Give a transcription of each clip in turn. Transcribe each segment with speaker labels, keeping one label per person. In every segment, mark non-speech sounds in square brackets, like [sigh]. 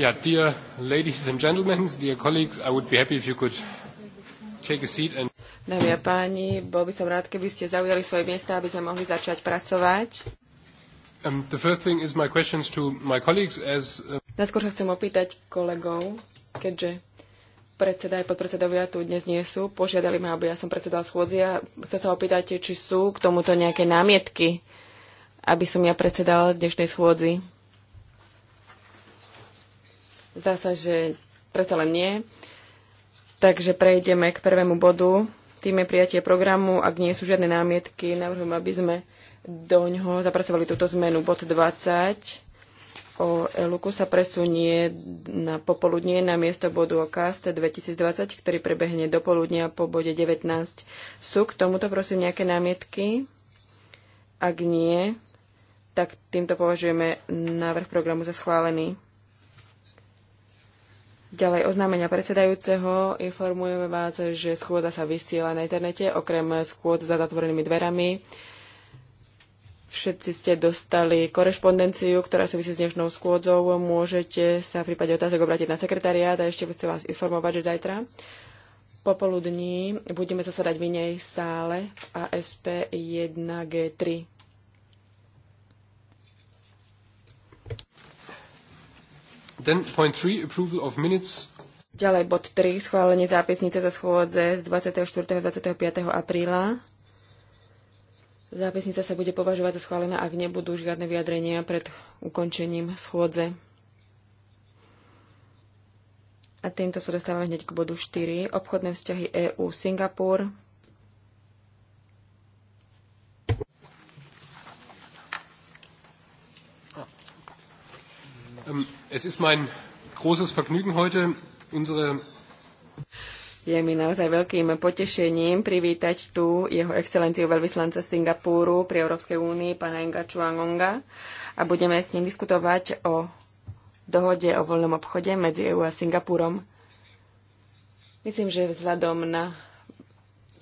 Speaker 1: Yeah, dear ladies and gentlemen, dear colleagues, I would be happy if you could take a seat and... Dámy a
Speaker 2: páni, bol by som rád, keby ste zaujali svoje miesta, aby sme mohli začať pracovať.
Speaker 1: Um, the first thing is my questions to my colleagues as... Uh,
Speaker 2: Najskôr sa chcem opýtať kolegov, keďže predseda aj podpredsedovia tu dnes nie sú. Požiadali ma, aby ja som predsedal schôdzi a chcem sa opýtať, či sú k tomuto nejaké námietky, aby som ja predsedal dnešnej schôdzi. Zdá sa, že predsa len nie. Takže prejdeme k prvému bodu. Tým je prijatie programu. Ak nie sú žiadne námietky, navrhujem, aby sme do ňoho zapracovali túto zmenu. Bod 20 o Eluku sa presunie na popoludnie na miesto bodu o KAST 2020, ktorý prebehne do poludnia po bode 19. Sú k tomuto prosím nejaké námietky? Ak nie, tak týmto považujeme návrh programu za schválený. Ďalej oznámenia predsedajúceho. Informujeme vás, že schôdza sa vysiela na internete, okrem schôd za zatvorenými dverami. Všetci ste dostali korešpondenciu, ktorá súvisí s dnešnou schôdzou. Môžete sa v prípade otázok obrátiť na sekretariát a ešte chcem vás informovať, že zajtra popoludní budeme zasadať v inej sále ASP 1G3.
Speaker 1: Then point three, approval of minutes.
Speaker 2: Ďalej bod 3, schválenie zápisnice za schôdze z 24. a 25. apríla. Zápisnica sa bude považovať za schválená, ak nebudú žiadne vyjadrenia pred ukončením schôdze. A týmto sa dostávame hneď k bodu 4. Obchodné vzťahy EU-Singapur.
Speaker 1: Um, Es ist mein großes Vergnügen heute unsere
Speaker 2: je mi naozaj veľkým potešením privítať tu jeho excelenciu veľvyslanca Singapúru pri Európskej únii, pána Inga Chuangonga a budeme s ním diskutovať o dohode o voľnom obchode medzi EU a Singapúrom. Myslím, že vzhľadom na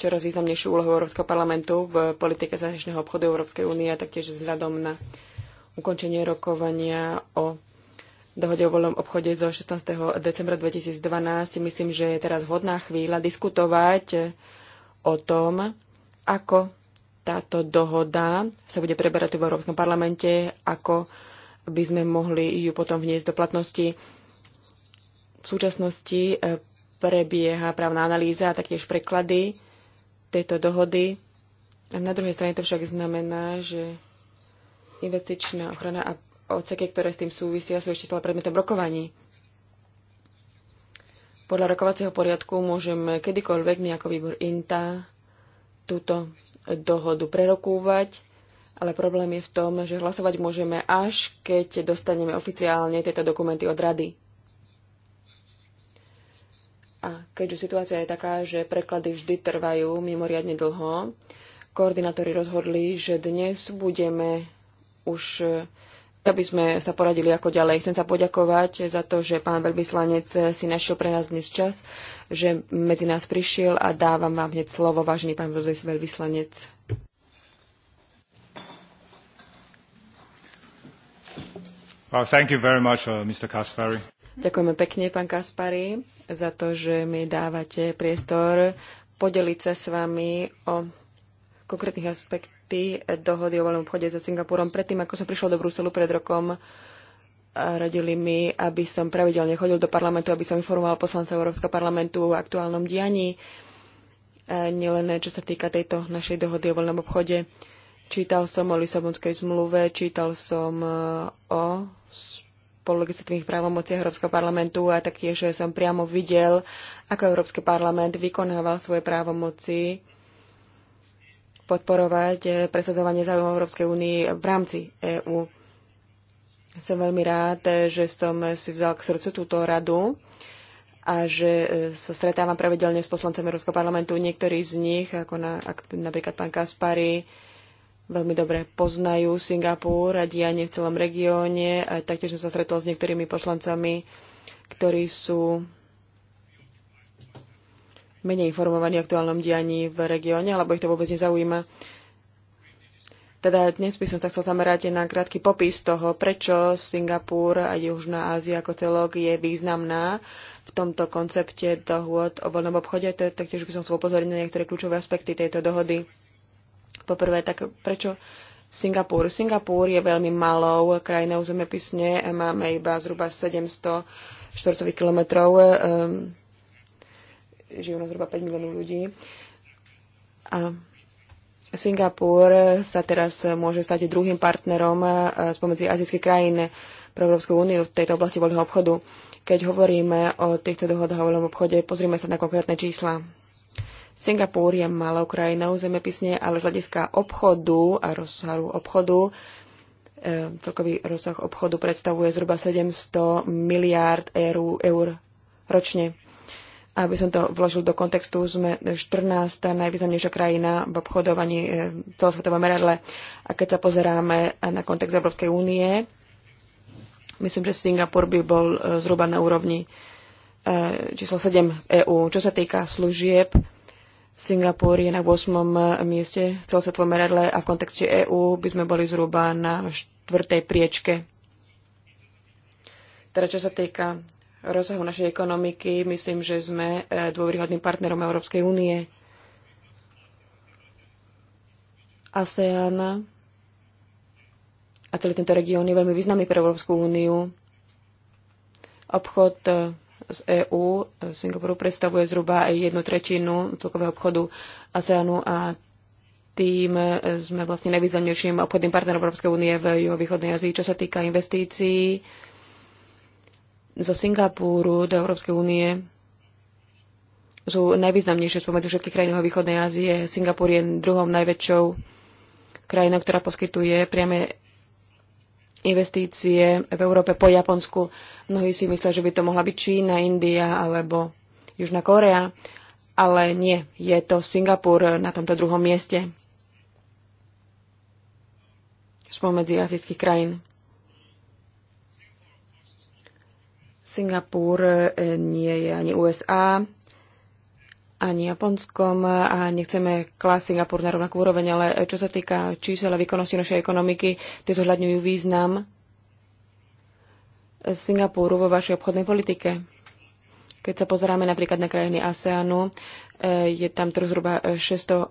Speaker 2: čoraz významnejšiu úlohu Európskeho parlamentu v politike zahraničného obchodu Európskej únie a taktiež vzhľadom na ukončenie rokovania o dohode o voľnom obchode zo 16. decembra 2012 myslím, že je teraz vhodná chvíľa diskutovať o tom, ako táto dohoda sa bude preberať v Európskom parlamente, ako by sme mohli ju potom vniesť do platnosti. V súčasnosti eh, prebieha právna analýza a taktiež preklady tejto dohody. A na druhej strane to však znamená, že investičná ochrana a odseky, ktoré s tým súvisia, sú ešte stále predmetom rokovaní. Podľa rokovacieho poriadku môžeme kedykoľvek my ako výbor INTA túto dohodu prerokúvať, ale problém je v tom, že hlasovať môžeme až keď dostaneme oficiálne tieto dokumenty od rady. A keďže situácia je taká, že preklady vždy trvajú mimoriadne dlho, koordinátori rozhodli, že dnes budeme už aby sme sa poradili ako ďalej. Chcem sa poďakovať za to, že pán veľvyslanec si našiel pre nás dnes čas, že medzi nás prišiel a dávam vám hneď slovo, vážený pán veľvyslanec.
Speaker 1: Well, thank you very much, uh, Mr. Kaspari.
Speaker 2: Ďakujeme pekne, pán Kaspari, za to, že mi dávate priestor podeliť sa s vami o konkrétnych aspektoch etapy dohody o voľnom obchode so Singapurom. Predtým, ako som prišla do Bruselu pred rokom, radili mi, aby som pravidelne chodil do parlamentu, aby som informoval poslanca Európskeho parlamentu o aktuálnom dianí, e, nielen čo sa týka tejto našej dohody o voľnom obchode. Čítal som o Lisabonskej zmluve, čítal som e, o spolulegislatívnych právomociach Európskeho parlamentu a taktiež som priamo videl, ako Európsky parlament vykonával svoje právomoci podporovať eh, presadzovanie záujmov Európskej únie v rámci EÚ. Som veľmi rád, eh, že som eh, si vzal k srdcu túto radu a že sa stretávam pravidelne s poslancem Európskeho parlamentu. Niektorí z nich, ako na, ak, napríklad pán Kaspari, veľmi dobre poznajú Singapur a dianie v celom regióne. A taktiež som sa stretol s niektorými poslancami, ktorí sú menej informovaní o aktuálnom dianí v regióne, alebo ich to vôbec nezaujíma. Teda dnes by som sa chcel zamerať na krátky popis toho, prečo Singapur a Južná Ázia ako celok je významná v tomto koncepte dohôd o voľnom obchode. Taktiež by som chcel upozorniť na niektoré kľúčové aspekty tejto dohody. Poprvé, tak prečo Singapur? Singapur je veľmi malou krajinou zemepisne. Máme iba zhruba 700 štvorcových kilometrov. Um, žijú na zhruba 5 miliónov ľudí. A Singapur sa teraz môže stať druhým partnerom e, spomedzi azijských krajín pre Európsku úniu v tejto oblasti voľného obchodu. Keď hovoríme o týchto dohodách o voľnom obchode, pozrime sa na konkrétne čísla. Singapur je malou krajinou zemepisne, ale z hľadiska obchodu a rozsahu obchodu e, celkový rozsah obchodu predstavuje zhruba 700 miliárd eur, eur ročne. Aby som to vložil do kontextu, sme 14. najvýznamnejšia krajina v obchodovaní v eh, celosvetovom meradle. A keď sa pozeráme na kontext Európskej únie, myslím, že Singapur by bol eh, zhruba na úrovni eh, číslo 7 EÚ. Čo sa týka služieb, Singapur je na 8. mieste v celosvetovom meradle a v kontexte EÚ by sme boli zhruba na 4. priečke. Teda čo sa týka rozsahu našej ekonomiky. Myslím, že sme e, dôveryhodným partnerom Európskej únie. ASEAN a celý tento región je veľmi významný pre Európsku úniu. Obchod e, z EÚ e, Singapuru predstavuje zhruba aj jednu tretinu celkového obchodu ASEANu a tým sme vlastne najvýznamnejším obchodným partnerom Európskej únie v juhovýchodnej Ázii, Čo sa týka investícií, zo Singapúru do Európskej únie sú najvýznamnejšie spomedzi všetkých krajín východnej Ázie. Singapur je druhou najväčšou krajinou, ktorá poskytuje priame investície v Európe po Japonsku. Mnohí si myslia, že by to mohla byť Čína, India alebo Južná Korea, ale nie, je to Singapur na tomto druhom mieste spomedzi azijských krajín. Singapur e, nie je ani USA, ani japonskom a nechceme klásť Singapur na rovnakú úroveň, ale čo sa týka čísel a výkonnosti našej ekonomiky, tie zohľadňujú význam Singapuru vo vašej obchodnej politike. Keď sa pozeráme napríklad na krajiny ASEANu, e, je tam trh zhruba 600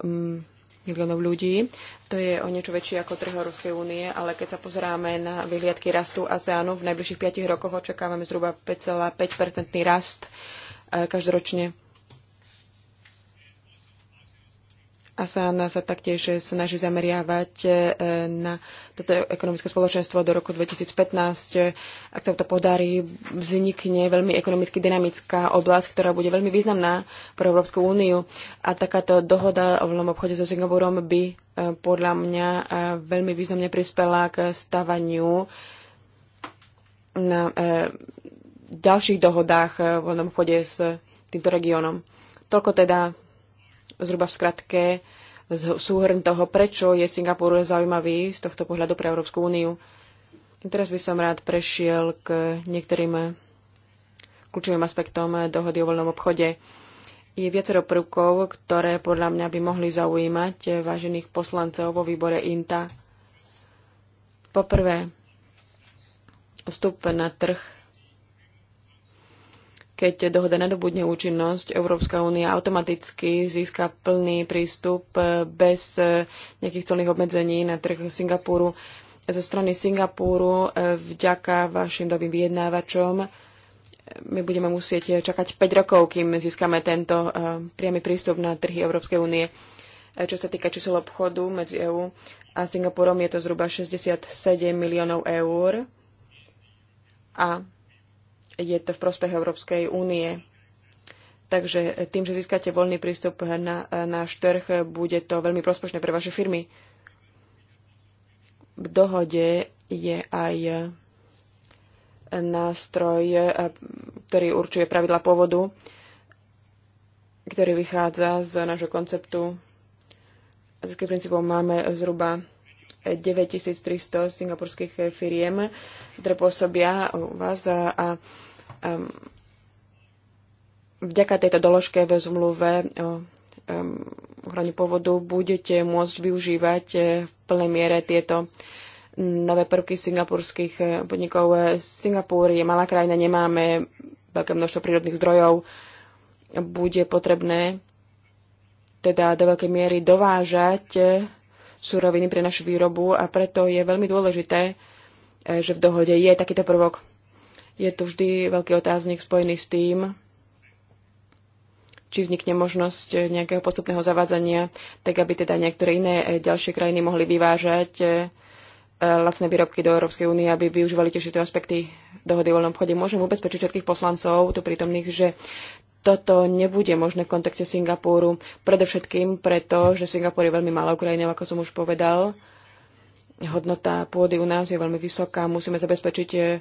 Speaker 2: miliónov ľudí. To je o niečo väčšie ako trh Európskej únie, ale keď sa pozeráme na vyhliadky rastu ASEANu, v najbližších 5 rokoch očakávame zhruba 5,5-percentný rast eh, každoročne. ASEAN sa taktiež snaží zameriavať e, na toto ekonomické spoločenstvo do roku 2015. Ak sa to podarí, vznikne veľmi ekonomicky dynamická oblasť, ktorá bude veľmi významná pre Európsku úniu. A takáto dohoda o voľnom obchode so Singapurom by e, podľa mňa e, veľmi významne prispela k stavaniu na ďalších dohodách v voľnom obchode s týmto regiónom. Toľko teda zhruba v skratke súhrn toho, prečo je Singapur zaujímavý z tohto pohľadu pre Európsku úniu. Teraz by som rád prešiel k niektorým kľúčovým aspektom dohody o voľnom obchode. Je viacero prvkov, ktoré podľa mňa by mohli zaujímať vážených poslancov vo výbore INTA. Poprvé, vstup na trh keď dohoda nadobudne účinnosť, Európska únia automaticky získa plný prístup e, bez e, nejakých celných obmedzení na trh Singapúru. Zo strany Singapúru e, vďaka vašim dobrým vyjednávačom my budeme musieť čakať 5 rokov, kým získame tento priamy prístup na trhy Európskej únie. Čo sa týka čísel obchodu medzi EÚ a Singapurom, je to zhruba 67 miliónov eur a je to v prospech Európskej únie. Takže tým, že získate voľný prístup na náš trh, bude to veľmi prospešné pre vaše firmy. V dohode je aj nástroj, ktorý určuje pravidla pôvodu, ktorý vychádza z nášho konceptu. Z z princípom máme zhruba 9300 singapurských firiem, ktoré pôsobia u vás a, a Um, vďaka tejto doložke ve zmluve o um, ochrane pôvodu budete môcť využívať e, v plnej miere tieto nové prvky singapurských e, podnikov. E, Singapur je malá krajina, nemáme veľké množstvo prírodných zdrojov. Bude potrebné teda do veľkej miery dovážať súroviny pre našu výrobu a preto je veľmi dôležité, že v dohode je takýto prvok je tu vždy veľký otáznik spojený s tým, či vznikne možnosť nejakého postupného zavádzania, tak aby teda niektoré iné e, ďalšie krajiny mohli vyvážať e, lacné výrobky do Európskej únie, aby využívali tiež tieto aspekty dohody o voľnom obchode. Môžem ubezpečiť všetkých poslancov tu prítomných, že toto nebude možné v kontakte Singapúru, predovšetkým preto, že Singapur je veľmi malou krajinou, ako som už povedal, hodnota pôdy u nás je veľmi vysoká. Musíme zabezpečiť, eh,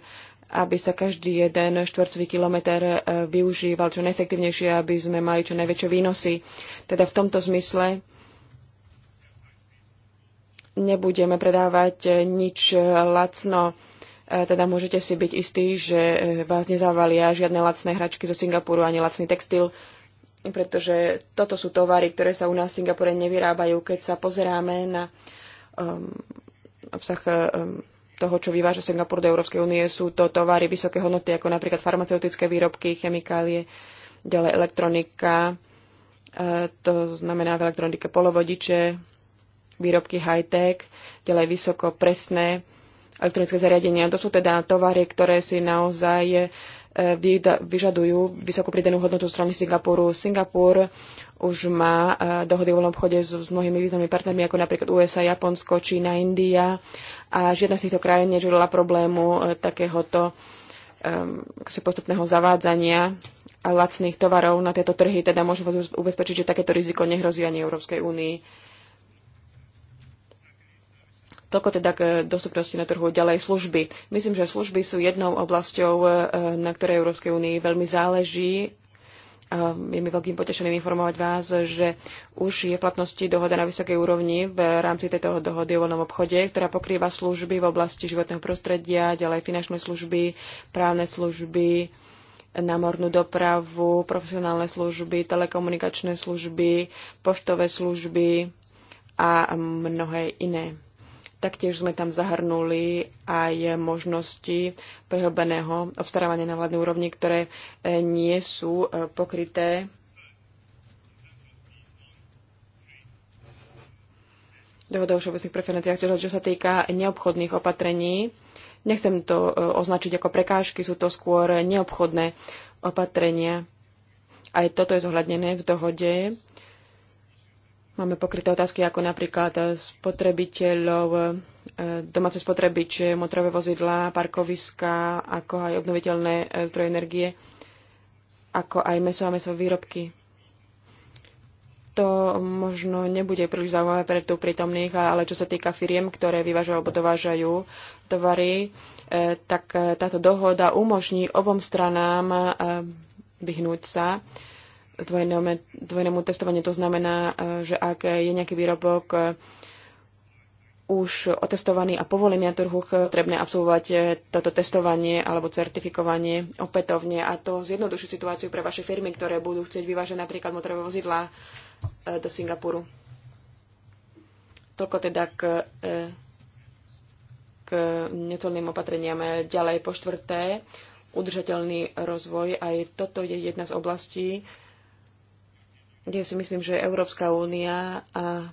Speaker 2: aby sa každý jeden štvorcový kilometr eh, využíval čo najefektívnejšie, aby sme mali čo najväčšie výnosy. Teda v tomto zmysle nebudeme predávať eh, nič lacno teda môžete si byť istí, že vás nezavalia žiadne lacné hračky zo Singapuru ani lacný textil, pretože toto sú tovary, ktoré sa u nás v Singapore nevyrábajú. Keď sa pozeráme na um, obsah eh, eh, toho, čo vyváža Singapur do Európskej únie, sú to tovary vysoké hodnoty, ako napríklad farmaceutické výrobky, chemikálie, ďalej elektronika, eh, to znamená v elektronike polovodiče, výrobky high-tech, ďalej vysoko presné elektronické zariadenia. To sú teda tovary, ktoré si naozaj vyžadujú vysokú pridanú hodnotu strany Singapuru. Singapur už má e, dohody o voľnom obchode s, s mnohými významnými partnermi, ako napríklad USA, Japonsko, Čína, India. A žiadna z týchto krajín neželila problému e, takéhoto um, postupného zavádzania lacných tovarov na tieto trhy, teda môžem ubezpečiť, že takéto riziko nehrozí ani Európskej únii. Toľko teda k eh, dostupnosti na trhu ďalej služby. Myslím, že služby sú jednou oblasťou, eh, na ktorej Európskej únii veľmi záleží. A je mi veľkým potešeným informovať vás, že už je v platnosti dohoda na vysokej úrovni v rámci tejto dohody o voľnom obchode, ktorá pokrýva služby v oblasti životného prostredia, ďalej finančné služby, právne služby, námornú dopravu, profesionálne služby, telekomunikačné služby, poštové služby a mnohé iné. Taktiež sme tam zahrnuli aj možnosti prehlbeného obstarávania na vládnej úrovni, ktoré e, nie sú e, pokryté dohoda o všeobecných preferenciách, čo sa týka neobchodných opatrení. Nechcem to e, označiť ako prekážky, sú to skôr neobchodné opatrenia. Aj toto je zohľadnené v dohode Máme pokryté otázky ako napríklad eh, spotrebiteľov, eh, domáce spotrebiče, motorové vozidlá, parkoviska, ako aj obnoviteľné eh, zdroje energie, ako aj meso a mesové výrobky. To možno nebude príliš zaujímavé pre tu prítomných, ale čo sa týka firiem, ktoré vyvážajú alebo dovážajú tovary, tak táto dohoda umožní obom stranám vyhnúť sa dvojnému, dvojnému testovaniu. To znamená, e, že ak je nejaký výrobok e, už otestovaný a povolený na trhu, potrebné absolvovať e, toto testovanie alebo certifikovanie opätovne a to zjednoduší situáciu pre vaše firmy, ktoré budú chcieť vyvážať napríklad motorové vozidlá do Singapuru. Toľko teda k, k necelným opatreniam. Ďalej po štvrté, udržateľný rozvoj. Aj toto je jedna z oblastí, kde si myslím, že Európska únia a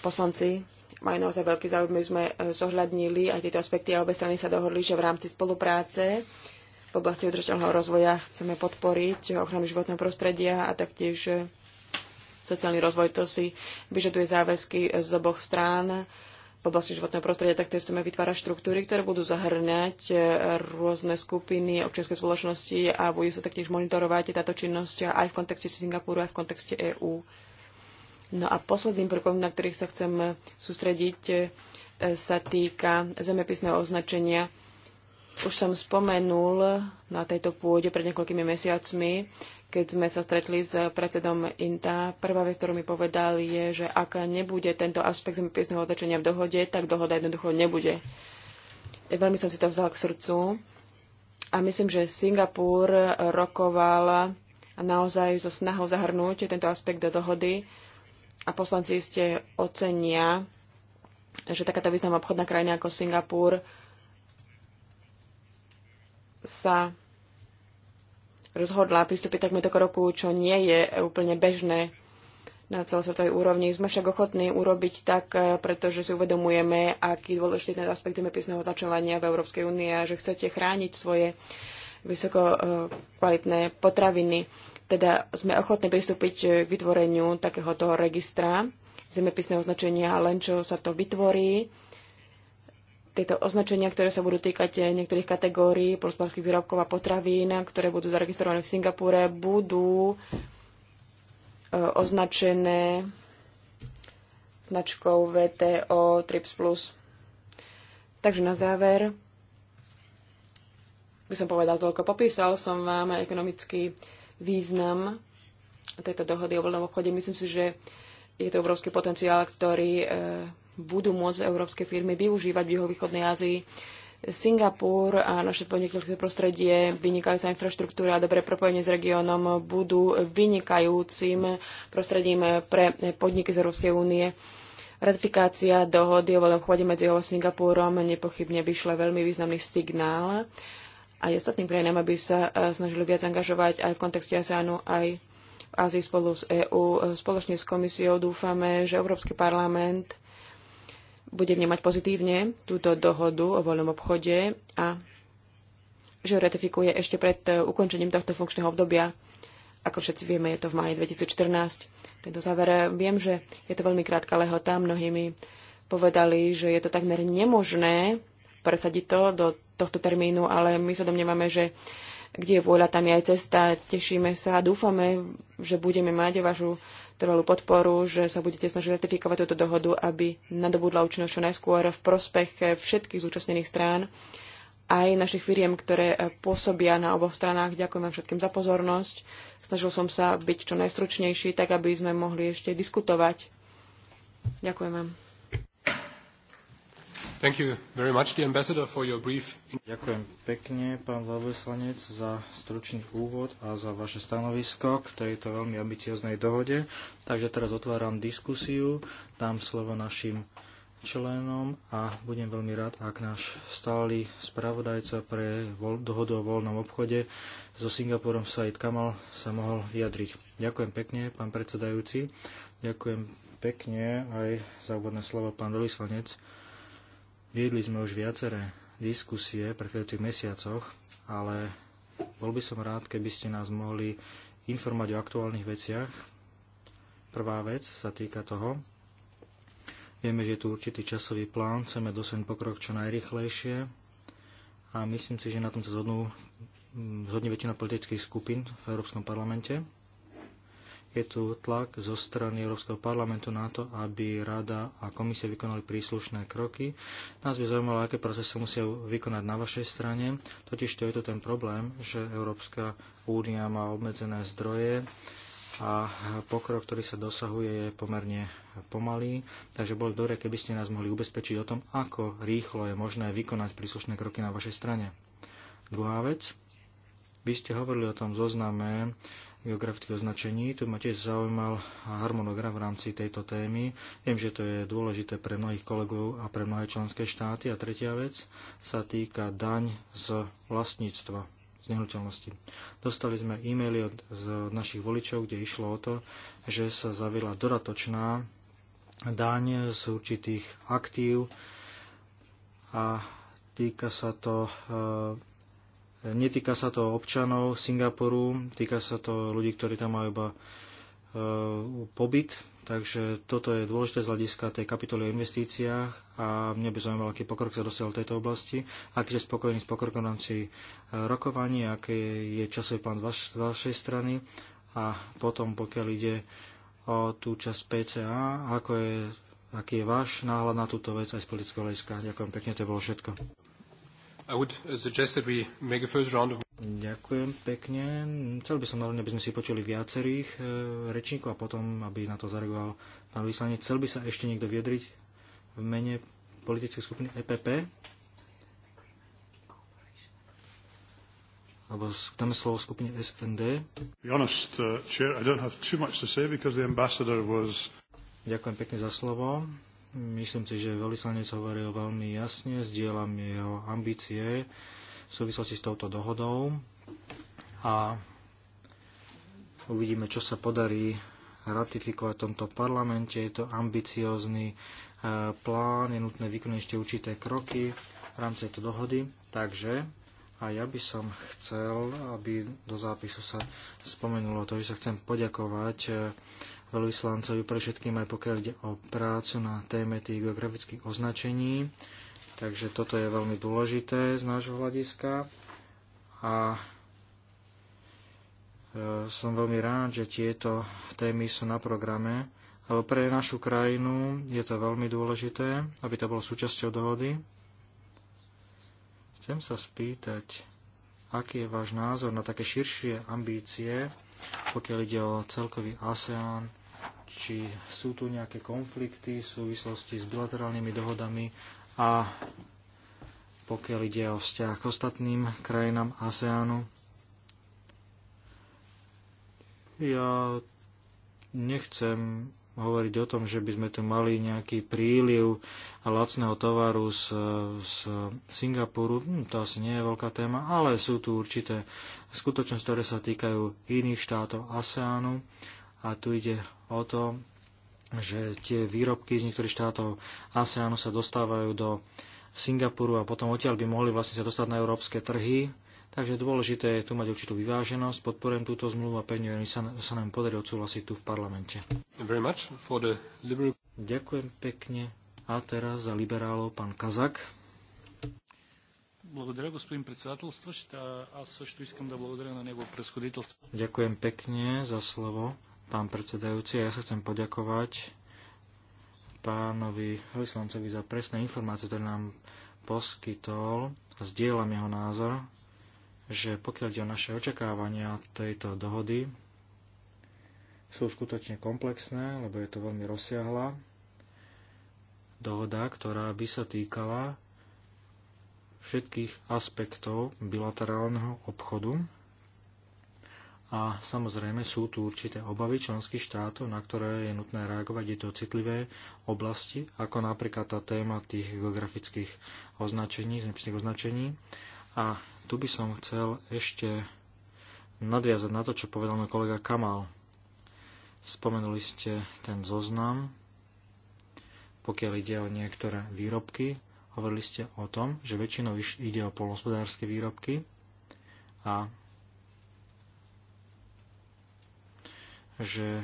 Speaker 2: poslanci majú naozaj veľký záujem. My sme e, zohľadnili aj tieto aspekty a obe strany sa dohodli, že v rámci spolupráce v oblasti udržateľného rozvoja chceme podporiť ochranu životného prostredia a taktiež e, sociálny rozvoj. To si vyžaduje záväzky e, z oboch strán v oblasti životného prostredia, tak testujeme vytvárať štruktúry, ktoré budú zahrňať e, rôzne skupiny občianskej spoločnosti a budú sa taktiež monitorovať táto činnosť aj v kontexte Singapuru, aj v kontexte EÚ. No a posledným prvkom, na ktorých sa chcem sústrediť, e, sa týka zemepisného označenia. Už som spomenul na tejto pôde pred niekoľkými mesiacmi, keď sme sa stretli s predsedom INTA, prvá vec, ktorú mi povedal, je, že ak nebude tento aspekt zemepisného otočenia v dohode, tak dohoda jednoducho nebude. Veľmi som si to vzal k srdcu a myslím, že Singapur rokoval naozaj so snahou zahrnúť tento aspekt do dohody a poslanci ste ocenia, že takáto významná obchodná krajina ako Singapur sa rozhodla pristúpiť takémuto kroku, čo nie je úplne bežné na celosvetovej úrovni. Sme však ochotní urobiť tak, e, pretože si uvedomujeme, aký dôležitý ten aspekt zemepisného označovania v Európskej únie a že chcete chrániť svoje vysoko e, kvalitné potraviny. Teda sme ochotní pristúpiť e, k vytvoreniu takéhoto registra zemepisného označenia, len čo sa to vytvorí, tieto označenia, ktoré sa budú týkať eh, niektorých kategórií polospodárských výrobkov a potravín, ktoré budú zaregistrované v Singapúre, budú eh, označené značkou VTO TRIPS+. Takže na záver by som povedal toľko. Popísal som vám ekonomický význam tejto dohody o voľnom obchode. Myslím si, že je to obrovský potenciál, ktorý eh, budú môcť európske firmy využívať v juhovýchodnej Ázii. Singapur a naše podnikateľské prostredie, vynikajúca infraštruktúra a dobré propojenie s regiónom budú vynikajúcim prostredím pre podniky z Európskej únie. Ratifikácia dohody o voľnom chode medzi a Singapurom nepochybne vyšle veľmi významný signál aj ostatným krajinám, aby sa eh, snažili viac angažovať aj v kontexte ASEANu, aj v Ázii spolu s EÚ. Eh, spoločne s komisiou dúfame, že Európsky parlament bude vnímať pozitívne túto dohodu o voľnom obchode a že ratifikuje ešte pred e, ukončením tohto funkčného obdobia. Ako všetci vieme, je to v maji 2014. Tento záver e, viem, že je to veľmi krátka lehota. Mnohí mi povedali, že je to takmer nemožné presadiť to do tohto termínu, ale my sa domnievame, že kde je vôľa, tam je aj cesta. Tešíme sa a dúfame, že budeme mať vašu trvalú podporu, že sa budete snažiť ratifikovať túto dohodu, aby nadobudla účinnosť čo najskôr v prospech všetkých zúčastnených strán aj našich firiem, ktoré pôsobia na oboch stranách. Ďakujem vám všetkým za pozornosť. Snažil som sa byť čo najstručnejší, tak aby sme mohli ešte diskutovať. Ďakujem vám.
Speaker 1: Thank you very much, ambassador, for your brief... Ďakujem pekne, pán veľvyslanec, za stručný úvod a za vaše stanovisko k tejto veľmi ambicioznej dohode. Takže teraz otváram diskusiu, dám slovo našim členom a budem veľmi rád, ak náš stály spravodajca pre dohodu o voľnom obchode so Singapurom Said Kamal sa mohol vyjadriť. Ďakujem pekne, pán predsedajúci. Ďakujem pekne aj za úvodné slovo, pán veľvyslanec. Viedli sme už viaceré diskusie v predchádzajúcich mesiacoch, ale bol by som rád, keby ste nás mohli informovať o aktuálnych veciach. Prvá vec sa týka toho, vieme, že je tu určitý časový plán, chceme dosiahnuť pokrok čo najrychlejšie a myslím si, že na tom sa zhodnú, zhodne väčšina politických skupín v Európskom parlamente je tu tlak zo strany Európskeho parlamentu na to, aby rada a komisia vykonali príslušné kroky. Nás by zaujímalo, aké procesy musia vykonať na vašej strane. Totiž to je to ten problém, že Európska únia má obmedzené zdroje a pokrok, ktorý sa dosahuje, je pomerne pomalý. Takže bolo dobre, keby ste nás mohli ubezpečiť o tom, ako rýchlo je možné vykonať príslušné kroky na vašej strane. Druhá vec. Vy ste hovorili o tom zozname geografických označení. Tu ma tiež zaujímal harmonogram v rámci tejto témy. Viem, že to je dôležité pre mnohých kolegov a pre mnohé členské štáty. A tretia vec sa týka daň z vlastníctva, z nehnuteľnosti. Dostali sme e-maily od, od našich voličov, kde išlo o to, že sa zavila dodatočná daň z určitých aktív a týka sa to e, Netýka sa to občanov Singapuru, týka sa to ľudí, ktorí tam majú iba e, pobyt, takže toto je dôležité z hľadiska tej kapitoly o investíciách a mne by zaujímalo, aký pokrok sa dosiahol v tejto oblasti, aký ste spokojní s pokrokom v rámci e, rokovaní, aký je časový plán z, vaš, z vašej strany a potom, pokiaľ ide o tú časť PCA, ako je, aký je váš náhľad na túto vec aj z politického hľadiska. Ďakujem pekne, to bolo všetko. I would uh, suggest that we make a first round of... Ďakujem pekne. Chcel by som hlavne, aby sme si počuli viacerých e, rečníkov a potom, aby na to zareagoval pán vyslanec. Chcel by sa ešte niekto vyjadriť v mene politickej skupiny EPP? alebo dáme slovo skupine SND. Honest, uh, chair, was... Ďakujem pekne za slovo. Myslím si, že veľvyslanec hovoril veľmi jasne, sdielam jeho ambície v súvislosti s touto dohodou a uvidíme, čo sa podarí ratifikovať v tomto parlamente. Je to ambiciózny e, plán, je nutné vykonať ešte určité kroky v rámci tejto dohody. Takže a ja by som chcel, aby do zápisu sa spomenulo to, že sa chcem poďakovať e, veľvyslancovi, pre všetkým aj pokiaľ ide o prácu na téme tých geografických označení. Takže toto je veľmi dôležité z nášho hľadiska a e, som veľmi rád, že tieto témy sú na programe, lebo pre našu krajinu je to veľmi dôležité, aby to bolo súčasťou dohody. Chcem sa spýtať, aký je váš názor na také širšie ambície, pokiaľ ide o celkový ASEAN či sú tu nejaké konflikty v súvislosti s bilaterálnymi dohodami a pokiaľ ide o vzťah k ostatným krajinám ASEANu. Ja nechcem hovoriť o tom, že by sme tu mali nejaký príliv lacného tovaru z, z Singapuru, hm, to asi nie je veľká téma, ale sú tu určité skutočnosti, ktoré sa týkajú iných štátov ASEANu a tu ide o to, že tie výrobky z niektorých štátov ASEANu sa dostávajú do Singapuru a potom odtiaľ by mohli vlastne sa dostať na európske trhy. Takže dôležité je tu mať určitú vyváženosť. Podporujem túto zmluvu a pevne sa, sa nám podarí odsúhlasiť tu v parlamente. Liberal... Ďakujem pekne. A teraz za liberálov pán Kazak.
Speaker 3: Благодаря, господин Аз също искам да благодаря на него
Speaker 1: пресходителство. Ďakujem pekne za slovo pán predsedajúci. Ja sa chcem poďakovať pánovi Hlislancovi za presné informácie, ktoré nám poskytol. Zdieľam jeho názor, že pokiaľ ide o naše očakávania tejto dohody, sú skutočne komplexné, lebo je to veľmi rozsiahla dohoda, ktorá by sa týkala všetkých aspektov bilaterálneho obchodu a samozrejme sú tu určité obavy členských štátov, na ktoré je nutné reagovať. Je to citlivé oblasti, ako napríklad tá téma tých geografických označení, zemepisných označení. A tu by som chcel ešte nadviazať na to, čo povedal môj kolega Kamal. Spomenuli ste ten zoznam, pokiaľ ide o niektoré výrobky, hovorili ste o tom, že väčšinou ide o polnospodárske výrobky a že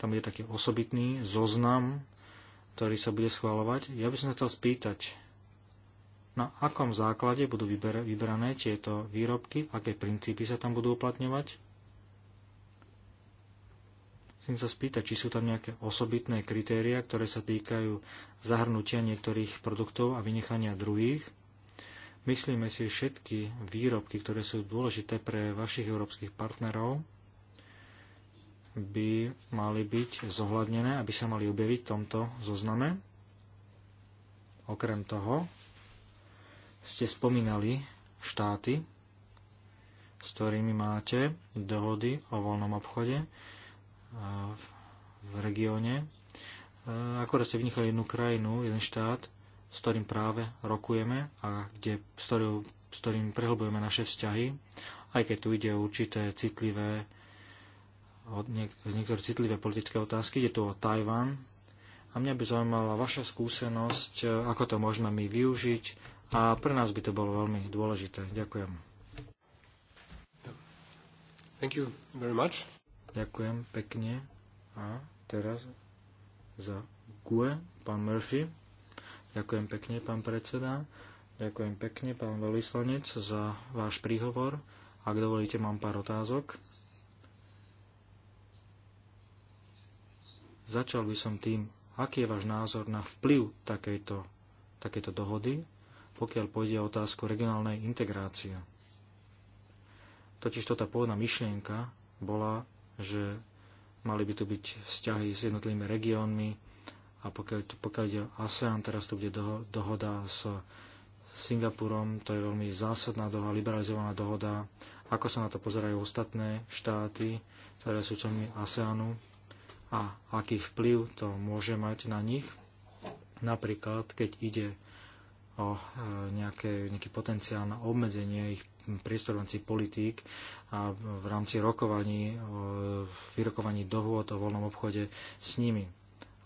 Speaker 1: tam je taký osobitný zoznam, ktorý sa bude schvalovať. Ja by som sa chcel spýtať, na akom základe budú vyber- vyberané tieto výrobky, aké princípy sa tam budú uplatňovať. Chcem sa spýtať, či sú tam nejaké osobitné kritéria, ktoré sa týkajú zahrnutia niektorých produktov a vynechania druhých. Myslíme si všetky výrobky, ktoré sú dôležité pre vašich európskych partnerov, by mali byť zohľadnené, aby sa mali objaviť v tomto zozname. Okrem toho ste spomínali štáty, s ktorými máte dohody o voľnom obchode v regióne. Akorát ste vynichali jednu krajinu, jeden štát, s ktorým práve rokujeme a kde, s, s ktorým prehlbujeme naše vzťahy, aj keď tu ide o určité citlivé niektoré citlivé politické otázky. Ide tu o Tajván. A mňa by zaujímala vaša skúsenosť, e, ako to môžeme my využiť a pre nás by to bolo veľmi dôležité. Ďakujem. Thank you very much. Ďakujem pekne. A teraz za GUE, pán Murphy. Ďakujem pekne, pán predseda. Ďakujem pekne, pán veľvyslanec, za váš príhovor. Ak dovolíte, mám pár otázok. Začal by som tým, aký je váš názor na vplyv takejto, takejto dohody, pokiaľ pôjde o otázku regionálnej integrácie. Totižto tá pôvodná myšlienka bola, že mali by tu byť vzťahy s jednotlivými regiónmi a pokiaľ, pokiaľ ide o ASEAN, teraz tu bude doho, dohoda s Singapurom, to je veľmi zásadná dohoda, liberalizovaná dohoda, ako sa na to pozerajú ostatné štáty, ktoré sú členmi ASEANu a aký vplyv to môže mať na nich. Napríklad, keď ide o e, nejaké, nejaké potenciálne obmedzenie ich priestorovací politík a v rámci rokovaní, e, vyrokovaní dohôd o voľnom obchode s nimi.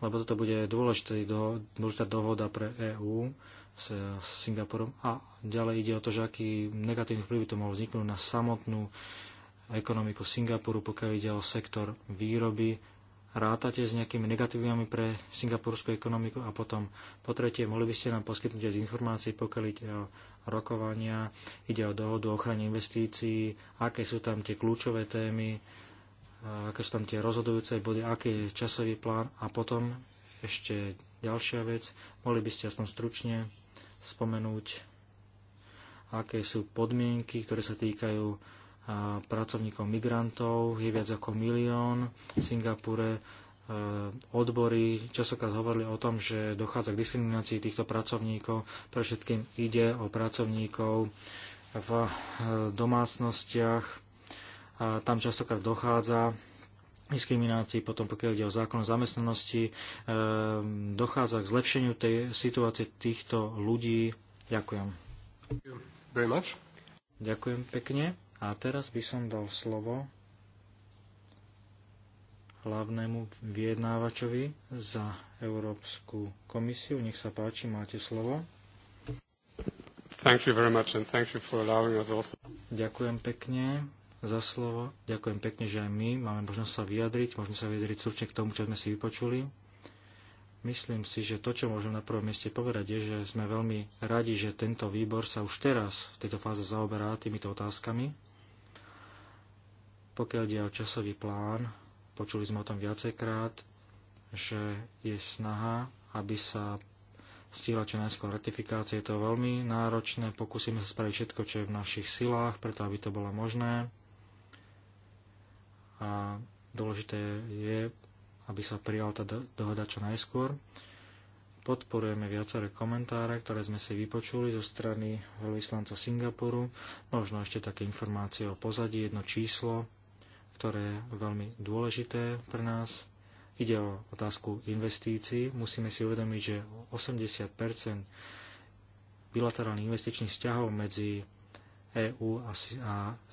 Speaker 1: Lebo toto bude dôležitý, dôležitá dohoda pre EÚ s Singapurom a ďalej ide o to, že aký negatívny vplyv to mohol vzniknúť na samotnú ekonomiku Singapuru, pokiaľ ide o sektor výroby rátate s nejakými negatívami pre singapurskú ekonomiku a potom po tretie, mohli by ste nám poskytnúť aj informácie, pokiaľ ide o rokovania, ide o dohodu o ochrane investícií, aké sú tam tie kľúčové témy, aké sú tam tie rozhodujúce body, aký je časový plán a potom ešte ďalšia vec, mohli by ste aspoň stručne spomenúť, aké sú podmienky, ktoré sa týkajú pracovníkov migrantov, je viac ako milión. V Singapúre. E, odbory časokrát hovorili o tom, že dochádza k diskriminácii týchto pracovníkov. Pre všetkým ide o pracovníkov v e, domácnostiach. A tam častokrát dochádza diskriminácii, potom pokiaľ ide o zákon o zamestnanosti, e, dochádza k zlepšeniu tej situácie týchto ľudí. Ďakujem. Ďakujem pekne. A teraz by som dal slovo hlavnému vyjednávačovi za Európsku komisiu. Nech sa páči, máte slovo. Also... Ďakujem pekne za slovo. Ďakujem pekne, že aj my máme možnosť sa vyjadriť, môžeme sa vyjadriť súčne k tomu, čo sme si vypočuli. Myslím si, že to, čo môžem na prvom mieste povedať, je, že sme veľmi radi, že tento výbor sa už teraz v tejto fáze zaoberá týmito otázkami. Pokiaľ ide o časový plán, počuli sme o tom viacejkrát, že je snaha, aby sa stíhla čo najskôr ratifikácia. Je to veľmi náročné, pokúsime sa spraviť všetko, čo je v našich silách, preto aby to bolo možné. A dôležité je, aby sa prijala tá dohoda čo najskôr. Podporujeme viaceré komentáre, ktoré sme si vypočuli zo strany veľvyslanca Singapuru. Možno ešte také informácie o pozadí, jedno číslo, ktoré je veľmi dôležité pre nás. Ide o otázku investícií. Musíme si uvedomiť, že 80 bilaterálnych investičných vzťahov medzi EÚ a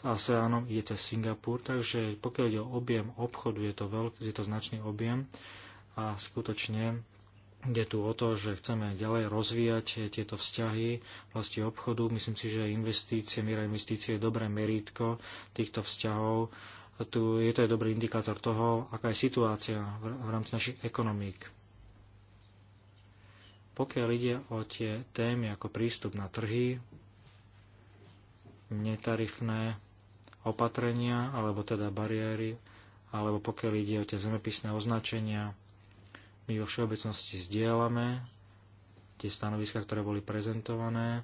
Speaker 1: ASEANom je cez Singapur, takže pokiaľ ide o objem obchodu, je to, veľký, je to značný objem a skutočne ide tu o to, že chceme ďalej rozvíjať tieto vzťahy vlasti obchodu. Myslím si, že investície, miera investície je dobré meritko týchto vzťahov tu je to aj dobrý indikátor toho, aká je situácia v rámci našich ekonomík. Pokiaľ ide o tie témy ako prístup na trhy, netarifné opatrenia, alebo teda bariéry, alebo pokiaľ ide o tie zemepisné označenia, my vo všeobecnosti zdieľame tie stanoviska, ktoré boli prezentované.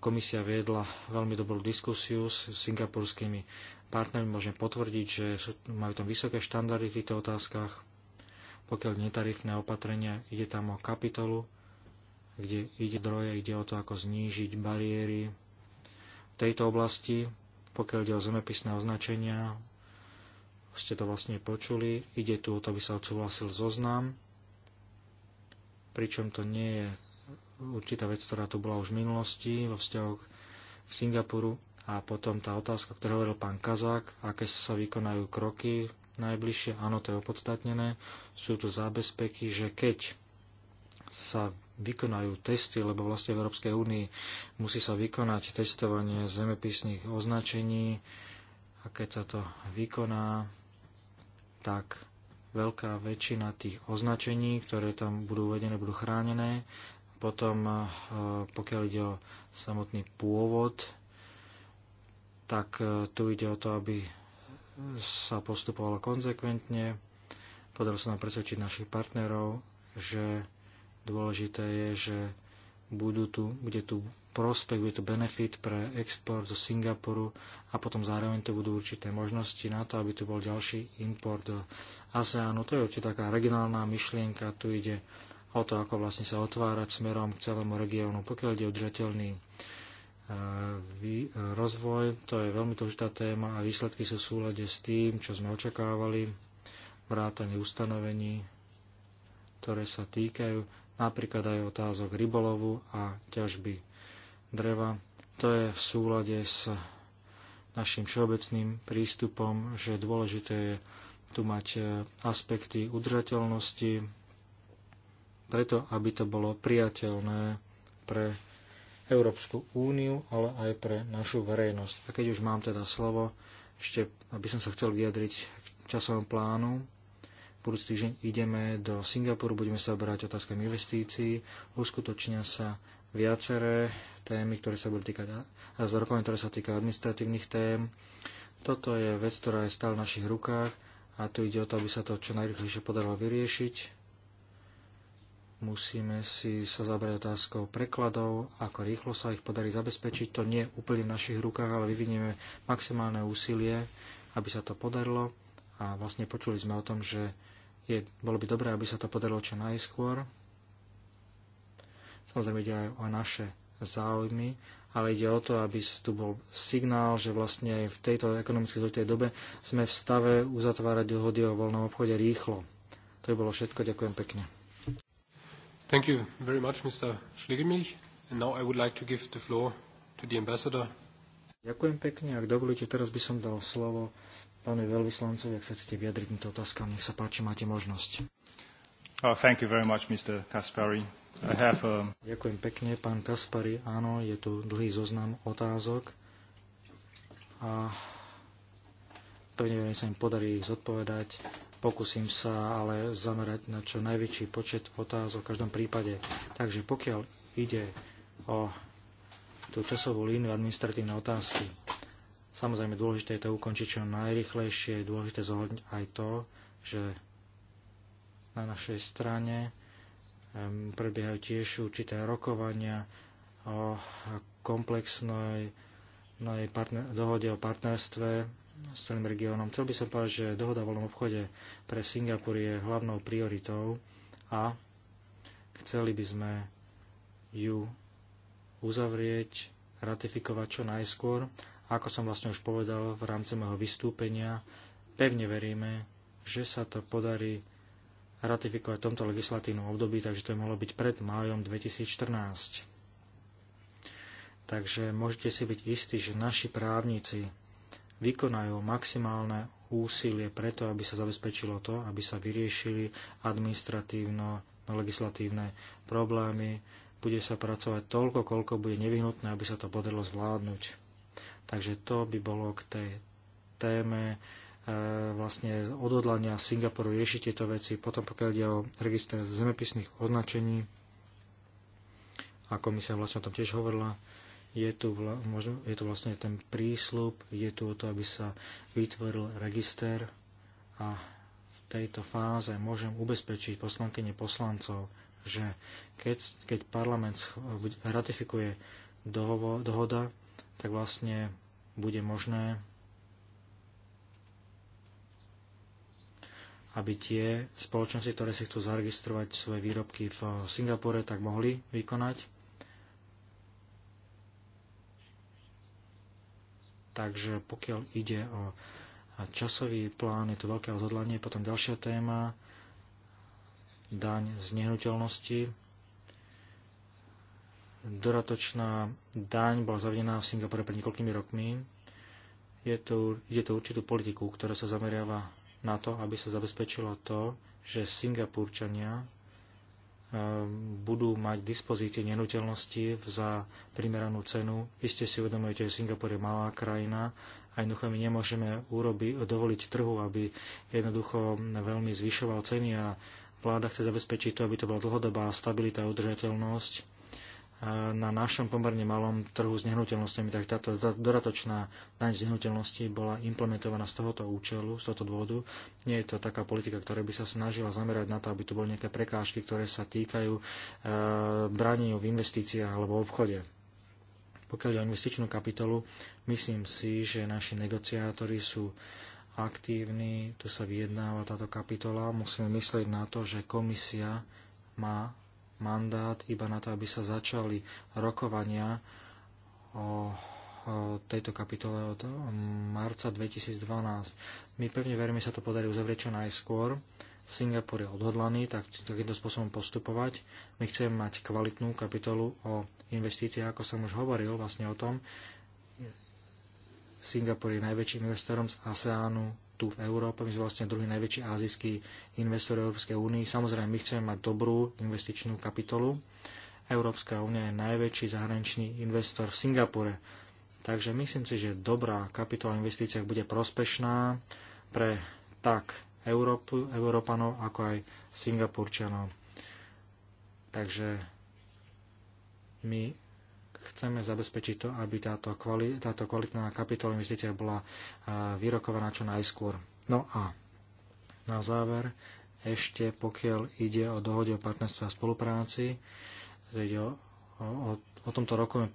Speaker 1: Komisia viedla veľmi dobrú diskusiu s singapurskými partnermi môžem potvrdiť, že sú, majú tam vysoké štandardy v týchto otázkach. Pokiaľ netarifné opatrenia, ide tam o kapitolu, kde ide zdroje, ide o to, ako znížiť bariéry. V tejto oblasti, pokiaľ ide o zemepisné označenia, ste to vlastne počuli, ide tu o to, aby sa odsúhlasil zoznam, pričom to nie je určitá vec, ktorá tu bola už v minulosti vo vzťahu k Singapuru. A potom tá otázka, ktorú hovoril pán Kazák, aké sa vykonajú kroky najbližšie, áno, to je opodstatnené. Sú tu zábezpeky, že keď sa vykonajú testy, lebo vlastne v Európskej únii musí sa vykonať testovanie zemepisných označení a keď sa to vykoná, tak veľká väčšina tých označení, ktoré tam budú uvedené, budú chránené. Potom, eh, pokiaľ ide o samotný pôvod tak e, tu ide o to, aby sa postupovalo konzekventne. Podarilo sa nám presvedčiť našich partnerov, že dôležité je, že budú tu, bude tu prospech, bude tu benefit pre export do Singapuru a potom zároveň tu budú určité možnosti na to, aby tu bol ďalší import do ASEANu. To je určite taká regionálna myšlienka, tu ide o to, ako vlastne sa otvárať smerom k celému regiónu. Pokiaľ ide o udržateľný rozvoj, to je veľmi dôležitá téma a výsledky sú v súlade s tým, čo sme očakávali, vrátanie ustanovení, ktoré sa týkajú napríklad aj otázok rybolovu a ťažby dreva. To je v súlade s našim všeobecným prístupom, že dôležité je tu mať e, aspekty udržateľnosti, preto aby to bolo priateľné pre Európsku úniu, ale aj pre našu verejnosť. A keď už mám teda slovo, ešte aby som sa chcel vyjadriť k časovom plánu. Budúci týždeň ideme do Singapuru, budeme sa obrať otázkami investícií, uskutočnia sa viaceré témy, ktoré sa budú týkať a zároveň, ktoré sa týka administratívnych tém. Toto je vec, ktorá je stále v našich rukách a tu ide o to, aby sa to čo najrychlejšie podarilo vyriešiť musíme si sa zabrať otázkou prekladov, ako rýchlo sa ich podarí zabezpečiť. To nie je úplne v našich rukách, ale vyvinieme maximálne úsilie, aby sa to podarilo. A vlastne počuli sme o tom, že je, bolo by dobré, aby sa to podarilo čo najskôr. Samozrejme ide aj o naše záujmy, ale ide o to, aby tu bol signál, že vlastne aj v tejto ekonomicky zložitej dobe sme v stave uzatvárať dohody o voľnom obchode rýchlo. To je bolo všetko, ďakujem pekne. Thank you very much, Mr. Schlegelmilch. And now I would like to give the floor to the ambassador. Ďakujem pekne. Ak dovolíte, teraz by som dal slovo pánovi veľvyslancovi, ak sa chcete vyjadriť týmto otázkam. Nech sa páči, máte možnosť. Oh, thank you very much, Mr. Kaspari. I have a... Um, Ďakujem pekne, pán Kaspari. Áno, je tu dlhý zoznam otázok. A pevne verím, sa im podarí ich zodpovedať Pokúsim sa ale zamerať na čo najväčší počet otázok v každom prípade. Takže pokiaľ ide o tú časovú líniu administratívne otázky, samozrejme dôležité je to ukončiť čo najrychlejšie, je dôležité zohľadniť aj to, že na našej strane prebiehajú tiež určité rokovania o komplexnej dohode o partnerstve s celým regiónom. Chcel by som povedať, že dohoda o voľnom obchode pre Singapur je hlavnou prioritou a chceli by sme ju uzavrieť, ratifikovať čo najskôr. A ako som vlastne už povedal v rámci môjho vystúpenia, pevne veríme, že sa to podarí ratifikovať v tomto legislatívnom období, takže to je mohlo byť pred májom 2014. Takže môžete si byť istí, že naši právnici vykonajú maximálne úsilie preto, aby sa zabezpečilo to, aby sa vyriešili administratívno-legislatívne problémy. Bude sa pracovať toľko, koľko bude nevyhnutné, aby sa to podarilo zvládnuť. Takže to by bolo k tej téme e, vlastne odhodlania Singapuru riešiť tieto veci. Potom pokiaľ ide o register zemepisných označení, a komisia vlastne o tom tiež hovorila, je tu, vla, možno, je tu vlastne ten prísľub, je tu o to, aby sa vytvoril register a v tejto fáze môžem ubezpečiť poslankyne poslancov, že keď, keď parlament ratifikuje dohovo, dohoda, tak vlastne bude možné, aby tie spoločnosti, ktoré si chcú zaregistrovať svoje výrobky v Singapore, tak mohli vykonať Takže pokiaľ ide o časový plán, je to veľké odhodlanie. Potom ďalšia téma, daň z nehnuteľnosti. Doratočná daň bola zavedená v Singapore pred niekoľkými rokmi. Je to, je to určitú politiku, ktorá sa zameriava na to, aby sa zabezpečilo to, že Singapurčania budú mať dispozície nenutelnosti za primeranú cenu. Vy ste si uvedomujete, že Singapur je malá krajina a jednoducho my nemôžeme urobi, dovoliť trhu, aby jednoducho veľmi zvyšoval ceny a vláda chce zabezpečiť to, aby to bola dlhodobá stabilita a udržateľnosť na našom pomerne malom trhu s nehnuteľnosťami, tak táto dodatočná daň z nehnuteľnosti bola implementovaná z tohoto účelu, z tohto dôvodu. Nie je to taká politika, ktorá by sa snažila zamerať na to, aby tu boli nejaké prekážky, ktoré sa týkajú e, bráneniu v investíciách alebo v obchode. Pokiaľ je o investičnú kapitolu, myslím si, že naši negociátori sú aktívni, tu sa vyjednáva táto kapitola. Musíme myslieť na to, že komisia má mandát iba na to, aby sa začali rokovania o tejto kapitole od marca 2012. My pevne veríme, sa to podarí uzavrieť čo najskôr. Singapur je odhodlaný tak, takýmto spôsobom postupovať. My chceme mať kvalitnú kapitolu o investíciách, ako som už hovoril vlastne o tom. Singapur je najväčším investorom z ASEANu tu v Európe. My sme vlastne druhý najväčší azijský investor Európskej únii. Samozrejme, my chceme mať dobrú investičnú kapitolu. Európska únia je najväčší zahraničný investor v Singapure. Takže myslím si, že dobrá kapitola investíciách bude prospešná pre tak Európu, Európanov, ako aj Singapurčanov. Takže my chceme zabezpečiť to, aby táto, kvali, táto kvalitná kapitola investícia bola vyrokovaná čo najskôr. No a na záver ešte pokiaľ ide o dohode o partnerstve a spolupráci, ide o, o, o tomto rokujeme e,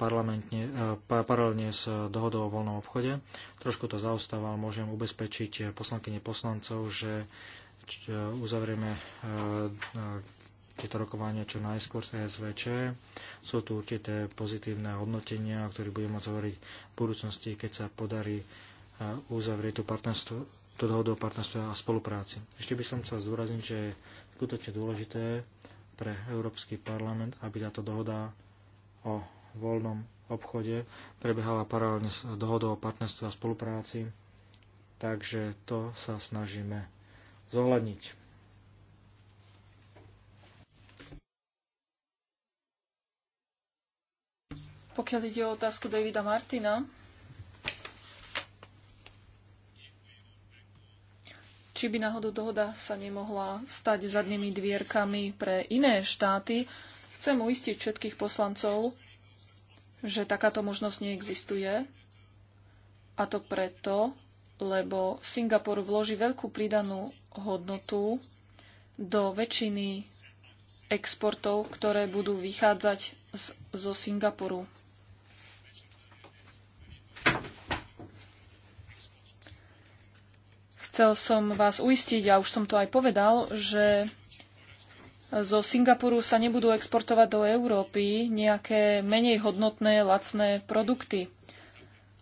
Speaker 1: paralelne s dohodou o voľnom obchode. Trošku to zaostával, môžem ubezpečiť poslankyne poslancov, že e, uzavrieme e, tieto rokovania čo najskôr z e SVČ. Sú tu určité pozitívne hodnotenia, o ktorých budeme môcť hovoriť v budúcnosti, keď sa podarí e, uzavrieť tú, tú dohodu o partnerstve a spolupráci. Ešte by som chcel zúrazniť, že je skutočne dôležité pre Európsky parlament, aby táto dohoda o voľnom obchode prebiehala paralelne s dohodou o partnerstve a spolupráci, takže to sa snažíme zohľadniť.
Speaker 3: Pokiaľ ide o otázku Davida Martina, či by náhodou dohoda sa nemohla stať zadnými dvierkami pre iné štáty, chcem uistiť všetkých poslancov, že takáto možnosť neexistuje. A to preto, lebo Singapur vloží veľkú pridanú hodnotu do väčšiny exportov, ktoré budú vychádzať z, zo Singapuru. Chcel som vás uistiť, a už som to aj povedal, že zo Singapuru sa nebudú exportovať do Európy nejaké menej hodnotné lacné produkty.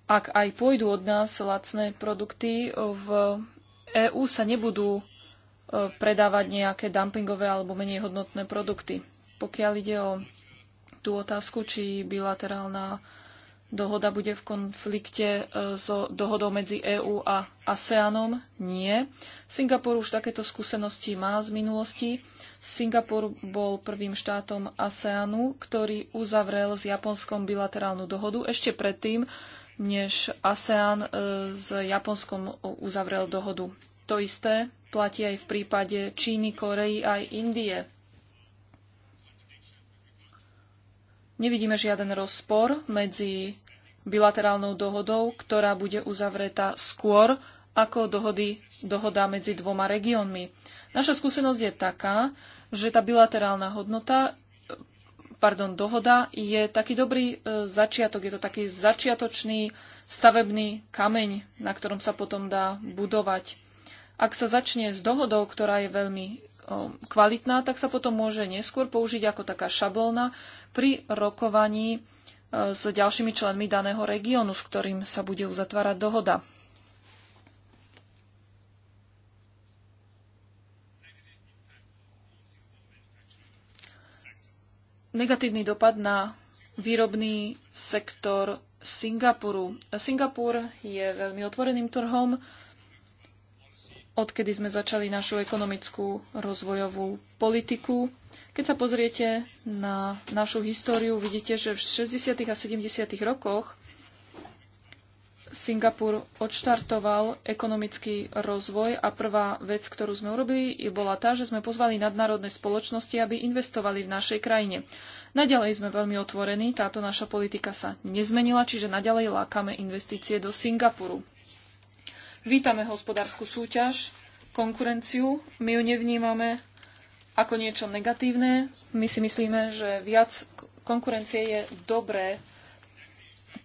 Speaker 3: Ak aj pôjdu od nás lacné produkty, v EÚ sa nebudú e, predávať nejaké dumpingové alebo menej hodnotné produkty. Pokiaľ ide o tú otázku, či bilaterálna dohoda bude v konflikte e, so dohodou medzi EÚ a ASEANom? Nie. Singapur už takéto skúsenosti má z minulosti. Singapur bol prvým štátom ASEANu, ktorý uzavrel s Japonskom bilaterálnu dohodu ešte predtým, než ASEAN e, s Japonskom uzavrel dohodu. To isté platí aj v prípade Číny, Korei aj Indie. Nevidíme žiaden rozpor medzi bilaterálnou dohodou, ktorá bude uzavretá skôr ako dohody, dohoda medzi dvoma regiónmi. Naša skúsenosť je taká, že tá bilaterálna hodnota, pardon, dohoda je taký dobrý e, začiatok, je to taký začiatočný stavebný kameň, na ktorom sa potom dá budovať. Ak sa začne s dohodou, ktorá je veľmi kvalitná, tak sa potom môže neskôr použiť ako taká šablóna pri rokovaní e, s ďalšími členmi daného regiónu, s ktorým sa bude uzatvárať dohoda. Negatívny dopad na výrobný sektor Singapuru. Singapur je veľmi otvoreným trhom, odkedy sme začali našu ekonomickú rozvojovú politiku. Keď sa pozriete na našu históriu, vidíte, že v 60. a 70. rokoch Singapur odštartoval ekonomický rozvoj a prvá vec, ktorú sme urobili, bola tá, že sme pozvali nadnárodné spoločnosti, aby investovali v našej krajine. Naďalej sme veľmi otvorení, táto naša politika sa nezmenila, čiže naďalej lákame investície do Singapuru. Vítame hospodárskú súťaž, konkurenciu, my ju nevnímame ako niečo negatívne. My si myslíme, že viac konkurencie je dobré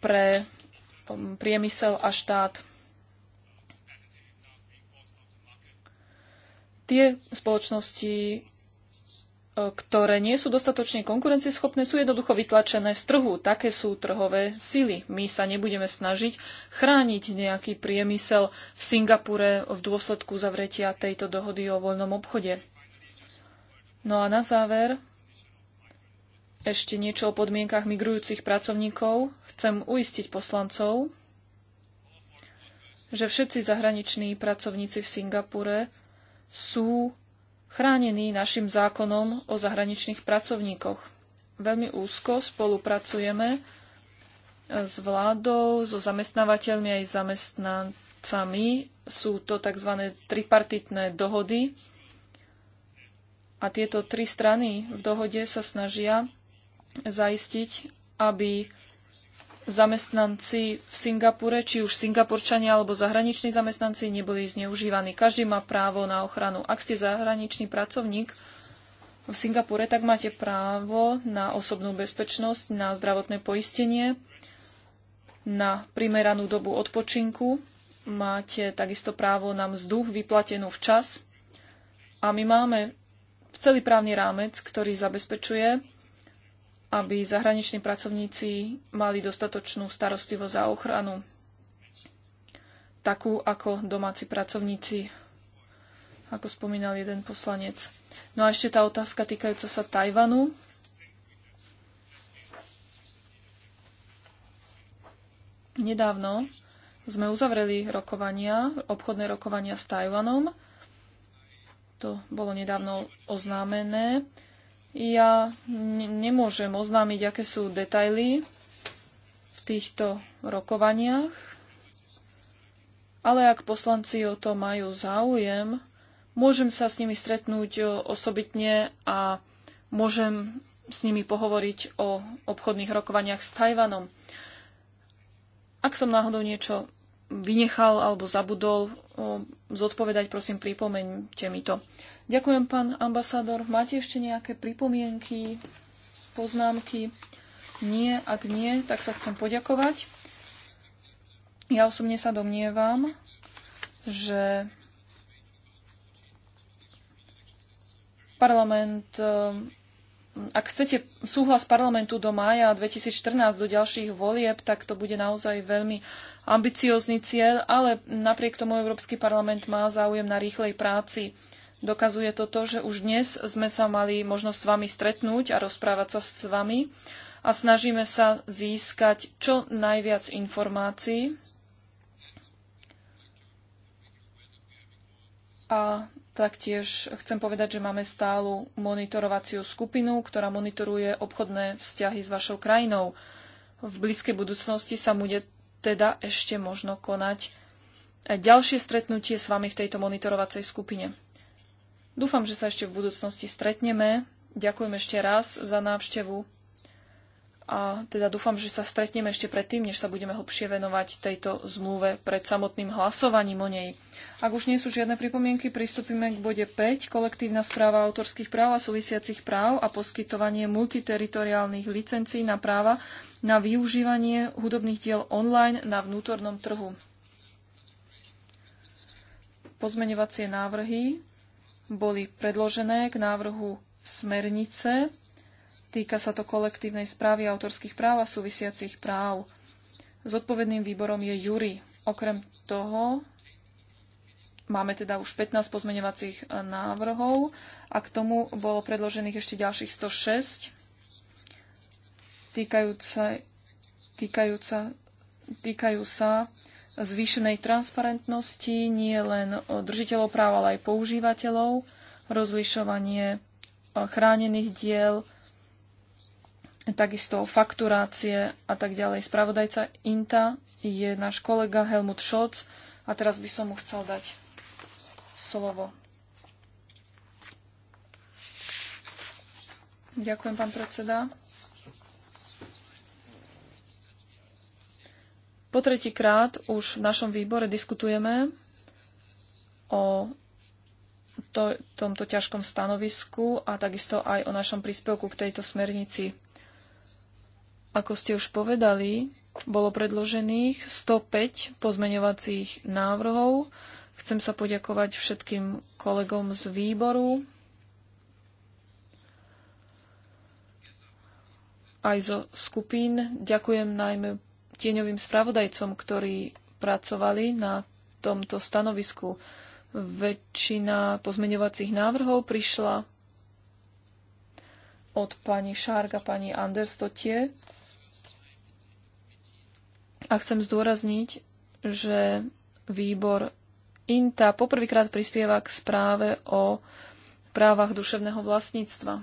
Speaker 3: pre um, priemysel a štát. Tie spoločnosti, E, ktoré nie sú dostatočne konkurencieschopné, sú jednoducho vytlačené z trhu. Také sú trhové sily. My sa nebudeme snažiť chrániť nejaký priemysel v Singapure v dôsledku zavretia tejto dohody o voľnom obchode. No a na záver ešte niečo o podmienkach migrujúcich pracovníkov. Chcem uistiť poslancov, že všetci zahraniční pracovníci v Singapure sú chránený našim zákonom o zahraničných pracovníkoch. Veľmi úzko spolupracujeme eh, s vládou, so zamestnávateľmi aj zamestnancami. Sú to tzv. tripartitné dohody. A tieto tri strany v dohode sa snažia zaistiť, aby zamestnanci v Singapure, či už singapurčania alebo zahraniční zamestnanci, neboli zneužívaní. Každý má právo na ochranu. Ak ste zahraničný pracovník v Singapure, tak máte právo na osobnú bezpečnosť, na zdravotné poistenie, na primeranú dobu odpočinku. Máte takisto právo na mzdu vyplatenú včas. A my máme celý právny rámec, ktorý zabezpečuje aby zahraniční pracovníci mali dostatočnú starostlivosť a ochranu, takú ako domáci pracovníci, ako spomínal jeden poslanec. No a ešte tá otázka týkajúca sa Tajvanu. Nedávno sme uzavreli rokovania, obchodné rokovania s Tajvanom. To bolo nedávno oznámené. Ja nemôžem oznámiť, aké sú detaily v týchto rokovaniach, ale ak poslanci o to majú záujem, môžem sa s nimi stretnúť e, osobitne a môžem s nimi pohovoriť o obchodných rokovaniach s Tajvanom. Ak som náhodou niečo vynechal alebo zabudol zodpovedať, prosím, pripomeňte mi to. Ďakujem, pán ambasádor. Máte ešte nejaké pripomienky, poznámky? Nie, ak nie, tak sa chcem poďakovať. Ja osobne sa domnievam, že parlament e, ak chcete súhlas parlamentu do mája 2014 do ďalších volieb, tak to bude naozaj veľmi ambiciózny cieľ, ale napriek tomu Európsky parlament má záujem na rýchlej práci. Dokazuje to to, že už dnes sme sa mali možnosť s vami stretnúť a rozprávať sa s vami a snažíme sa získať čo najviac informácií. A taktiež chcem povedať, že máme stálu monitorovaciu skupinu, ktorá monitoruje obchodné vzťahy s vašou krajinou. V blízkej budúcnosti sa bude teda ešte možno konať ďalšie stretnutie s vami v tejto monitorovacej skupine. Dúfam, že sa ešte v budúcnosti stretneme. Ďakujem ešte raz za návštevu a teda dúfam, že sa stretneme ešte predtým, než sa budeme hlbšie venovať tejto zmluve pred samotným hlasovaním o nej. Ak už nie sú žiadne pripomienky, pristúpime k bode 5, kolektívna správa autorských práv a súvisiacich práv a poskytovanie multiteritoriálnych licencií na práva na využívanie hudobných diel online na vnútornom trhu. Pozmeňovacie návrhy boli predložené k návrhu smernice Týka sa to kolektívnej správy autorských práv a súvisiacich práv. Zodpovedným výborom je jury. Okrem toho máme teda už 15 pozmeňovacích e, návrhov a k tomu bolo predložených ešte ďalších 106 týkajúca, týkajúca, týkajú sa zvýšenej transparentnosti nie len držiteľov práv, ale aj používateľov, rozlišovanie e, chránených diel, takisto fakturácie a tak ďalej. Spravodajca INTA je náš kolega Helmut Scholz a teraz by som mu chcel dať slovo. Ďakujem, pán predseda. Po tretíkrát už v našom výbore diskutujeme o to, tomto ťažkom stanovisku a takisto aj o našom príspevku k tejto smernici. Ako ste už povedali, bolo predložených 105 pozmeňovacích návrhov. Chcem sa poďakovať všetkým kolegom z výboru, aj zo skupín. Ďakujem najmä tieňovým spravodajcom, ktorí pracovali na tomto stanovisku. Väčšina pozmeňovacích návrhov prišla od pani Šárga, pani Anderstotie. A chcem zdôrazniť, že výbor INTA poprvýkrát prispieva k správe o právach duševného vlastníctva.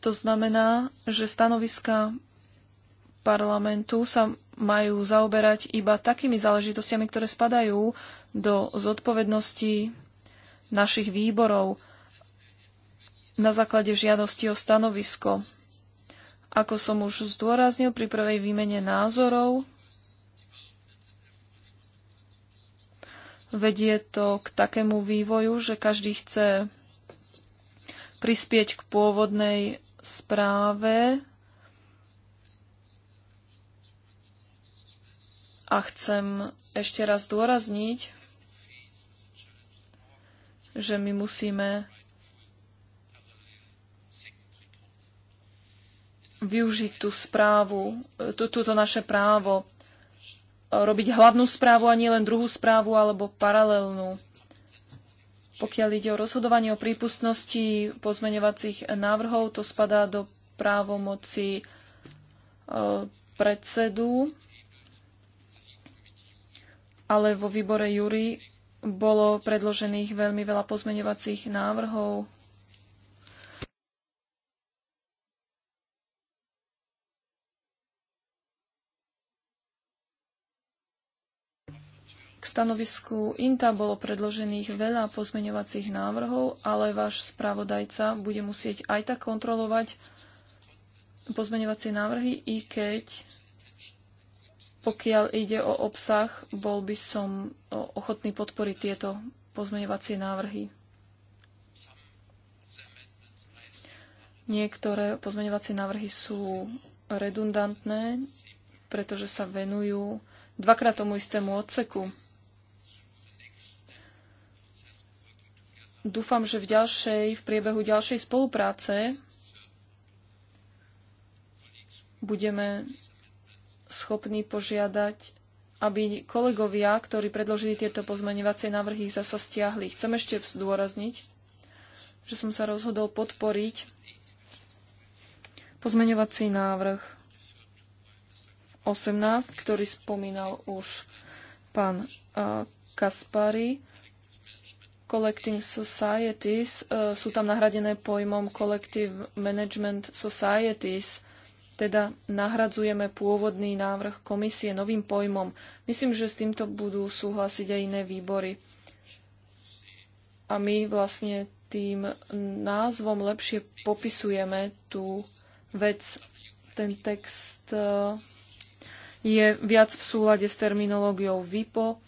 Speaker 3: To znamená, že stanoviska parlamentu sa majú zaoberať iba takými záležitostiami, ktoré spadajú do zodpovednosti našich výborov na základe žiadosti o stanovisko. Ako som už zdôraznil pri prvej výmene názorov, vedie to k takému vývoju, že každý chce prispieť k pôvodnej správe a chcem ešte raz dôrazniť, že my musíme využiť tú správu, tú, túto naše právo, e, robiť hlavnú správu a nie len druhú správu alebo paralelnú. Pokiaľ ide o rozhodovanie o prípustnosti pozmeňovacích návrhov, to spadá do právomoci e, predsedu, ale vo výbore Jury bolo predložených veľmi veľa pozmeňovacích návrhov K stanovisku INTA bolo predložených veľa pozmeňovacích návrhov, ale váš spravodajca bude musieť aj tak kontrolovať pozmeňovacie návrhy, i keď pokiaľ ide o obsah, bol by som ochotný podporiť tieto pozmeňovacie návrhy. Niektoré pozmeňovacie návrhy sú redundantné, pretože sa venujú dvakrát tomu istému odseku. dúfam, že v ďalšej, v priebehu ďalšej spolupráce budeme schopní požiadať, aby kolegovia, ktorí predložili tieto pozmeňovacie návrhy, zasa stiahli. Chcem ešte zdôrazniť, že som sa rozhodol podporiť pozmeňovací návrh 18, ktorý spomínal už pán eh, Kaspari Collecting Societies e, sú tam nahradené pojmom Collective Management Societies, teda nahradzujeme pôvodný návrh komisie novým pojmom. Myslím, že s týmto budú súhlasiť aj iné výbory. A my vlastne tým názvom lepšie popisujeme tú vec. Ten text e, je viac v súlade s terminológiou VIPO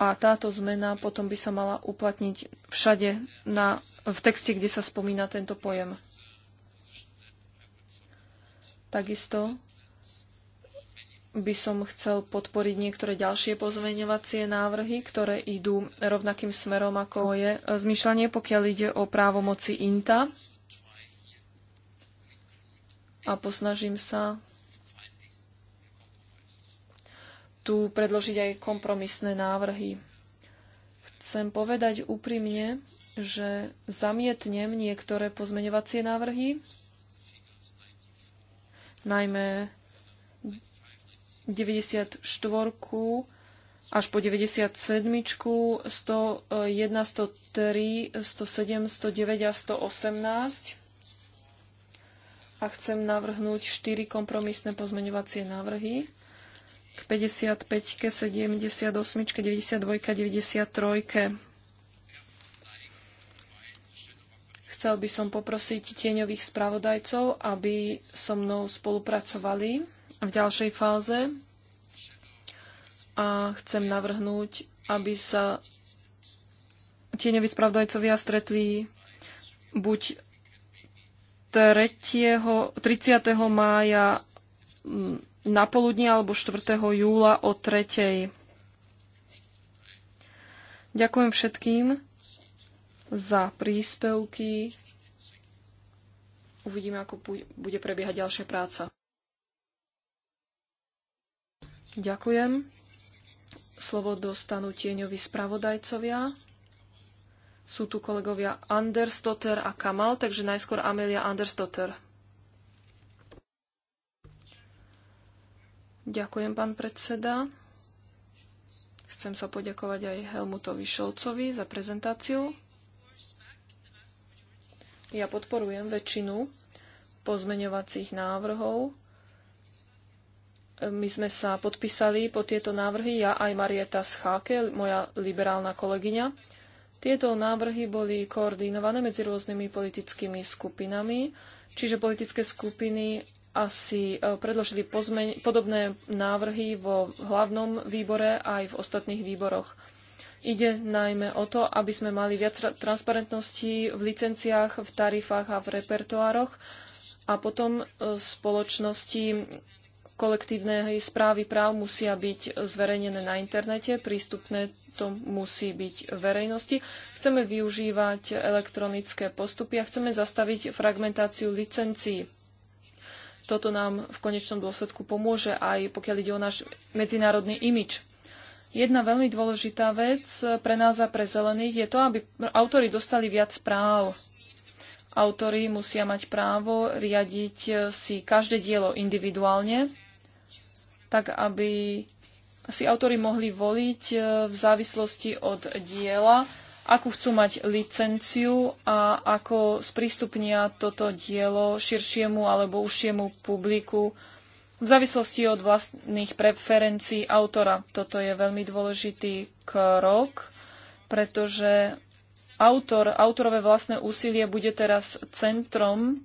Speaker 3: a táto zmena potom by sa mala uplatniť všade na, v texte, kde sa spomína tento pojem. Takisto by som chcel podporiť niektoré ďalšie pozmeňovacie návrhy, ktoré idú rovnakým smerom, ako je zmyšľanie, pokiaľ ide o právomoci INTA. A posnažím sa tu predložiť aj kompromisné návrhy. Chcem povedať úprimne, že zamietnem niektoré pozmeňovacie návrhy, najmä 94 až po 97, 101, 103, 107, 109 a 118 a chcem navrhnúť 4 kompromisné pozmeňovacie návrhy k 55, 78, 92, 93. Chcel by som poprosiť tieňových spravodajcov, aby so mnou spolupracovali v ďalšej fáze a chcem navrhnúť, aby sa tieňoví spravodajcovia stretli buď 3. 30. mája na poludne alebo 4. júla o 3. Ďakujem všetkým za príspevky. Uvidíme, ako bude prebiehať ďalšia práca. Ďakujem. Slovo dostanú tieňoví spravodajcovia. Sú tu kolegovia Andersdotter a Kamal, takže najskôr Amelia Andersdotter. Ďakujem, pán predseda. Chcem sa poďakovať aj Helmutovi Šolcovi za prezentáciu. Ja podporujem väčšinu pozmeňovacích návrhov. My sme sa podpísali po tieto návrhy, ja aj Marieta Scháke, moja liberálna kolegyňa. Tieto návrhy boli koordinované medzi rôznymi politickými skupinami, čiže politické skupiny asi e, predložili podobné návrhy vo hlavnom výbore aj v ostatných výboroch. Ide najmä o to, aby sme mali viac transparentnosti v licenciách, v tarifách a v repertoároch a potom e, spoločnosti kolektívnej správy práv musia byť zverejnené na internete, prístupné to musí byť verejnosti. Chceme využívať elektronické postupy a chceme zastaviť fragmentáciu licencií toto nám v konečnom dôsledku pomôže aj pokiaľ ide o náš medzinárodný imič. Jedna veľmi dôležitá vec pre nás a pre zelených je to, aby autory dostali viac práv. Autori musia mať právo riadiť eh, si každé dielo individuálne, tak aby si autori mohli voliť eh, v závislosti od diela, akú chcú mať licenciu a ako sprístupnia toto dielo širšiemu alebo užšiemu publiku v závislosti od vlastných preferencií autora. Toto je veľmi dôležitý krok, pretože autor, autorové vlastné úsilie bude teraz centrom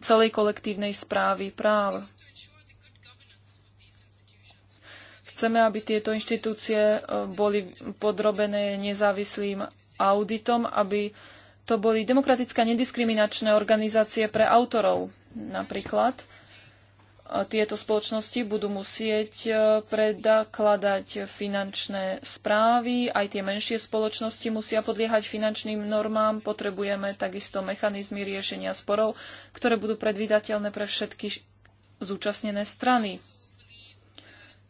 Speaker 3: celej kolektívnej správy práv. Chceme, aby tieto inštitúcie eh, boli podrobené nezávislým auditom, aby to boli demokratické nediskriminačné organizácie pre autorov. Napríklad e, tieto spoločnosti budú musieť e, predakladať finančné správy, aj tie menšie spoločnosti musia podliehať finančným normám, potrebujeme takisto mechanizmy riešenia sporov, ktoré budú predvídateľné pre všetky zúčastnené strany.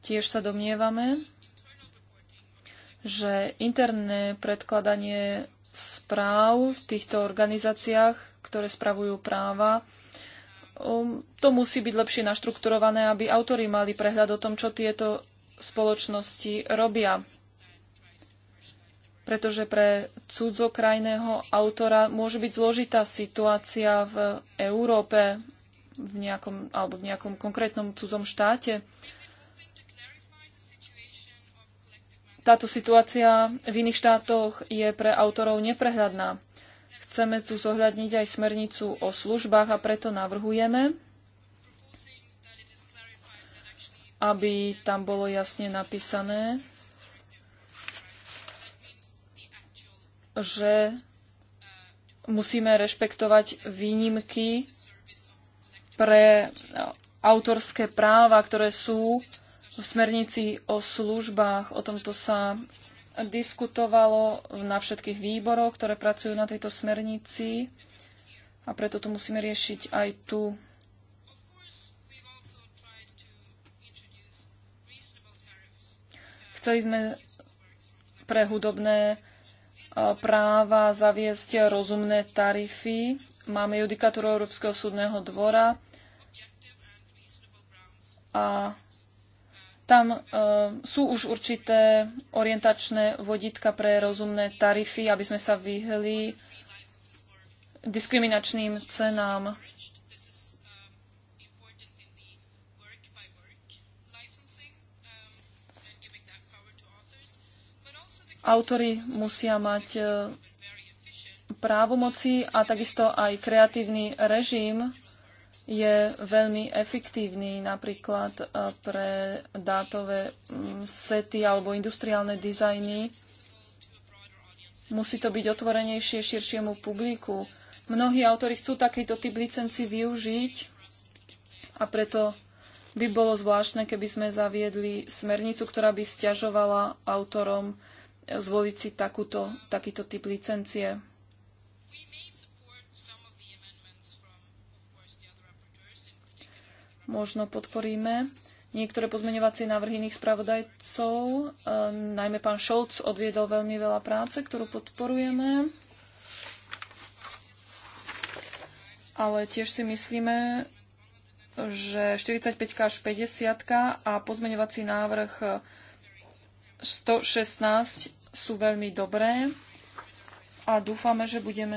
Speaker 3: Tiež sa domnievame, že interné predkladanie správ v týchto organizáciách, ktoré spravujú práva, um, to musí byť lepšie naštrukturované, aby autory mali prehľad o tom, čo tieto spoločnosti robia. Pretože pre cudzokrajného autora môže byť zložitá situácia v Európe v nejakom, alebo v nejakom konkrétnom cudzom štáte. Táto situácia v iných štátoch je pre autorov neprehľadná. Chceme tu zohľadniť aj smernicu o službách a preto navrhujeme, aby tam bolo jasne napísané, že musíme rešpektovať výnimky pre autorské práva, ktoré sú v smernici o službách. O tomto sa diskutovalo na všetkých výboroch, ktoré pracujú na tejto smernici a preto to musíme riešiť aj tu. Chceli sme pre hudobné e, práva zaviesť rozumné tarify. Máme judikatúru Európskeho súdneho dvora a tam e, sú už určité orientačné vodítka pre rozumné tarify, aby sme sa vyhli diskriminačným cenám. Autory musia mať e, právomoci a takisto aj kreatívny režim je veľmi efektívny napríklad eh, pre dátové mm, sety alebo industriálne dizajny. Musí to byť otvorenejšie širšiemu publiku. Mnohí autori chcú takýto typ licenci využiť a preto by bolo zvláštne, keby sme zaviedli smernicu, ktorá by stiažovala autorom eh, zvoliť si takúto, takýto typ licencie. možno podporíme niektoré pozmeňovacie návrhy iných spravodajcov. E, najmä pán Šolc odviedol veľmi veľa práce, ktorú podporujeme. Ale tiež si myslíme, že 45 až 50 a pozmeňovací návrh 116 sú veľmi dobré a dúfame, že budeme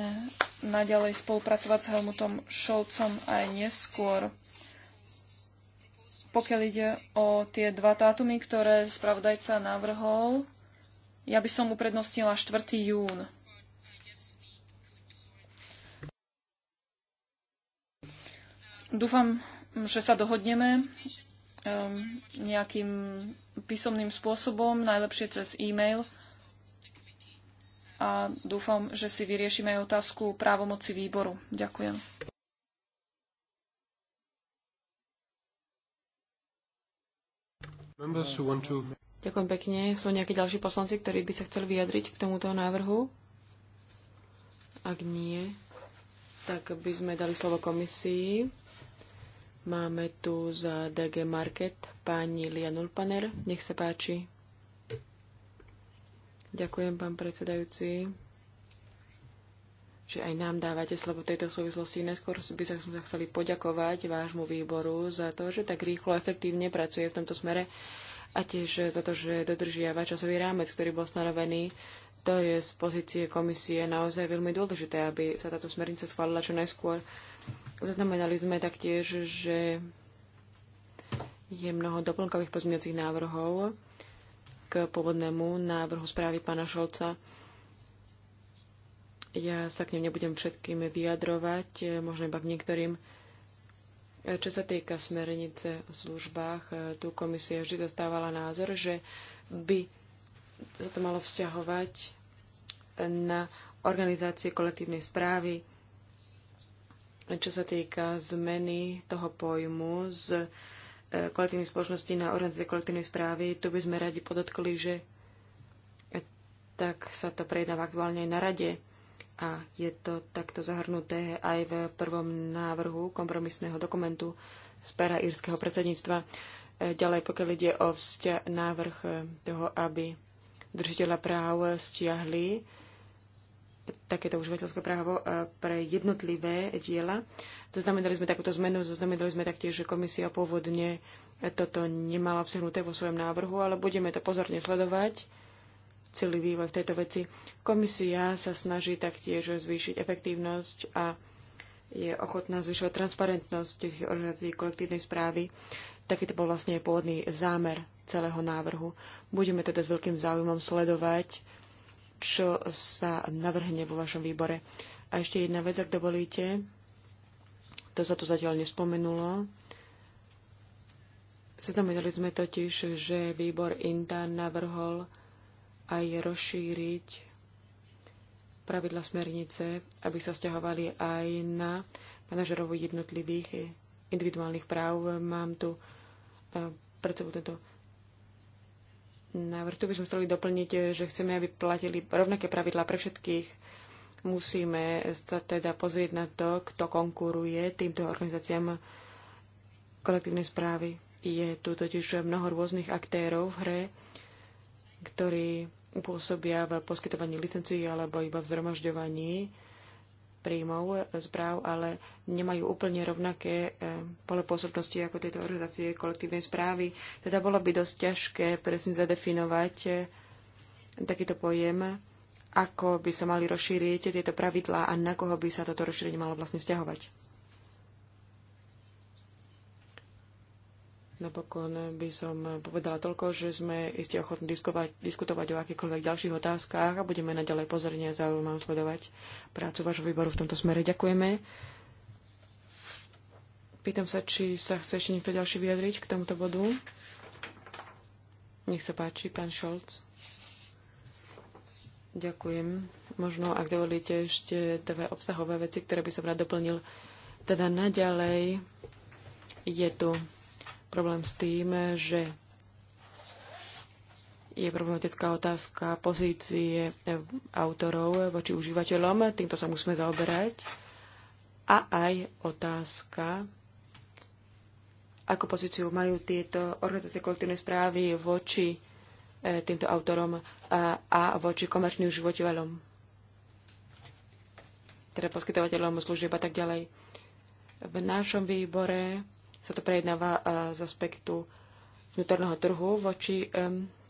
Speaker 3: naďalej spolupracovať s Helmutom Šolcom aj neskôr. Pokiaľ ide o tie dva dátumy, ktoré spravodajca navrhol, ja by som uprednostnila 4. jún. Dúfam, že sa dohodneme ehm, nejakým písomným spôsobom, najlepšie cez e-mail. A dúfam, že si vyriešime aj otázku právomoci výboru. Ďakujem.
Speaker 1: Ďakujem
Speaker 2: pekne. Sú nejakí ďalší poslanci, ktorí by sa chceli vyjadriť k tomuto návrhu? Ak nie, tak by sme dali slovo komisii. Máme tu za DG Market pani Lianul Paner. Nech sa páči. Ďakujem, pán predsedajúci že aj nám dávate slovo tejto súvislosti. Neskôr by sa sme chceli poďakovať vášmu výboru za to, že tak rýchlo a efektívne pracuje v tomto smere a tiež za to, že dodržiava časový rámec, ktorý bol stanovený. To je z pozície komisie naozaj veľmi dôležité, aby sa táto smernica schválila čo najskôr. Zaznamenali sme taktiež, že je mnoho doplnkových pozmeňacích návrhov k pôvodnému návrhu správy pána Šolca. Ja sa k nim nebudem všetkým vyjadrovať, e, možno iba k niektorým. E, čo sa týka smernice o službách, e, tu komisia vždy zastávala názor, že by sa to malo vzťahovať na organizácie kolektívnej správy, čo sa týka zmeny toho pojmu z kolektívnej spoločnosti na organizácie kolektívnej správy. Tu by sme radi podotkli, že tak sa to prejednáva aktuálne aj na rade. A je to takto zahrnuté aj v prvom návrhu kompromisného dokumentu z pera írskeho predsedníctva. E, ďalej, pokiaľ ide o vzťa- návrh e, toho, aby držiteľa práv stiahli takéto užívateľské právo e, pre jednotlivé diela. Zaznamenali sme takúto zmenu, zaznamenali sme taktiež, že komisia pôvodne toto nemala obsahnuté vo svojom návrhu, ale budeme to pozorne sledovať celý vývoj v tejto veci. Komisia sa snaží taktiež zvýšiť efektívnosť a je ochotná zvyšovať transparentnosť tých organizácií kolektívnej správy. Taký to bol vlastne pôvodný zámer celého návrhu. Budeme teda s veľkým záujmom sledovať, čo sa navrhne vo vašom výbore. A ešte jedna vec, ak dovolíte, to sa tu zatiaľ nespomenulo. Zaznamenali sme totiž, že výbor INTA navrhol aj rozšíriť pravidla smernice, aby sa stiahovali aj na manažerov jednotlivých individuálnych práv. Mám tu e, pred sebou tento návrh. Tu by sme chceli doplniť, že chceme, aby platili rovnaké pravidlá pre všetkých. Musíme sa teda pozrieť na to, kto konkuruje týmto organizáciám kolektívnej správy. Je tu totiž mnoho rôznych aktérov v hre, ktorí pôsobia v poskytovaní licencií alebo iba v zhromažďovaní príjmov e, správ, ale nemajú úplne rovnaké e, pole pôsobnosti ako tieto organizácie kolektívnej správy. Teda bolo by dosť ťažké presne zadefinovať e, takýto pojem, ako by sa mali rozšíriť tieto pravidlá a na koho by sa toto rozšírenie malo vlastne vzťahovať. Napokon by som povedala toľko, že sme iste ochotní diskutovať o akýchkoľvek ďalších otázkach a budeme naďalej pozorne a zaujímavé sledovať prácu vášho výboru v tomto smere. Ďakujeme. Pýtam sa, či sa chce ešte niekto ďalší vyjadriť k tomuto bodu. Nech sa páči, pán Šolc. Ďakujem. Možno, ak dovolíte, ešte dve obsahové veci, ktoré by som rád doplnil. Teda naďalej je tu problém s tým, že je problematická otázka pozície autorov voči užívateľom. Týmto sa musíme zaoberať. A aj otázka, akú pozíciu majú tieto organizácie kolektívnej správy voči e, týmto autorom a, a voči komerčným užívateľom, teda poskytovateľom služieb a tak ďalej. V našom výbore sa to prejednáva e, z aspektu vnútorného trhu voči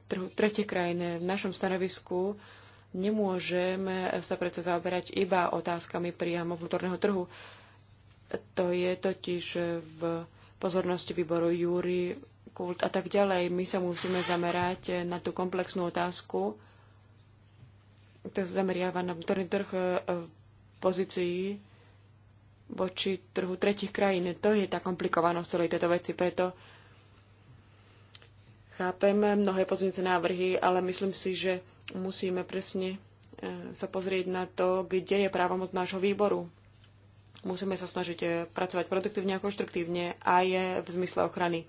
Speaker 2: trhu tretie krajiny. V našom stanovisku nemôžeme sa predsa zaoberať iba otázkami priamo vnútorného trhu. To je totiž v pozornosti výboru Júri, kult a tak ďalej. My sa musíme zamerať na tú komplexnú otázku, ktorá zameriava na vnútorný trh e, v pozícii voči trhu tretich krajín. To je tá komplikovanosť celej tejto veci, preto chápem mnohé pozornice návrhy, ale myslím si, že musíme presne e, sa pozrieť na to, kde je právomoc nášho výboru. Musíme sa snažiť e, pracovať produktívne a konštruktívne je v zmysle ochrany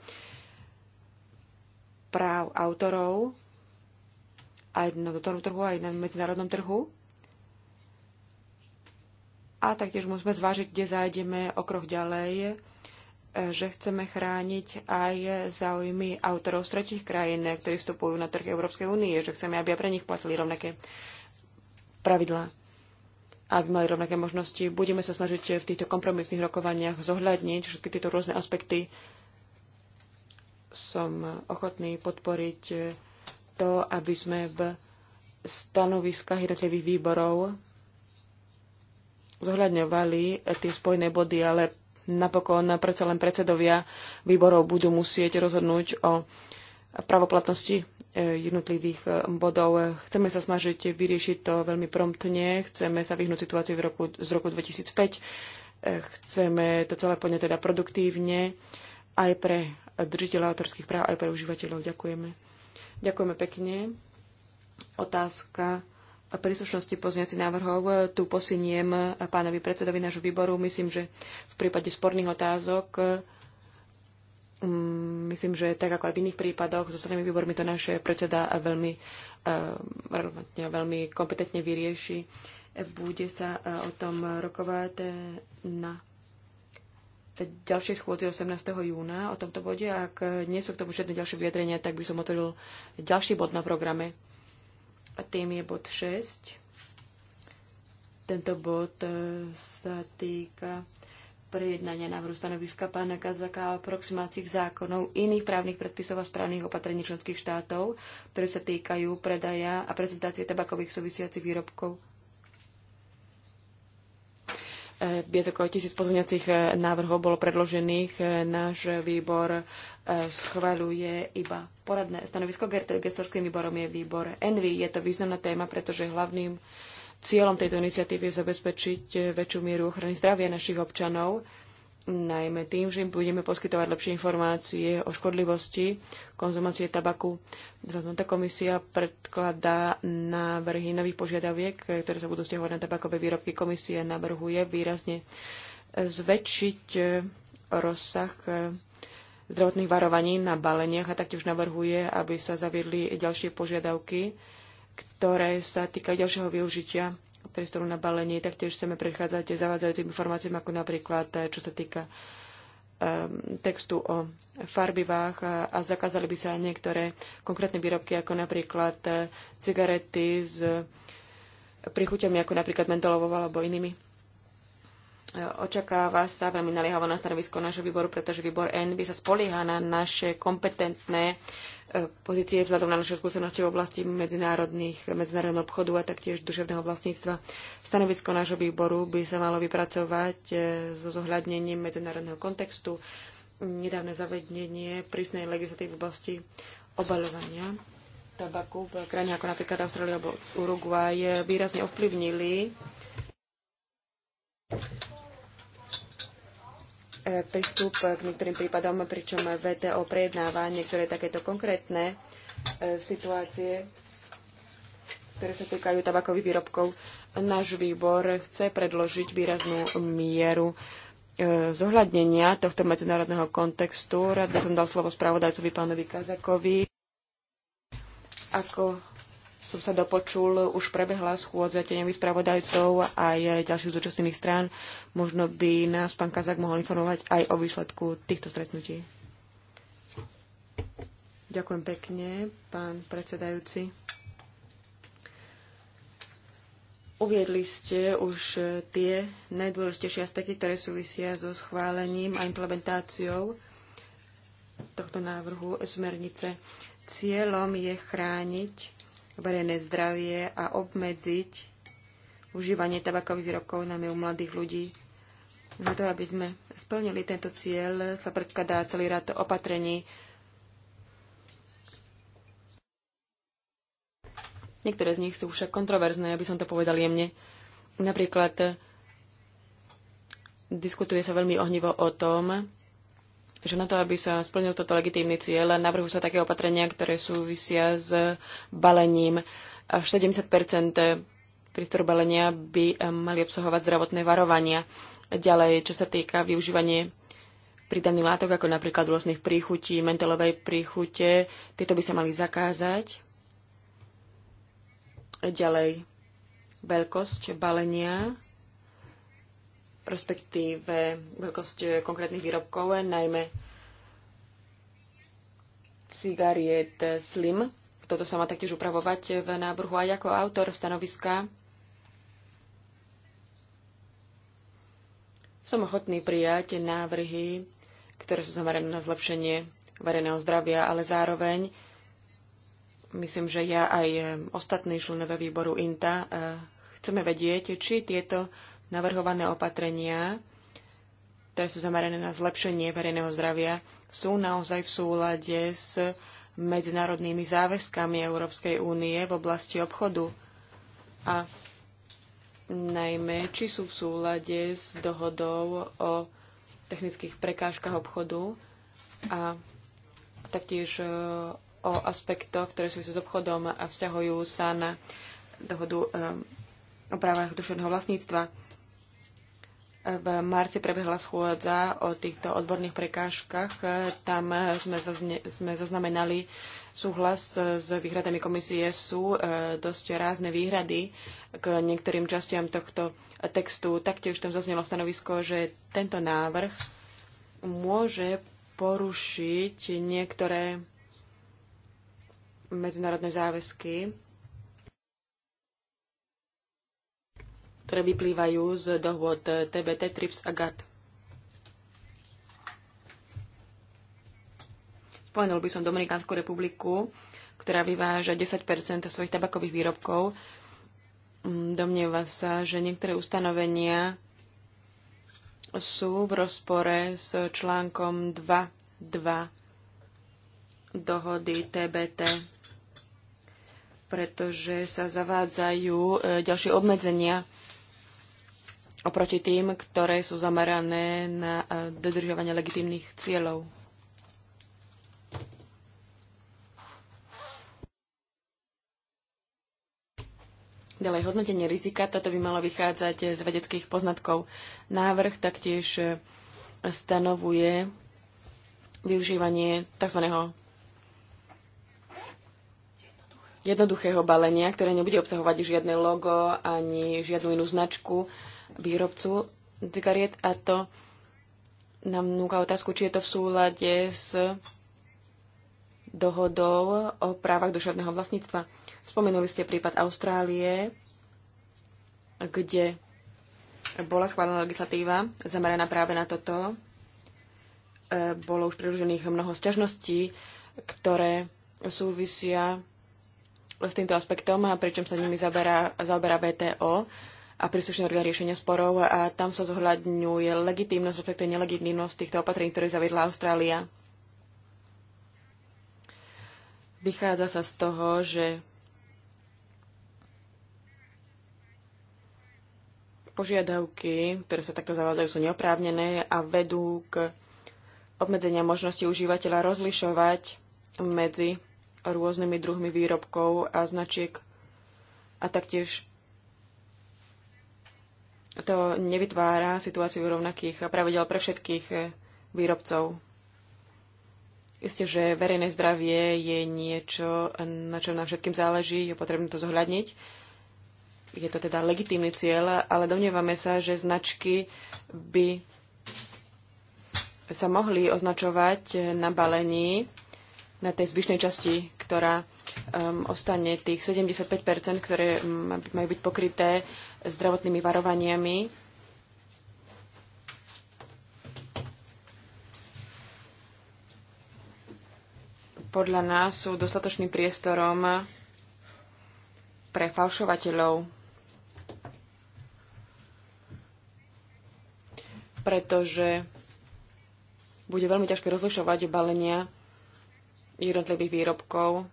Speaker 2: práv autorov aj na vnútornom trhu, aj na medzinárodnom trhu. A taktiež musíme zvážiť, kde zájdeme o krok ďalej, e, že chceme chrániť aj záujmy autorov z tretich krajín, ktorí vstupujú na trh Európskej únie, že chceme, aby aj pre nich platili rovnaké pravidlá, aby mali rovnaké možnosti. Budeme sa snažiť v týchto kompromisných rokovaniach zohľadniť všetky tieto rôzne aspekty. Som ochotný podporiť to, aby sme v stanoviskách jednotlivých výborov zohľadňovali tie spojné body, ale napokon predsa len predsedovia výborov budú musieť rozhodnúť o pravoplatnosti e, jednotlivých e, bodov. Chceme sa snažiť vyriešiť to veľmi promptne, chceme sa vyhnúť situácii v roku, z roku 2005, e, chceme to celé podne teda produktívne aj pre držiteľov autorských práv, aj pre užívateľov. Ďakujeme. Ďakujeme pekne. Otázka príslušnosti pozmiacich návrhov e, tu posiniem e, pánovi predsedovi nášho výboru. Myslím, že v prípade sporných otázok e, myslím, že tak ako aj v iných prípadoch so stranými výbormi to naše predseda veľmi, veľmi kompetentne vyrieši. Bude sa o tom rokovať na ďalšej schôdzi 18. júna o tomto bode. Ak nie sú k tomu všetné ďalšie vyjadrenia, tak by som otvoril ďalší bod na programe a tým je bod 6. Tento bod e, sa týka prejednania návrhu stanoviska pána Kazaka o aproximácich zákonov iných právnych predpisov a správnych opatrení členských štátov, ktoré sa týkajú predaja a prezentácie tabakových súvisiacich výrobkov E, viac ako tisíc pozmeňacích e, návrhov bolo predložených. E, náš výbor schvaľuje iba poradné stanovisko. Gestorským výborom je výbor Envy. Je to významná téma, pretože hlavným cieľom tejto iniciatívy je zabezpečiť väčšiu mieru ochrany zdravia našich občanov najmä tým, že im budeme poskytovať lepšie informácie o škodlivosti konzumácie tabaku. Zhodnota komisia predkladá návrhy nových požiadaviek, ktoré sa budú stiahovať na tabakové výrobky. Komisia navrhuje výrazne zväčšiť rozsah zdravotných varovaní na baleniach a taktiež navrhuje, aby sa zaviedli ďalšie požiadavky, ktoré sa týkajú ďalšieho využitia priestoru na balenie. Taktiež chceme prechádzať zavádzajúcim informáciám, ako napríklad, eh, čo sa týka ehm, textu o farbivách eh, a zakázali by sa niektoré konkrétne výrobky, ako napríklad eh, cigarety s prichuťami, ako napríklad mentolovou alebo inými. Očakáva sa veľmi naliehavo na stanovisko nášho výboru, pretože výbor N by sa spolieha na naše kompetentné e, pozície vzhľadom na naše skúsenosti v oblasti medzinárodných, medzinárodného obchodu a taktiež duševného vlastníctva. Stanovisko nášho výboru by sa malo vypracovať e, so zohľadnením medzinárodného kontextu, nedávne zavedenie prísnej legislatívy v oblasti obalovania tabaku v krajinách ako napríklad Austrália alebo Uruguay e, výrazne ovplyvnili prístup k niektorým prípadom, pričom VTO prejednáva niektoré takéto konkrétne e, situácie, ktoré sa týkajú tabakových výrobkov. Náš výbor chce predložiť výraznú mieru e, zohľadnenia tohto medzinárodného kontextu. Rád by som dal slovo spravodajcovi pánovi Kazakovi. Ako som sa dopočul, už prebehla schôdza tieňami spravodajcov aj ďalších zúčastnených strán. Možno by nás pán Kazak mohol informovať aj o výsledku týchto stretnutí. Ďakujem pekne, pán predsedajúci. Uviedli ste už tie najdôležitejšie aspekty, ktoré súvisia so schválením a implementáciou tohto návrhu smernice. Cieľom je chrániť verejné zdravie a obmedziť užívanie tabakových výrobkov, najmä u mladých ľudí. Na to, aby sme splnili tento cieľ, sa predkladá celý rad opatrení. Niektoré z nich sú však kontroverzné, aby som to povedal jemne. Napríklad diskutuje sa veľmi ohnivo o tom, Takže na to, aby sa splnil toto legitímny cieľ, navrhu sa také opatrenia, ktoré súvisia s balením. Až 70 prístor balenia by eh, mali obsahovať zdravotné varovania. Ďalej, čo sa týka využívanie pridaných látok, ako napríklad rôznych príchutí, mentolovej príchute, tieto by sa mali zakázať. Ďalej, veľkosť balenia respektíve veľkosť konkrétnych výrobkov, najmä cigariet Slim. Toto sa má taktiež upravovať v návrhu aj ako autor stanoviska. Som ochotný prijať návrhy, ktoré sú zamerané na zlepšenie verejného zdravia, ale zároveň myslím, že ja aj ostatní členové výboru INTA eh, chceme vedieť, či tieto navrhované opatrenia, ktoré sú zamerané na zlepšenie verejného zdravia, sú naozaj v súlade s medzinárodnými záväzkami Európskej únie v oblasti obchodu a najmä, či sú v súlade s dohodou o technických prekážkach obchodu a taktiež e, o aspektoch, ktoré sú s obchodom a vzťahujú sa na dohodu e, o právach duševného vlastníctva. V marci prebehla schôdza o týchto odborných prekážkach. Tam sme, zazne, sme zaznamenali súhlas s výhradami komisie. Sú e, dosť rázne výhrady k niektorým častiam tohto textu. Taktiež tam zaznelo stanovisko, že tento návrh môže porušiť niektoré medzinárodné záväzky ktoré vyplývajú z dohôd TBT, TRIPS a GATT. Spomenul by som Dominikánsku republiku, ktorá vyváža 10 svojich tabakových výrobkov. Mm, domnieva sa, že niektoré ustanovenia sú v rozpore s článkom 2.2 dohody TBT, pretože sa zavádzajú e, ďalšie obmedzenia oproti tým, ktoré sú zamerané na e, dodržovanie legitímnych cieľov. Ďalej, hodnotenie rizika, toto by malo vychádzať z vedeckých poznatkov. Návrh taktiež e, stanovuje využívanie tzv. jednoduchého balenia, ktoré nebude obsahovať žiadne logo ani žiadnu inú značku výrobcu cigariet a to nám núka otázku, či je to v súlade s dohodou o právach duševného vlastníctva. Spomenuli ste prípad Austrálie, kde bola schválená legislatíva zameraná práve na toto. E, bolo už predložených mnoho sťažností, ktoré súvisia s týmto aspektom, a pričom sa nimi zaberá, zaoberá VTO a príslušné orgány riešenia sporov a tam sa zohľadňuje legitímnosť, respektíve nelegitímnosť týchto opatrení, ktoré zaviedla Austrália. Vychádza sa z toho, že požiadavky, ktoré sa takto zavádzajú, sú neoprávnené a vedú k obmedzenia možnosti užívateľa rozlišovať medzi rôznymi druhmi výrobkov a značiek a taktiež to nevytvára situáciu rovnakých pravidel pre všetkých výrobcov. Isté, že verejné zdravie je niečo, na čom nám všetkým záleží, je potrebné to zohľadniť. Je to teda legitímny cieľ, ale domnievame sa, že značky by sa mohli označovať na balení na tej zvyšnej časti, ktorá um, ostane tých 75 ktoré um, majú byť pokryté zdravotnými varovaniami. Podľa nás sú dostatočným priestorom pre falšovateľov, pretože bude veľmi ťažké rozlišovať balenia jednotlivých výrobkov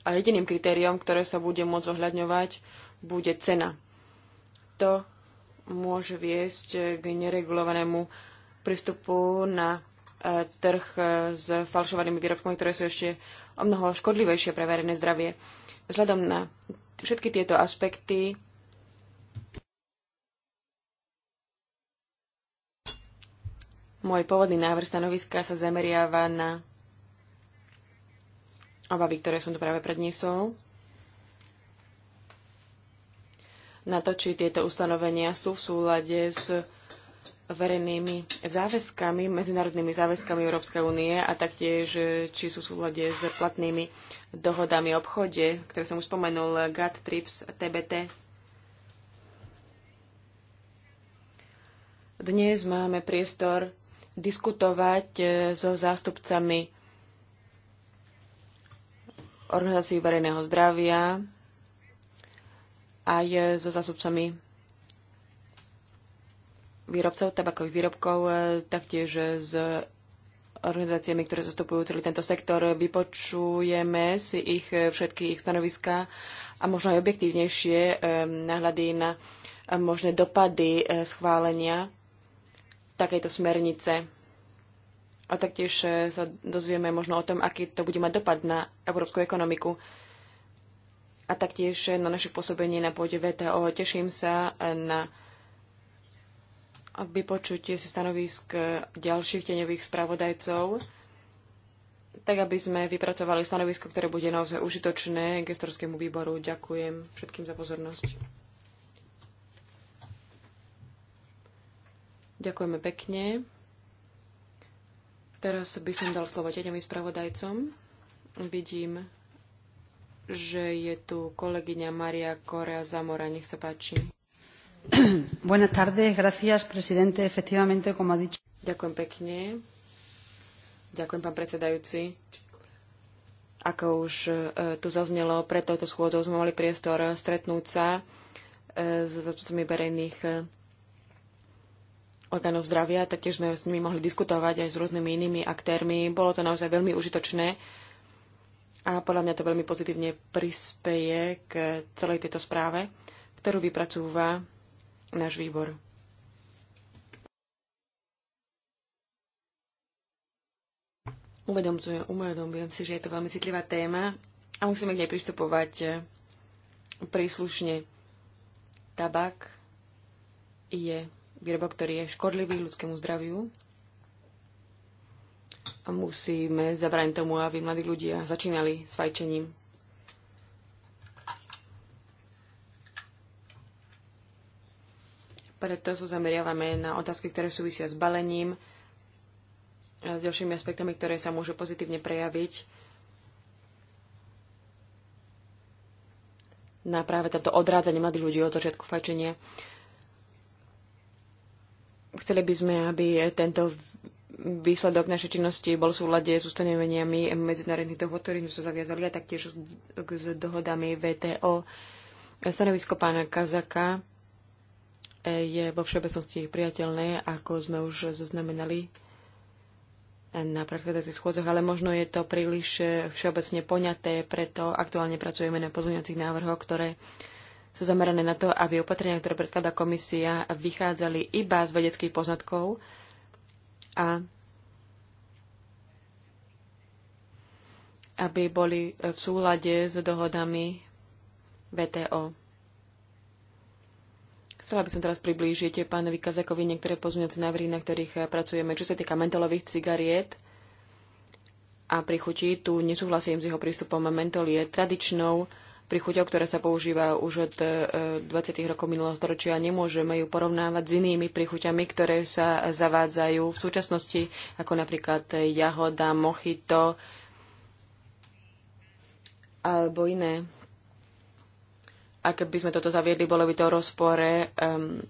Speaker 2: a jediným kritériom, ktoré sa bude môcť ohľadňovať, bude cena. To môže viesť k neregulovanému prístupu na e, trh e, s falšovanými výrobkami, ktoré sú ešte o mnoho škodlivejšie pre verejné zdravie. Vzhľadom na všetky tieto aspekty môj pôvodný návrh stanoviska sa zameriava na obavy, ktoré som tu práve predniesol, na to, či tieto ustanovenia sú v súlade s verejnými záväzkami, medzinárodnými záväzkami Európskej únie a taktiež, či sú v súlade s platnými dohodami o obchode, ktoré som už spomenul, GATT, TRIPS, TBT. Dnes máme priestor diskutovať eh, so zástupcami organizácií verejného zdravia aj so zásupcami výrobcov tabakových výrobkov, e, taktiež s organizáciami, ktoré zastupujú celý tento sektor. Vypočujeme si ich e, všetky ich stanoviská a možno aj objektívnejšie e, náhľady na možné dopady schválenia takejto smernice a taktiež eh, sa dozvieme možno o tom, aký to bude mať dopad na európsku ekonomiku a taktiež eh, na naše pôsobenie na pôde VTO. Teším sa eh, na vypočutie si stanovisk ďalších teňových spravodajcov, tak aby sme vypracovali stanovisko, ktoré bude naozaj užitočné gestorskému výboru. Ďakujem všetkým za pozornosť. Ďakujeme pekne. Teraz by som dal slovo teďom spravodajcom. Vidím, že je tu kolegyňa Maria Korea Zamora. Nech sa páči. [clears throat] Buenas tardes, gracias, presidente. Efectivamente, como ha dicho... Ďakujem pekne. Ďakujem, pán predsedajúci. Ako už e, tu zaznelo, pre touto schôdzou sme mali priestor stretnúť sa e, s zastupcami verejných e, orgánov zdravia, taktiež sme s nimi mohli diskutovať aj s rôznymi inými aktérmi. Bolo to naozaj veľmi užitočné a podľa mňa to veľmi pozitívne prispeje k celej tejto správe, ktorú vypracúva náš výbor. Uvedomujem, uvedomujem si, že je to veľmi citlivá téma a musíme k nej pristupovať príslušne. Tabak je výrobok, ktorý je škodlivý ľudskému zdraviu. A musíme zabrániť tomu, aby mladí ľudia začínali s fajčením. Preto sa zameriavame na otázky, ktoré súvisia s balením a s ďalšími aspektami, ktoré sa môžu pozitívne prejaviť na práve toto odrádzanie mladých ľudí od začiatku fajčenia. Chceli by sme, aby tento výsledok našej činnosti bol v súlade s ustanoveniami medzinárodných dohod, ktorým sme sa zaviazali a taktiež s dohodami VTO. Stanovisko pána Kazaka eh, je vo všeobecnosti priateľné, ako sme už zaznamenali eh, na predchádzajúcich schôdzoch, ale možno je to príliš eh, všeobecne poňaté, preto aktuálne pracujeme na pozorňujúcich návrhoch, ktoré sú zamerané na to, aby opatrenia, ktoré predkladá komisia, vychádzali iba z vedeckých poznatkov a aby boli v súlade s dohodami VTO. Chcela by som teraz priblížiť pánovi Kazakovi niektoré pozmeňujúce návrhy, na ktorých pracujeme. Čo sa týka mentolových cigariet a pri chuti, tu nesúhlasím s jeho prístupom. Mentol je tradičnou chuťou, ktorá sa používa už od 20. E, rokov minulého storočia. Nemôžeme ju porovnávať s inými prichuťami, ktoré sa zavádzajú v súčasnosti, ako napríklad jahoda, mochito alebo iné. Ak by sme toto zaviedli, bolo by to rozpore um,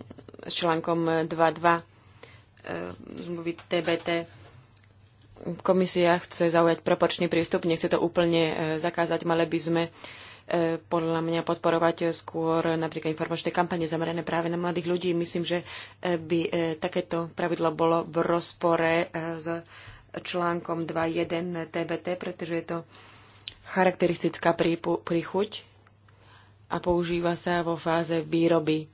Speaker 2: s článkom 2.2 zmluvy um, TBT komisia chce zaujať proporčný prístup, nechce to úplne e, zakázať, mali by sme E, podľa mňa podporovať skôr napríklad informačné kampane zamerané práve na mladých ľudí. Myslím, že e, by e, takéto pravidlo bolo v rozpore s článkom 2.1 TBT, pretože je to charakteristická príchuť a používa sa vo fáze výroby.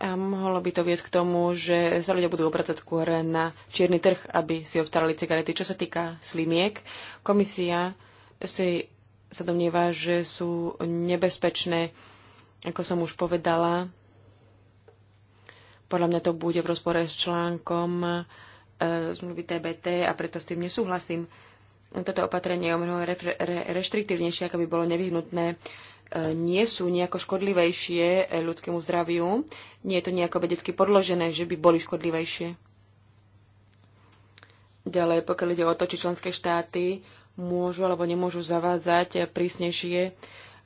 Speaker 2: A mohlo by to viesť k tomu, že sa ľudia budú obracať skôr na čierny trh, aby si obstarali cigarety. Čo sa týka slimiek, komisia si sa domnieva, že sú nebezpečné. Ako som už povedala, podľa mňa to bude v rozpore s článkom e, zmluvy TBT a preto s tým nesúhlasím. Toto opatrenie je o mnoho re- re- reštriktívnejšie, ako by bolo nevyhnutné e, nie sú nejako škodlivejšie e, ľudskému zdraviu. Nie je to nejako vedecky podložené, že by boli škodlivejšie. Ďalej, pokiaľ ide o to, či členské štáty môžu alebo nemôžu zavádzať prísnejšie,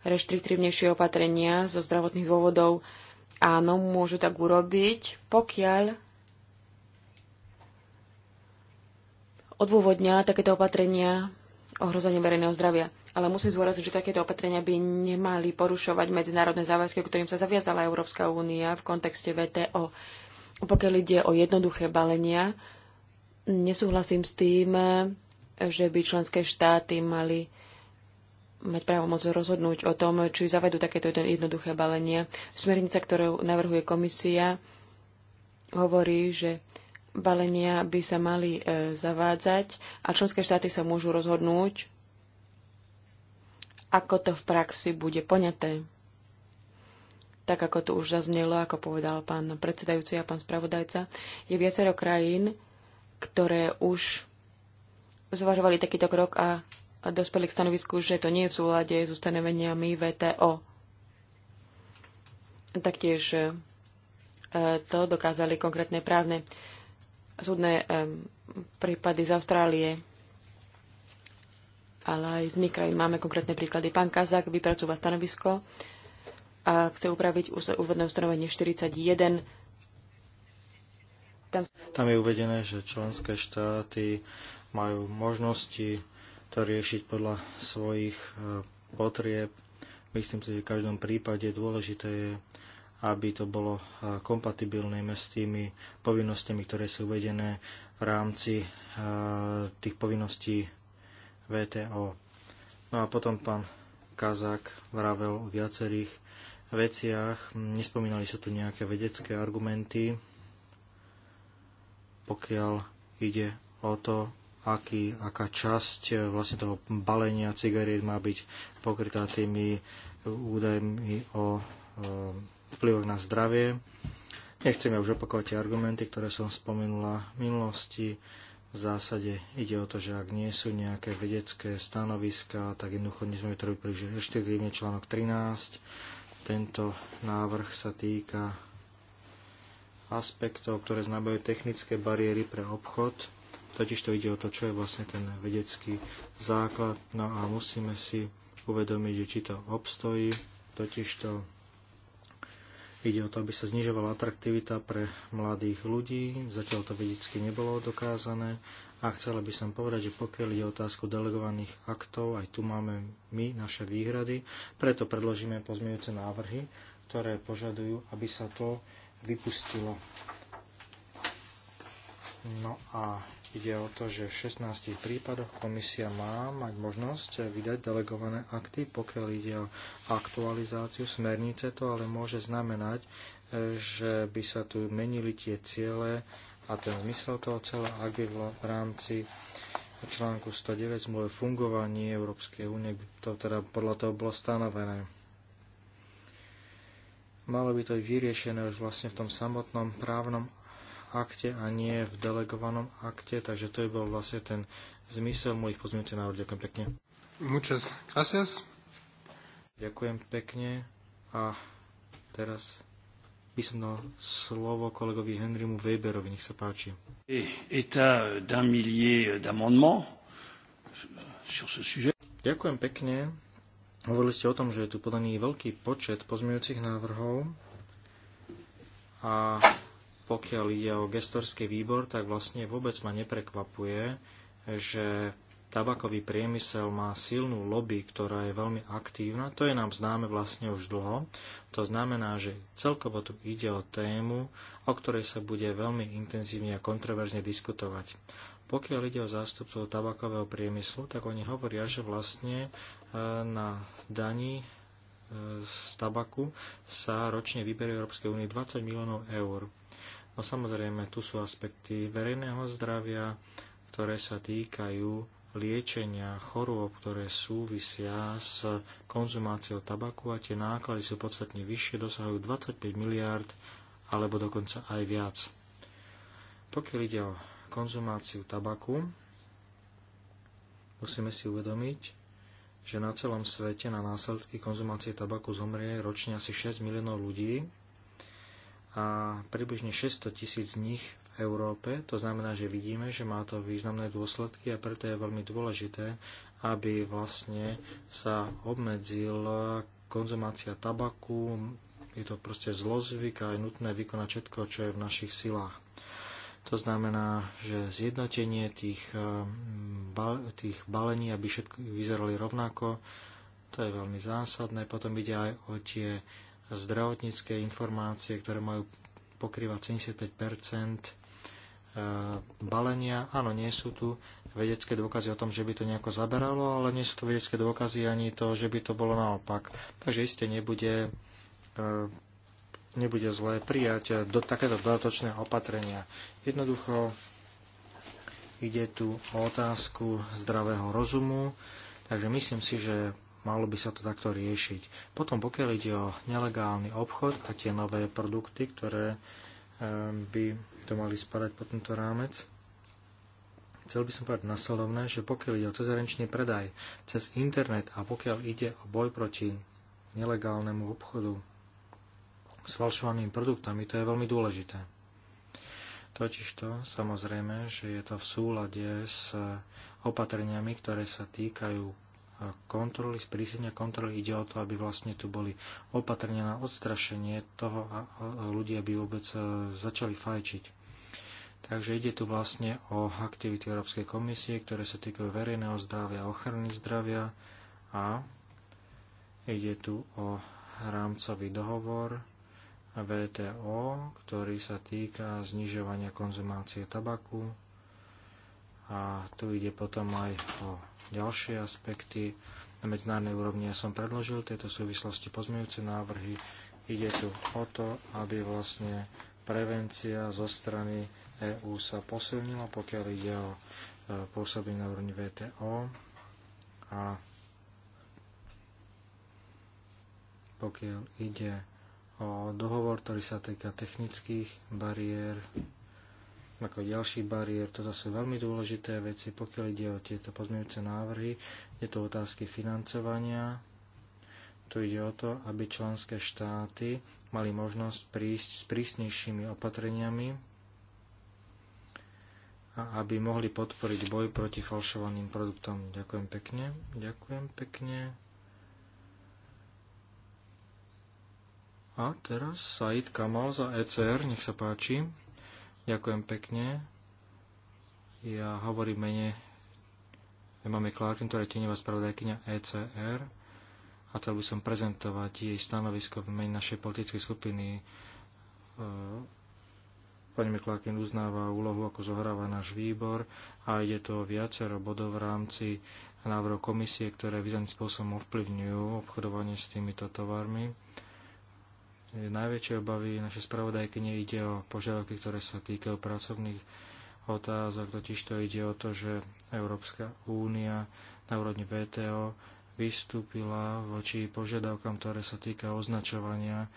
Speaker 2: reštriktívnejšie opatrenia zo zdravotných dôvodov. Áno, môžu tak urobiť, pokiaľ odôvodňa takéto opatrenia ohrozenie verejného zdravia. Ale musím zdôrazniť, že takéto opatrenia by nemali porušovať medzinárodné záväzky, ktorým sa zaviazala Európska únia v kontexte VTO. Pokiaľ ide o jednoduché balenia, nesúhlasím s tým, že by členské štáty mali mať právomoc rozhodnúť o tom, či zavedú takéto jednoduché balenie. Smernica, ktorú navrhuje komisia, hovorí, že balenia by sa mali e, zavádzať a členské štáty sa môžu rozhodnúť, ako to v praxi bude poňaté. Tak ako tu už zaznelo, ako povedal pán predsedajúci a pán spravodajca, je viacero krajín, ktoré už zvažovali takýto krok a, a dospeli k stanovisku, že to nie je v súlade s ustanoveniami VTO. Taktiež e, to dokázali konkrétne právne súdne e, prípady z Austrálie, ale aj z iných krajín máme konkrétne príklady. Pán Kazak vypracúva stanovisko a chce upraviť úvodné ustanovenie 41.
Speaker 1: Tam... Tam je uvedené, že členské štáty majú možnosti to riešiť podľa svojich e, potrieb. Myslím si, že v každom prípade dôležité je, aby to bolo e, kompatibilné s tými povinnostiami, ktoré sú uvedené v rámci e, tých povinností VTO. No a potom pán Kazák vravel o viacerých veciach. Nespomínali sa tu nejaké vedecké argumenty, pokiaľ ide o to, aký, aká časť e, vlastne toho balenia cigariet má byť pokrytá tými údajmi o e, vplyvoch na zdravie. Nechcem ja už opakovať tie argumenty, ktoré som spomenula v minulosti. V zásade ide o to, že ak nie sú nejaké vedecké stanoviska, tak jednoducho nesmieme to robiť príliš reštriktívne článok 13. Tento návrh sa týka aspektov, ktoré znamenajú technické bariéry pre obchod Totiž to ide o to, čo je vlastne ten vedecký základ. No a musíme si uvedomiť, či to obstojí. Totiž to ide o to, aby sa znižovala atraktivita pre mladých ľudí. Zatiaľ to vedecky nebolo dokázané. A chcela by som povedať, že pokiaľ ide otázku delegovaných aktov, aj tu máme my naše výhrady, preto predložíme pozmeňujúce návrhy, ktoré požadujú, aby sa to vypustilo. No a ide o to, že v 16 prípadoch komisia má mať možnosť vydať delegované akty, pokiaľ ide o aktualizáciu smernice. To ale môže znamenať, e, že by sa tu menili tie ciele a ten zmysel toho celého, ak by v rámci článku 109 zmluve fungovanie Európskej únie, to teda podľa toho bolo stanovené. Malo by to byť vyriešené už vlastne v tom samotnom právnom akte a nie v delegovanom akte, takže to je bol vlastne ten zmysel mojich pozmeňujúcich návrhov. Ďakujem pekne. Muchas gracias. Ďakujem pekne a teraz by som dal slovo kolegovi Henrymu Weberovi, nech sa páči. État d'un millier d'amendements sur ce sujet. Ďakujem pekne. Hovorili ste o tom, že je tu podaný veľký počet pozmeňujúcich návrhov a pokiaľ ide o gestorský výbor, tak vlastne vôbec ma neprekvapuje, že tabakový priemysel má silnú lobby, ktorá je veľmi aktívna. To je nám známe vlastne už dlho. To znamená, že celkovo tu ide o tému, o ktorej sa bude veľmi intenzívne a kontroverzne diskutovať. Pokiaľ ide o zástupcov tabakového priemyslu, tak oni hovoria, že vlastne e, na daní z tabaku sa ročne vyberie Európskej únie 20 miliónov eur. No samozrejme, tu sú aspekty verejného zdravia, ktoré sa týkajú liečenia chorôb, ktoré súvisia s konzumáciou tabaku a tie náklady sú podstatne vyššie, dosahujú 25 miliárd alebo dokonca aj viac. Pokiaľ ide o konzumáciu tabaku, musíme si uvedomiť, že na celom svete na následky konzumácie tabaku zomrie ročne asi 6 miliónov ľudí a približne 600 tisíc z nich v Európe. To znamená, že vidíme, že má to významné dôsledky a preto je veľmi dôležité, aby vlastne sa obmedzila konzumácia tabaku. Je to proste zlozvyk a je nutné vykonať všetko, čo je v našich silách. To znamená, že zjednotenie tých, eh, tých balení, aby všetko vyzerali rovnako, to je veľmi zásadné. Potom ide aj o tie zdravotnícke informácie, ktoré majú pokrývať 75 eh, balenia. Áno, nie sú tu vedecké dôkazy o tom, že by to nejako zaberalo, ale nie sú tu vedecké dôkazy ani to, že by to bolo naopak. Takže isté nebude eh, nebude zlé prijať do takéto dodatočné opatrenia. Jednoducho ide tu o otázku zdravého rozumu, takže myslím si, že malo by sa to takto riešiť. Potom pokiaľ ide o nelegálny obchod a tie nové produkty, ktoré eh, by to mali spadať pod tento rámec, chcel by som povedať nasledovné, že pokiaľ ide o cezhraničný predaj cez internet a pokiaľ ide o boj proti nelegálnemu obchodu, s falšovanými produktami, to je veľmi dôležité. Totižto samozrejme, že je to v súlade s opatreniami, ktoré sa týkajú e, kontroly, sprísenia kontroly. Ide o to, aby vlastne tu boli opatrenia na odstrašenie toho a ľudia by vôbec e, začali fajčiť. Takže ide tu vlastne o aktivity Európskej komisie, ktoré sa týkajú verejného zdravia, ochrany zdravia a ide tu o rámcový dohovor VTO, ktorý sa týka znižovania konzumácie tabaku. A tu ide potom aj o ďalšie aspekty. Na medzinárnej úrovni ja som predložil tieto súvislosti pozmejúce návrhy. Ide tu o to, aby vlastne prevencia zo strany EÚ sa posilnila, pokiaľ ide o e, pôsobenie na úrovni VTO. A pokiaľ ide o dohovor, ktorý sa týka technických bariér, ako ďalších bariér. Toto sú veľmi dôležité veci, pokiaľ ide o tieto pozmeňujúce návrhy. Je to otázky financovania. Tu ide o to, aby členské štáty mali možnosť prísť s prísnejšími opatreniami a aby mohli podporiť boj proti falšovaným produktom. Ďakujem pekne. Ďakujem pekne. A teraz Said Kamal za ECR, nech sa páči. Ďakujem pekne. Ja hovorím mene Emamy Clarkin, ktorá je tenivá spravodajkynia ECR a chcel by som prezentovať jej stanovisko v mene našej politickej skupiny. E, pani McLaughlin uznáva úlohu, ako zohráva náš výbor a ide to o viacero bodov v rámci návrhu komisie, ktoré významným spôsobom ovplyvňujú obchodovanie s týmito tovarmi najväčšie obavy naše spravodajky nejde o požiadavky, ktoré sa týkajú pracovných otázok, totiž to ide o to, že Európska únia na úrovni VTO vystúpila voči požiadavkám, ktoré sa týkajú označovania e,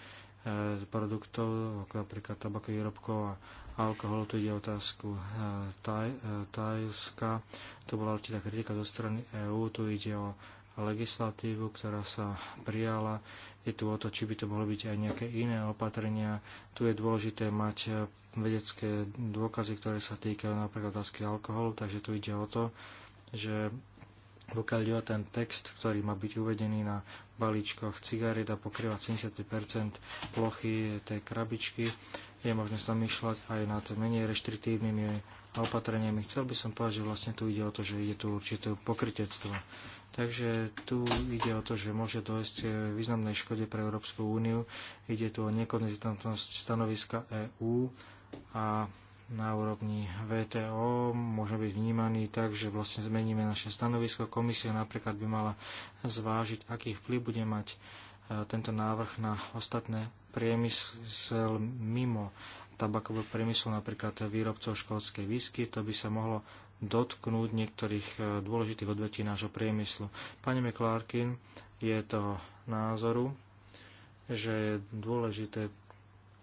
Speaker 1: produktov, ako napríklad tabakových výrobkov a alkoholu. Tu ide o otázku e, e, Tajska. To bola určitá kritika zo strany EÚ. Tu ide o legislatívu, ktorá sa prijala je tu o to, či by to mohlo byť aj nejaké iné opatrenia. Tu je dôležité mať eh, vedecké dôkazy, ktoré sa týkajú napríklad otázky alkoholu, takže tu ide o to, že pokiaľ ide o ten text, ktorý má byť uvedený na balíčkoch cigaret a pokrýva 75 plochy tej krabičky, je možné zamýšľať aj nad menej reštriktívnymi opatreniami. Chcel by som povedať, že vlastne tu ide o to, že ide tu určité pokrytectvo. Takže tu ide o to, že môže dojsť k významnej škode pre Európsku úniu. Ide tu o nekonzistentnosť stanoviska EÚ a na úrovni VTO môže byť vnímaný tak, že vlastne zmeníme naše stanovisko. Komisia napríklad by mala zvážiť, aký vplyv bude mať e, tento návrh na ostatné priemysel mimo tabakového priemyslu, napríklad výrobcov škótskej výsky, To by sa mohlo dotknúť niektorých e, dôležitých odvetí nášho priemyslu. Pani McClarkin je to názoru, že je dôležité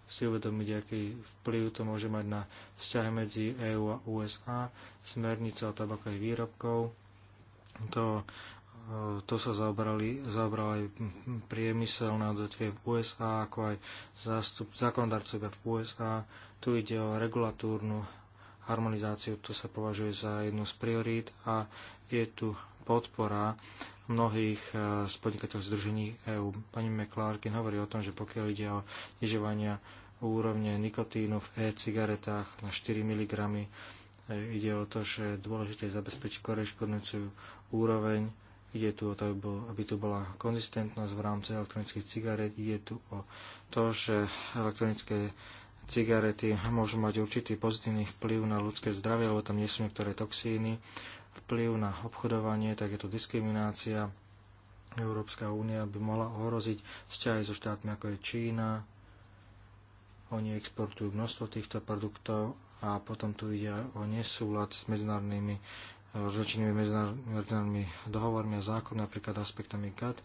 Speaker 1: si uvedomiť, aký vplyv to môže mať na vzťahy medzi EÚ a USA, smernica o tabakových výrobkov. To, e, to sa zaobrali, zaobrali aj priemyselné odvetvie v USA, ako aj zástup, v USA. Tu ide o regulatúrnu harmonizáciu. To sa považuje za jednu z priorít a je tu podpora mnohých eh, z podnikateľov združení EÚ. Pani McClarkin hovorí o tom, že pokiaľ ide o znižovania úrovne nikotínu v e-cigaretách na 4 mg, eh, ide o to, že je dôležité zabezpečiť korešpondenciu úroveň Ide tu o to, aby tu bola konzistentnosť v rámci elektronických cigaret. Ide tu o to, že elektronické cigarety môžu mať určitý pozitívny vplyv na ľudské zdravie, lebo tam nie sú niektoré toxíny, vplyv na obchodovanie, tak je to diskriminácia. Európska únia by mohla ohroziť vzťahy so štátmi ako je Čína. Oni exportujú množstvo týchto produktov a potom tu ide o nesúlad s medzinárodnými rozličnými medzinárodnými dohovormi a zákonmi, napríklad aspektami GATT.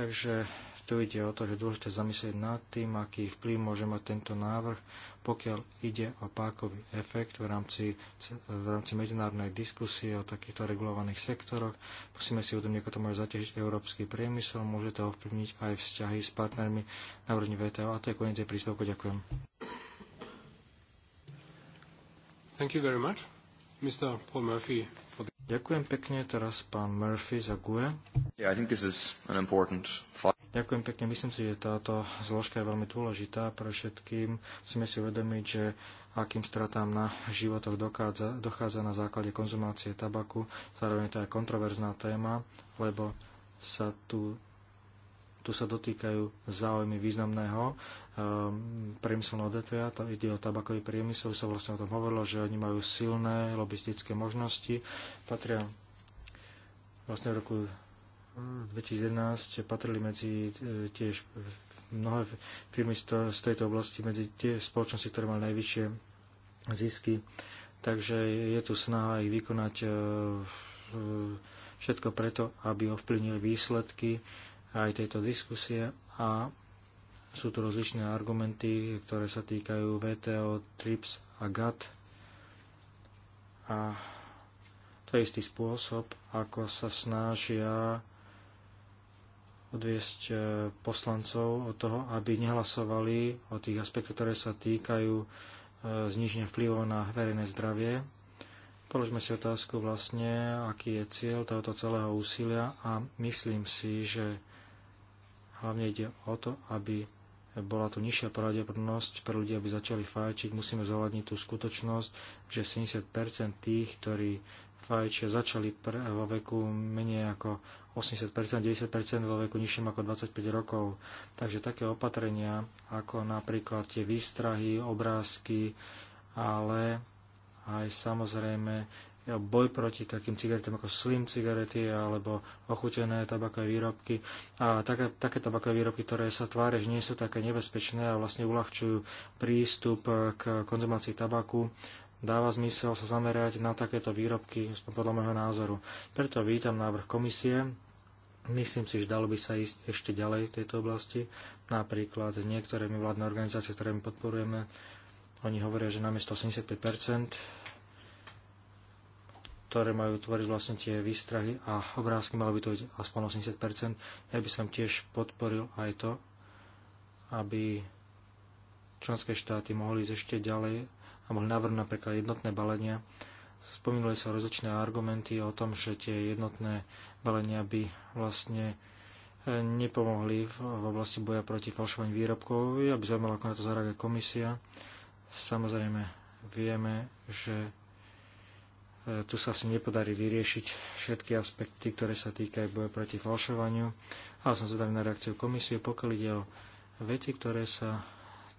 Speaker 1: Takže tu ide o to, že je dôležité zamyslieť nad tým, aký vplyv môže mať tento návrh, pokiaľ ide o pákový efekt v rámci, v rámci medzinárodnej diskusie o takýchto regulovaných sektoroch. Musíme si uvedomiť, ako to môže zatežiť európsky priemysel, môže to ovplyvniť aj vzťahy s partnermi na úrovni VTO. A to je koniec príspevku. Ďakujem. Thank you very much. Mr. Paul Murphy for the... Ďakujem pekne. Teraz pán Murphy za GUE. Yeah, I think this is an important... Ďakujem pekne. Myslím si, že táto zložka je veľmi dôležitá. Pre všetkým musíme si uvedomiť, že akým stratám na životoch dochádza, dochádza na základe konzumácie tabaku. Zároveň to je kontroverzná téma, lebo sa tu, tu sa dotýkajú záujmy významného um, priemyselného odetvia. Tam ide o tabakový priemysel, sa vlastne o tom hovorilo, že oni majú silné lobistické možnosti. Patria vlastne v roku 2011 mm, patrili medzi e, tiež mnohé firmy z tejto oblasti, medzi tie spoločnosti, ktoré mali najvyššie zisky. Takže je tu snaha ich vykonať e, e, všetko preto, aby ovplyvnili výsledky aj tejto diskusie a sú tu rozličné argumenty, ktoré sa týkajú VTO, TRIPS a GATT. A to je istý spôsob, ako sa snažia odviesť e, poslancov od toho, aby nehlasovali o tých aspektoch, ktoré sa týkajú e, zniženia vplyvov na verejné zdravie. Položme si otázku vlastne, aký je cieľ tohoto celého úsilia a myslím si, že hlavne ide o to, aby bola tu nižšia pravdepodobnosť pre ľudí, aby začali fajčiť. Musíme zohľadniť tú skutočnosť, že 70% tých, ktorí fajčia, začali pre, vo veku menej ako 80%, 90% vo veku nižším ako 25 rokov. Takže také opatrenia, ako napríklad tie výstrahy, obrázky, ale aj samozrejme boj proti takým cigaretám ako slim cigarety alebo ochutené tabakové výrobky. A také, také tabakové výrobky, ktoré sa tvária, že nie sú také nebezpečné a vlastne uľahčujú prístup k konzumácii tabaku, dáva zmysel sa zamerať na takéto výrobky, podľa môjho názoru. Preto vítam návrh komisie. Myslím si, že dalo by sa ísť ešte ďalej v tejto oblasti. Napríklad niektoré my vládne organizácie, ktoré my podporujeme, oni hovoria, že namiesto 85 ktoré majú tvoriť vlastne tie výstrahy a obrázky, malo by to byť aspoň 80 Ja by som tiež podporil aj to, aby členské štáty mohli ísť ešte ďalej a mohli navrhnúť napríklad jednotné balenia. Spomínali sa rozličné argumenty o tom, že tie jednotné balenia by vlastne e, nepomohli v oblasti boja proti falšovaniu výrobkov. Ja by zaujímalo, ako na to zareaguje komisia. Samozrejme, vieme, že e, tu sa asi nepodarí vyriešiť všetky aspekty, ktoré sa týkajú boja proti falšovaniu, ale som zvedavý na reakciu komisie, pokiaľ ide o veci, ktoré sa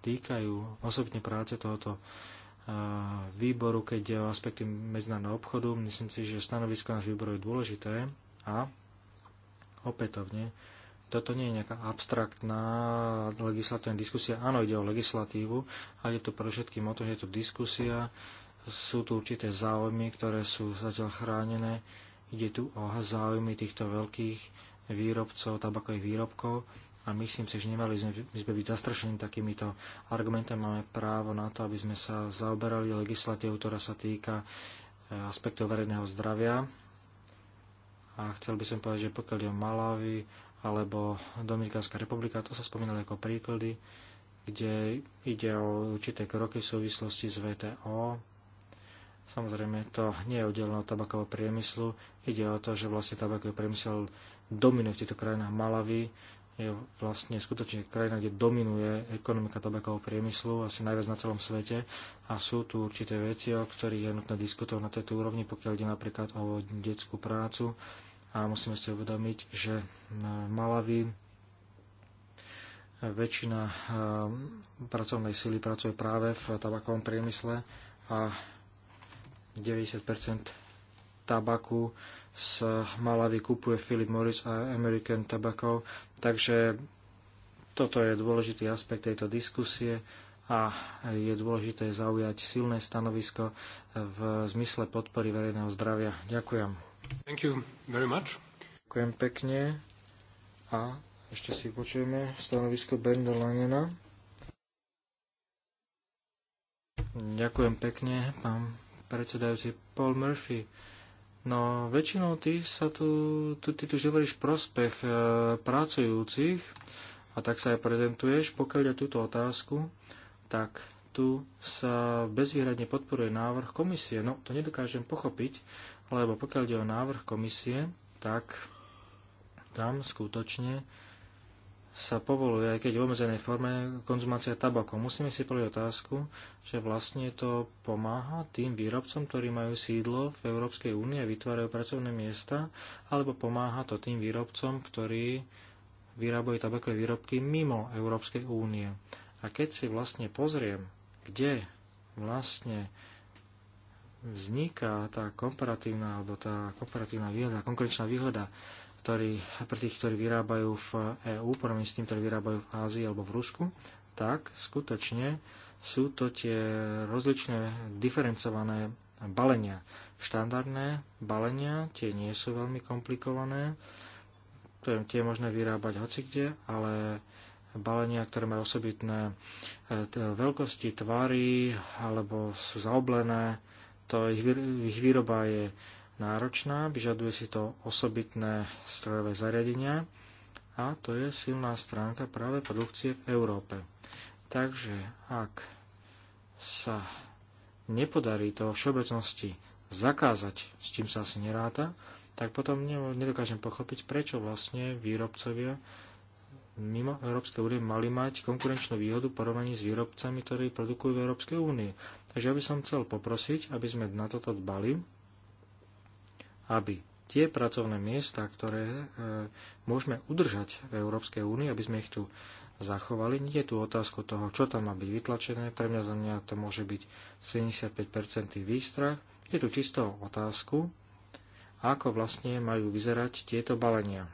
Speaker 1: týkajú osobitne práce tohoto výboru, keď je o aspekty medzinárodného obchodu. Myslím si, že stanovisko náš výboru je dôležité a opätovne toto nie je nejaká abstraktná legislatívna diskusia. Áno, ide o legislatívu, ale je tu pre všetkým o to, že je tu diskusia, sú tu určité záujmy, ktoré sú zatiaľ chránené. Ide tu o záujmy týchto veľkých výrobcov tabakových výrobkov a myslím si, že nemali sme, by sme byť zastrašení takýmito argumentami. Máme právo na to, aby sme sa zaoberali legislatívou, ktorá sa týka e, aspektov verejného zdravia. A chcel by som povedať, že pokiaľ je Malawi alebo Dominikánska republika, to sa spomínali ako príklady, kde ide o určité kroky v súvislosti s VTO. Samozrejme, to nie je oddelené od tabakového priemyslu. Ide o to, že vlastne tabakový priemysel dominuje v týchto krajinách Malavy je vlastne skutočne krajina, kde dominuje ekonomika tabakového priemyslu, asi najviac na celom svete. A sú tu určité veci, o ktorých je nutné diskutovať na tejto úrovni, pokiaľ ide napríklad o detskú prácu. A musíme si uvedomiť, že Malawi väčšina ehm, pracovnej sily pracuje práve v tabakovom priemysle a 90 tabaku z Malavy kupuje Philip Morris a American Tobacco. Takže toto je dôležitý aspekt tejto diskusie a je dôležité zaujať silné stanovisko v zmysle podpory verejného zdravia. Ďakujem. Thank you very much. Ďakujem pekne a ešte si počujeme stanovisko Bernda Langena. Ďakujem pekne, pán predsedajúci Paul Murphy No, väčšinou ty sa tu, tu, ty tu hovoríš prospech e, pracujúcich a tak sa aj prezentuješ. Pokiaľ je túto otázku, tak tu sa bezvýhradne podporuje návrh komisie. No, to nedokážem pochopiť, lebo pokiaľ ide o návrh komisie, tak tam skutočne sa povoluje, aj keď v obmedzenej forme, konzumácia tabakov. Musíme si povedať otázku, že vlastne to pomáha tým výrobcom, ktorí majú sídlo v Európskej únii a vytvárajú pracovné miesta, alebo pomáha to tým výrobcom, ktorí vyrábajú tabakové výrobky mimo Európskej únie. A keď si vlastne pozriem, kde vlastne vzniká tá komparatívna alebo tá komparatívna výhoda, konkurenčná výhoda ktorí, pre tých, ktorí vyrábajú v EÚ, porovnaní s tým, ktorí vyrábajú v Ázii alebo v Rusku, tak skutočne sú to tie rozličné diferencované balenia. Štandardné balenia, tie nie sú veľmi komplikované, tie je možné vyrábať hocikde, ale balenia, ktoré majú osobitné e, veľkosti, tvary alebo sú zaoblené, to ich, ich výroba je náročná, vyžaduje si to osobitné strojové zariadenia a to je silná stránka práve produkcie v Európe. Takže ak sa nepodarí to vo všeobecnosti zakázať, s čím sa asi neráta, tak potom nedokážem pochopiť, prečo vlastne výrobcovia mimo Európskej únie mali mať konkurenčnú výhodu v porovnaní s výrobcami, ktorí produkujú v Európskej únii. Takže ja by som chcel poprosiť, aby sme na toto dbali aby tie pracovné miesta, ktoré e, môžeme udržať v Európskej únii, aby sme ich tu zachovali. Nie je tu otázku toho, čo tam má byť vytlačené. Pre mňa za mňa to môže byť 75% výstrach. Je tu čisto otázku, ako vlastne majú vyzerať tieto balenia.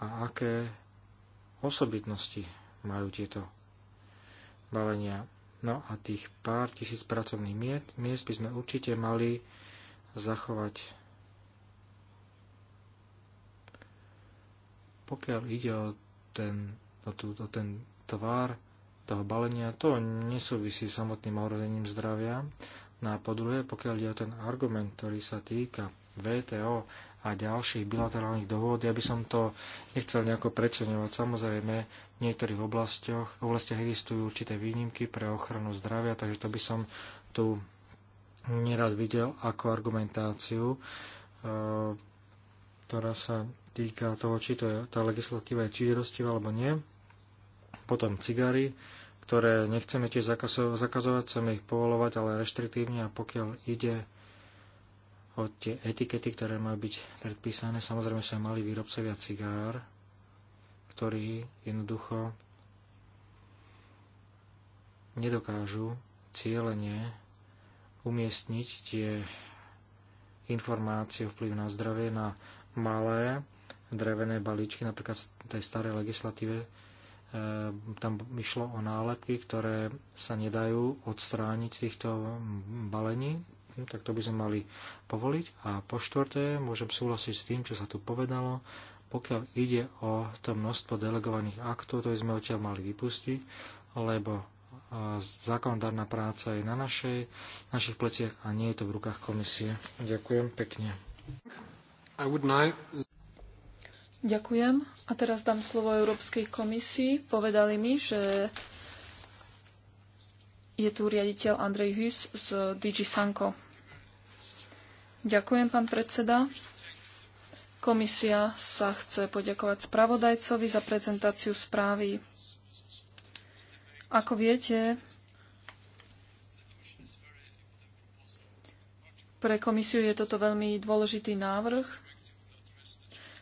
Speaker 1: A aké osobitnosti majú tieto balenia. No a tých pár tisíc pracovných miest by sme určite mali zachovať. Pokiaľ ide o ten, o tú, o ten tvár toho balenia, to nesúvisí s samotným ohrozením zdravia. No a po druhé, pokiaľ ide o ten argument, ktorý sa týka VTO a ďalších bilaterálnych dohôd. Ja by som to nechcel nejako preceňovať. Samozrejme, v niektorých oblastiach, oblastiach existujú určité výnimky pre ochranu zdravia, takže to by som tu nerad videl ako argumentáciu, e, ktorá sa týka toho, či to je, tá legislatíva je čierostivá alebo nie. Potom cigary, ktoré nechceme tiež zakazovať, chceme ich povolovať, ale reštriktívne a pokiaľ ide o tie etikety, ktoré majú byť predpísané, samozrejme sú aj mali výrobcovia cigár, ktorí jednoducho nedokážu cieľenie umiestniť tie informácie o vplyv na zdravie na malé drevené balíčky, napríklad v tej starej legislatíve e, tam išlo o nálepky, ktoré sa nedajú odstrániť z týchto balení, tak to by sme mali povoliť. A po štvrté, môžem súhlasiť s tým, čo sa tu povedalo, pokiaľ ide o to množstvo delegovaných aktov, to by sme odtiaľ mali vypustiť, lebo zákonodárna práca je na našej, našich pleciach a nie je to v rukách komisie. Ďakujem pekne.
Speaker 2: Not...
Speaker 3: Ďakujem. A teraz dám slovo Európskej komisii. Povedali mi, že je tu riaditeľ Andrej Hus z DG Sanko. Ďakujem, pán predseda. Komisia sa chce poďakovať spravodajcovi za prezentáciu správy. Ako viete, pre komisiu je toto veľmi dôležitý návrh.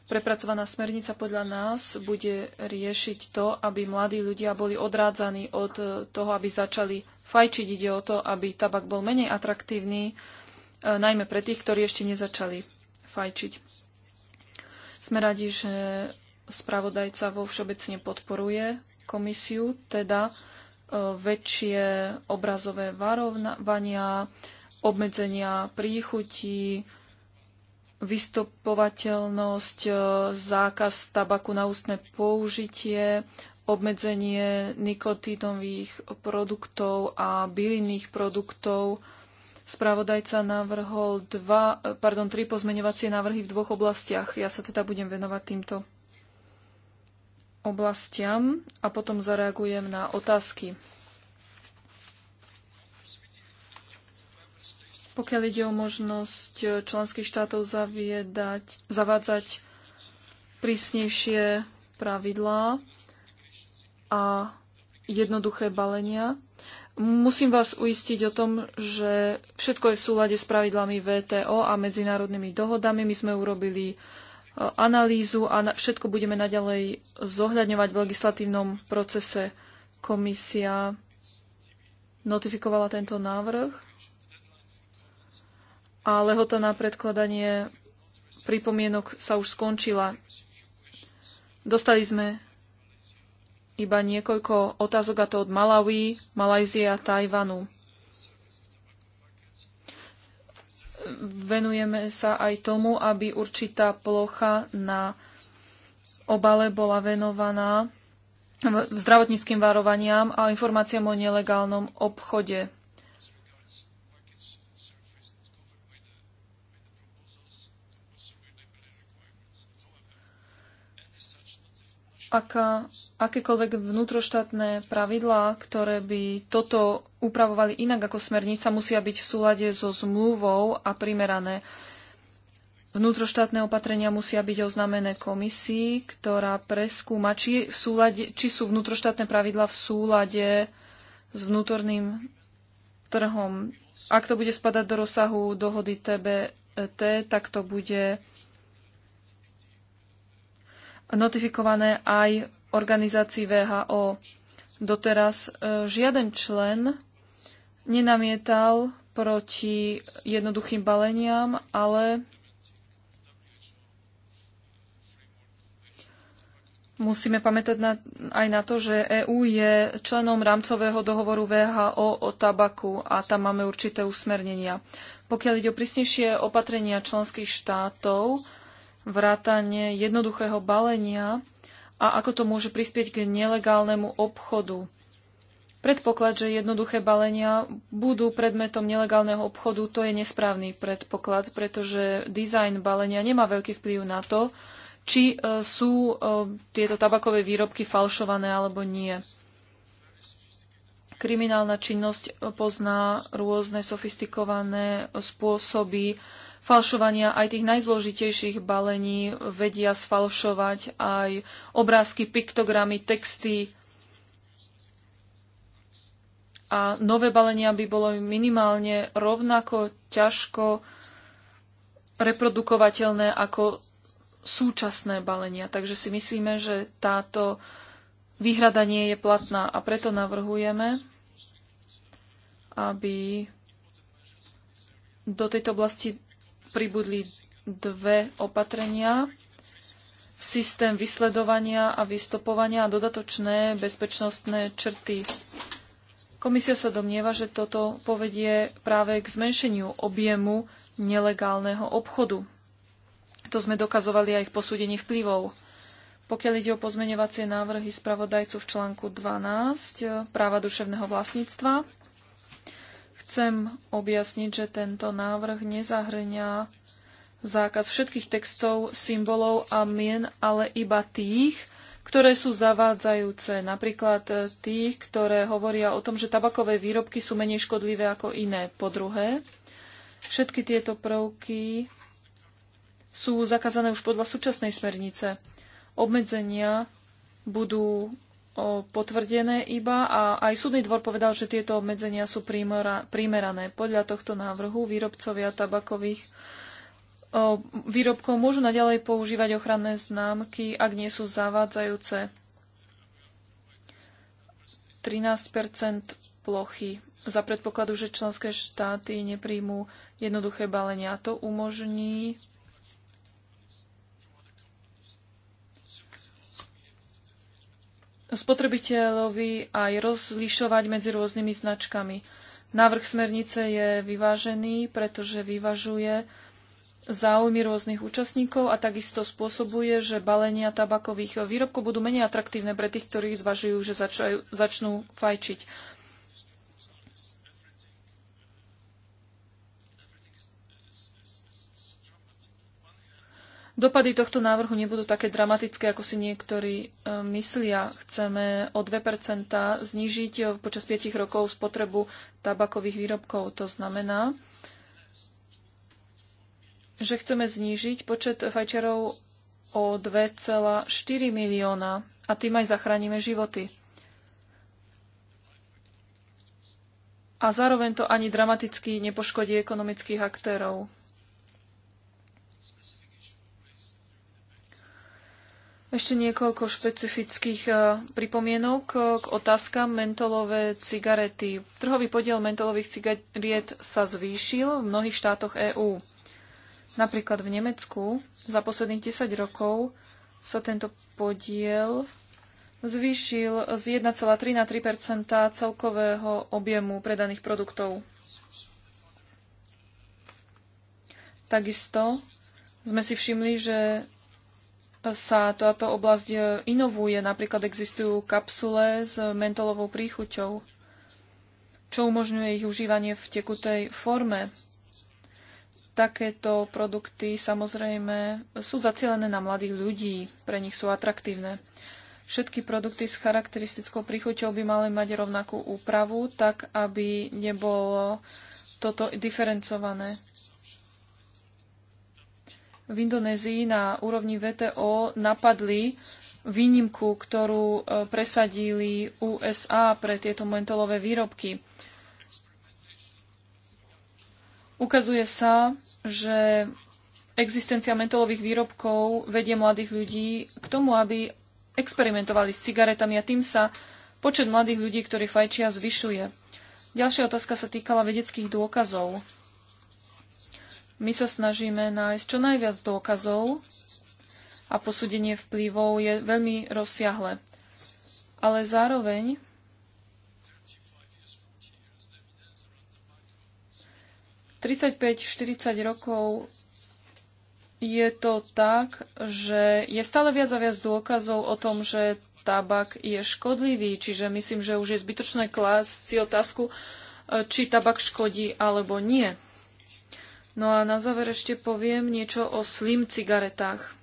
Speaker 3: Prepracovaná smernica podľa nás bude riešiť to, aby mladí ľudia boli odrádzaní od toho, aby začali fajčiť. Ide o to, aby tabak bol menej atraktívny, e, najmä pre tých, ktorí ešte nezačali fajčiť. Sme radi, že spravodajca vo všeobecne podporuje komisiu, teda E, väčšie obrazové varovania, obmedzenia príchutí, vystopovateľnosť, e, zákaz tabaku na ústne použitie, obmedzenie nikotínových produktov a bylinných produktov. Spravodajca navrhol dva, e, pardon, tri pozmeňovacie návrhy v dvoch oblastiach. Ja sa teda budem venovať týmto oblastiam a potom zareagujem na otázky. Pokiaľ ide o možnosť členských štátov zaviedať, zavádzať prísnejšie pravidlá a jednoduché balenia, musím vás uistiť o tom, že všetko je v súlade s pravidlami VTO a medzinárodnými dohodami. My sme urobili uh, E, analýzu a všetko budeme naďalej zohľadňovať v legislatívnom procese. Komisia notifikovala tento návrh a lehota na predkladanie pripomienok sa už skončila. Dostali sme iba niekoľko otázok, a to od Malawi, Malajzie a Tajvanu. venujeme sa aj tomu, aby určitá plocha na obale bola venovaná zdravotníckým varovaniam a informáciám o nelegálnom obchode. aká, akékoľvek vnútroštátne pravidlá, ktoré by toto upravovali inak ako smernica, musia byť v súlade so zmluvou a primerané. Vnútroštátne opatrenia musia byť oznámené komisii, ktorá preskúma, či, v súlade, či sú vnútroštátne pravidlá v súlade s vnútorným trhom. Ak to bude spadať do rozsahu dohody TBT, tak to bude notifikované aj organizácii VHO. Doteraz e, žiaden člen nenamietal proti jednoduchým baleniam, ale musíme pamätať na, aj na to, že EÚ je členom rámcového dohovoru VHO o tabaku a tam máme určité usmernenia. Pokiaľ ide o prísnejšie opatrenia členských štátov, vrátanie jednoduchého balenia a ako to môže prispieť k nelegálnemu obchodu. Predpoklad, že jednoduché balenia budú predmetom nelegálneho obchodu, to je nesprávny predpoklad, pretože dizajn balenia nemá veľký vplyv na to, či e, sú e, tieto tabakové výrobky falšované alebo nie. Kriminálna činnosť pozná rôzne sofistikované spôsoby falšovania aj tých najzložitejších balení, vedia sfalšovať aj obrázky, piktogramy, texty. A nové balenia by bolo minimálne rovnako ťažko reprodukovateľné ako súčasné balenia. Takže si myslíme, že táto výhrada nie je platná a preto navrhujeme, aby do tejto oblasti pribudli dve opatrenia. Systém vysledovania a vystopovania a dodatočné bezpečnostné črty. Komisia sa domnieva, že toto povedie práve k zmenšeniu objemu nelegálneho obchodu. To sme dokazovali aj v posúdení vplyvov. Pokiaľ ide o pozmeňovacie návrhy spravodajcu v článku 12 práva duševného vlastníctva, Chcem objasniť, že tento návrh nezahrňa zákaz všetkých textov, symbolov a mien, ale iba tých, ktoré sú zavádzajúce. Napríklad eh, tých, ktoré hovoria o tom, že tabakové výrobky sú menej škodlivé ako iné. Po druhé, všetky tieto prvky sú zakázané už podľa súčasnej smernice. Obmedzenia budú potvrdené iba a aj súdny dvor povedal, že tieto obmedzenia sú primerané. Podľa tohto návrhu výrobcovia tabakových výrobkov môžu naďalej používať ochranné známky, ak nie sú zavádzajúce. 13 plochy za predpokladu, že členské štáty nepríjmú jednoduché balenia. To umožní spotrebiteľovi aj rozlišovať medzi rôznymi značkami. Návrh smernice je vyvážený, pretože vyvažuje záujmy rôznych účastníkov a takisto spôsobuje, že balenia tabakových výrobkov budú menej atraktívne pre tých, ktorí zvažujú, že začajú, začnú fajčiť. Dopady tohto návrhu nebudú také dramatické, ako si niektorí e, myslia. Chceme o 2% znížiť e, počas 5 rokov spotrebu tabakových výrobkov. To znamená, že chceme znížiť počet fajčerov o 2,4 milióna a tým aj zachránime životy. A zároveň to ani dramaticky nepoškodí ekonomických aktérov. Ešte niekoľko špecifických e, pripomienok k otázkam mentolové cigarety. Trhový podiel mentolových cigariet sa zvýšil v mnohých štátoch EÚ. Napríklad v Nemecku za posledných 10 rokov sa tento podiel zvýšil z 1,3 na 3 celkového objemu predaných produktov. Takisto sme si všimli, že sa táto oblasť e, inovuje. Napríklad existujú kapsule s mentolovou príchuťou, čo umožňuje ich užívanie v tekutej forme. Takéto produkty samozrejme sú zacielené na mladých ľudí, pre nich sú atraktívne. Všetky produkty s charakteristickou príchuťou by mali mať rovnakú úpravu, tak aby nebolo toto diferencované v Indonézii na úrovni VTO napadli výnimku, ktorú e, presadili USA pre tieto mentolové výrobky. Ukazuje sa, že existencia mentolových výrobkov vedie mladých ľudí k tomu, aby experimentovali s cigaretami a tým sa počet mladých ľudí, ktorí fajčia, zvyšuje. Ďalšia otázka sa týkala vedeckých dôkazov. My sa snažíme nájsť čo najviac dôkazov a posúdenie vplyvov je veľmi rozsiahle. Ale zároveň štyridsať rokov je to tak, že je stále viac a viac dôkazov o tom, že tabak je škodlivý, čiže myslím, že už je zbytočné klásť si otázku, či tabak škodí alebo nie. No a na záver ešte poviem niečo o slim cigaretách.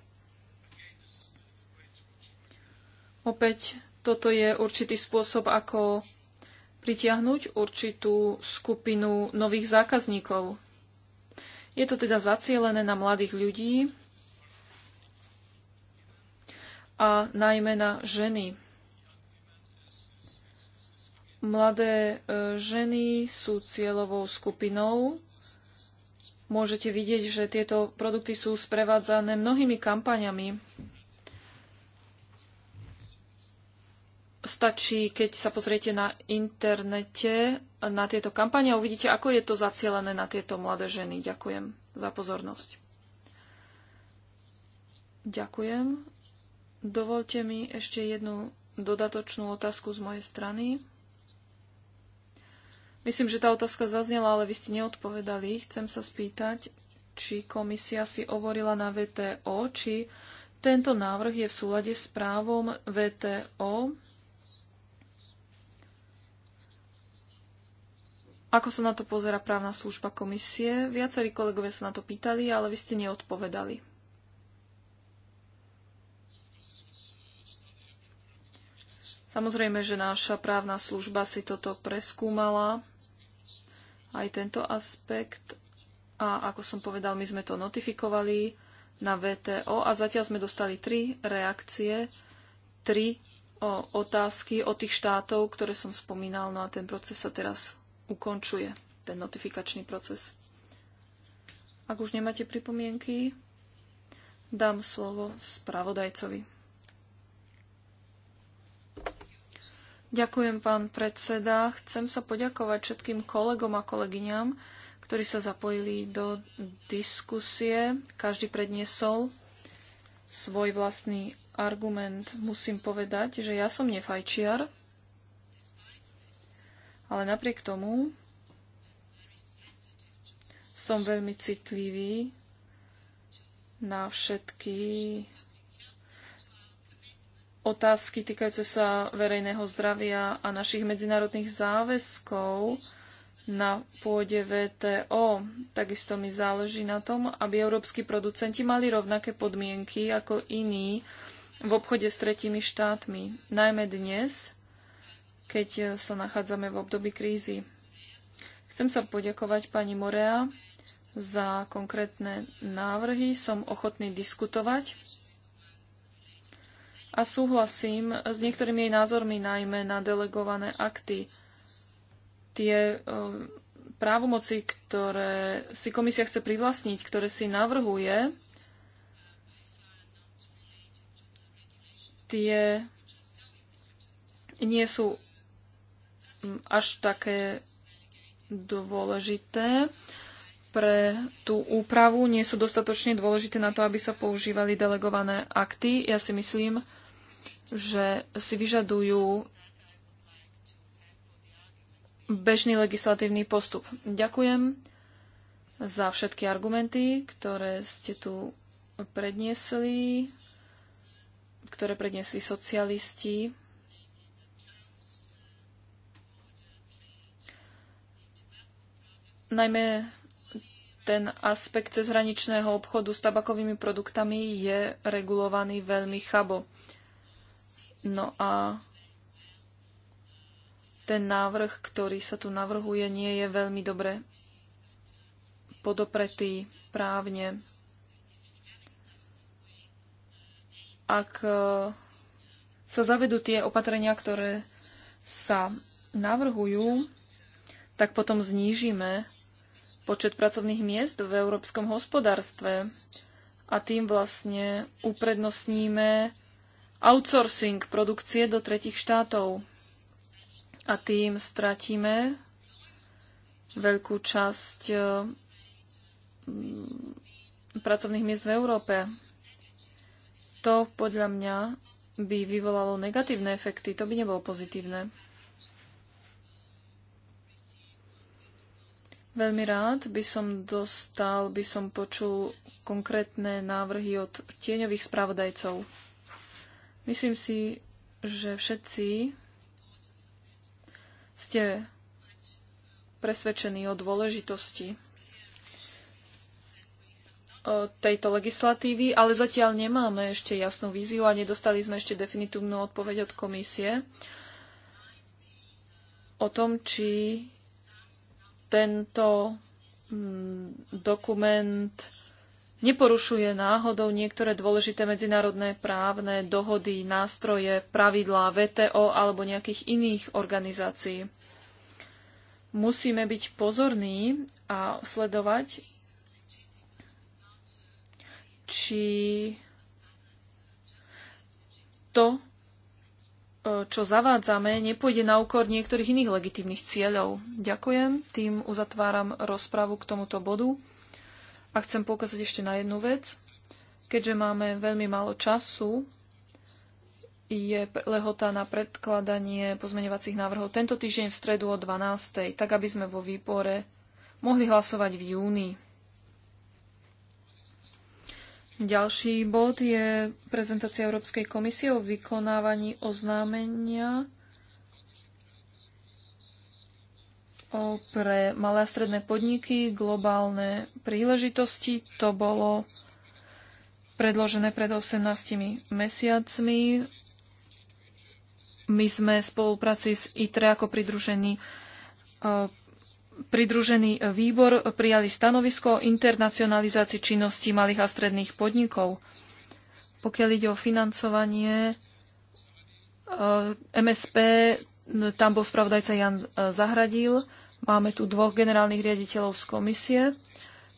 Speaker 3: Opäť toto je určitý spôsob, ako pritiahnuť určitú skupinu nových zákazníkov. Je to teda zacielené na mladých ľudí a najmä na ženy. Mladé e, ženy sú cieľovou skupinou môžete vidieť, že tieto produkty sú sprevádzané mnohými kampaňami. Stačí, keď sa pozriete na internete na tieto kampane a uvidíte, ako je to zacielené na tieto mladé ženy. Ďakujem za pozornosť. Ďakujem. Dovolte mi ešte jednu dodatočnú otázku z mojej strany. Myslím, že tá otázka zaznela, ale vy ste neodpovedali. Chcem sa spýtať, či komisia si hovorila na VTO, či tento návrh je v súlade s právom VTO. Ako sa na to pozera právna služba komisie? Viacerí kolegovia sa na to pýtali, ale vy ste neodpovedali. Samozrejme, že naša právna služba si toto preskúmala aj tento aspekt. A ako som povedal, my sme to notifikovali na VTO a zatiaľ sme dostali tri reakcie, tri o, otázky od tých štátov, ktoré som spomínal. No a ten proces sa teraz ukončuje, ten notifikačný proces. Ak už nemáte pripomienky, dám slovo spravodajcovi. Ďakujem, pán predseda. Chcem sa poďakovať všetkým kolegom a kolegyňam, ktorí sa zapojili do diskusie. Každý predniesol svoj vlastný argument. Musím povedať, že ja som nefajčiar, ale napriek tomu som veľmi citlivý na všetky otázky týkajúce sa verejného zdravia a našich medzinárodných záväzkov na pôde VTO. Takisto mi záleží na tom, aby európsky producenti mali rovnaké podmienky ako iní v obchode s tretími štátmi, najmä dnes, keď sa nachádzame v období krízy. Chcem sa poďakovať pani Morea za konkrétne návrhy. Som ochotný diskutovať a súhlasím s niektorými jej názormi, najmä na delegované akty. Tie eh, právomoci, ktoré si komisia chce privlastniť, ktoré si navrhuje, tie nie sú mm, až také dôležité pre tú úpravu nie sú dostatočne dôležité na to, aby sa používali delegované akty. Ja si myslím, že si vyžadujú bežný legislatívny postup. Ďakujem za všetky argumenty, ktoré ste tu predniesli, ktoré predniesli socialisti. Najmä ten aspekt cezhraničného obchodu s tabakovými produktami je regulovaný veľmi chabo. No a ten návrh, ktorý sa tu navrhuje, nie je veľmi dobre podopretý právne. Ak e, sa zavedú tie opatrenia, ktoré sa navrhujú, tak potom znížime počet pracovných miest v európskom hospodárstve a tým vlastne uprednostníme outsourcing produkcie do tretich štátov a tým stratíme veľkú časť e, pracovných miest v Európe. To podľa mňa by vyvolalo negatívne efekty, to by nebolo pozitívne. Veľmi rád by som dostal, by som počul konkrétne návrhy od tieňových spravodajcov. Myslím si, že všetci ste presvedčení o dôležitosti tejto legislatívy, ale zatiaľ nemáme ešte jasnú víziu a nedostali sme ešte definitívnu odpoveď od komisie o tom, či tento mm, dokument neporušuje náhodou niektoré dôležité medzinárodné právne dohody, nástroje, pravidlá VTO alebo nejakých iných organizácií. Musíme byť pozorní a sledovať, či to, E, čo zavádzame, nepôjde na úkor niektorých iných legitímnych cieľov. Ďakujem, tým uzatváram rozpravu k tomuto bodu. A chcem poukázať ešte na jednu vec. Keďže máme veľmi málo času, je lehota na predkladanie pozmeňovacích návrhov tento týždeň v stredu o 12.00, tak aby sme vo výbore mohli hlasovať v júni. Ďalší bod je prezentácia Európskej komisie o vykonávaní oznámenia pre malé a stredné podniky, globálne príležitosti. To bolo predložené pred 18 mesiacmi. My sme v spolupráci s ITRE ako pridružení e, pridružený výbor prijali stanovisko o internacionalizácii činnosti malých a stredných podnikov. Pokiaľ ide o financovanie e, MSP, tam bol spravodajca Jan e, Zahradil. Máme tu dvoch generálnych riaditeľov z komisie,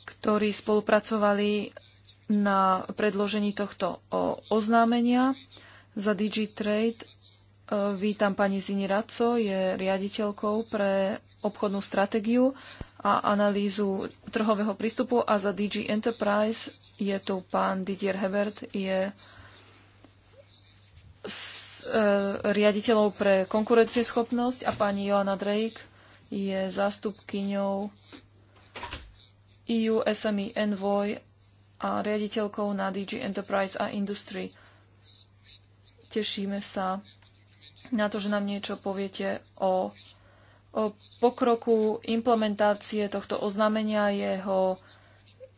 Speaker 3: ktorí spolupracovali na predložení tohto oznámenia. Za DigiTrade Vítam pani Zini Radco, je riaditeľkou pre obchodnú stratégiu a analýzu trhového prístupu a za DG Enterprise je tu pán Didier Hebert, je s, e, riaditeľou pre konkurencieschopnosť a pani Joana Drake je zástupkyňou EU SME Envoy a riaditeľkou na DG Enterprise a Industry. Tešíme sa na to, že nám niečo poviete o, o pokroku implementácie tohto oznámenia, jeho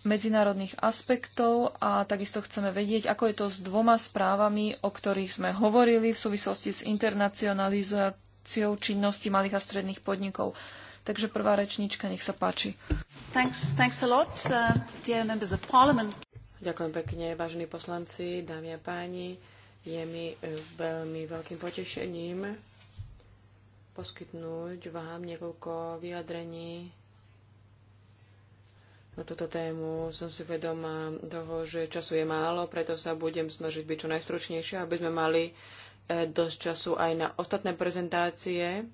Speaker 3: medzinárodných aspektov a takisto chceme vedieť, ako je to s dvoma správami, o ktorých sme hovorili v súvislosti s internacionalizáciou činnosti malých a stredných podnikov. Takže prvá rečníčka, nech sa páči. Thanks, thanks a lot, uh, dear members of parliament. Ďakujem
Speaker 2: pekne, vážení poslanci, dámy a páni. Je mi e, veľmi veľkým potešením poskytnúť vám niekoľko vyjadrení na túto tému. Som si vedomá toho, že času je málo, preto sa budem snažiť byť čo najstručnejšia, aby sme mali e, dosť času aj na ostatné prezentácie.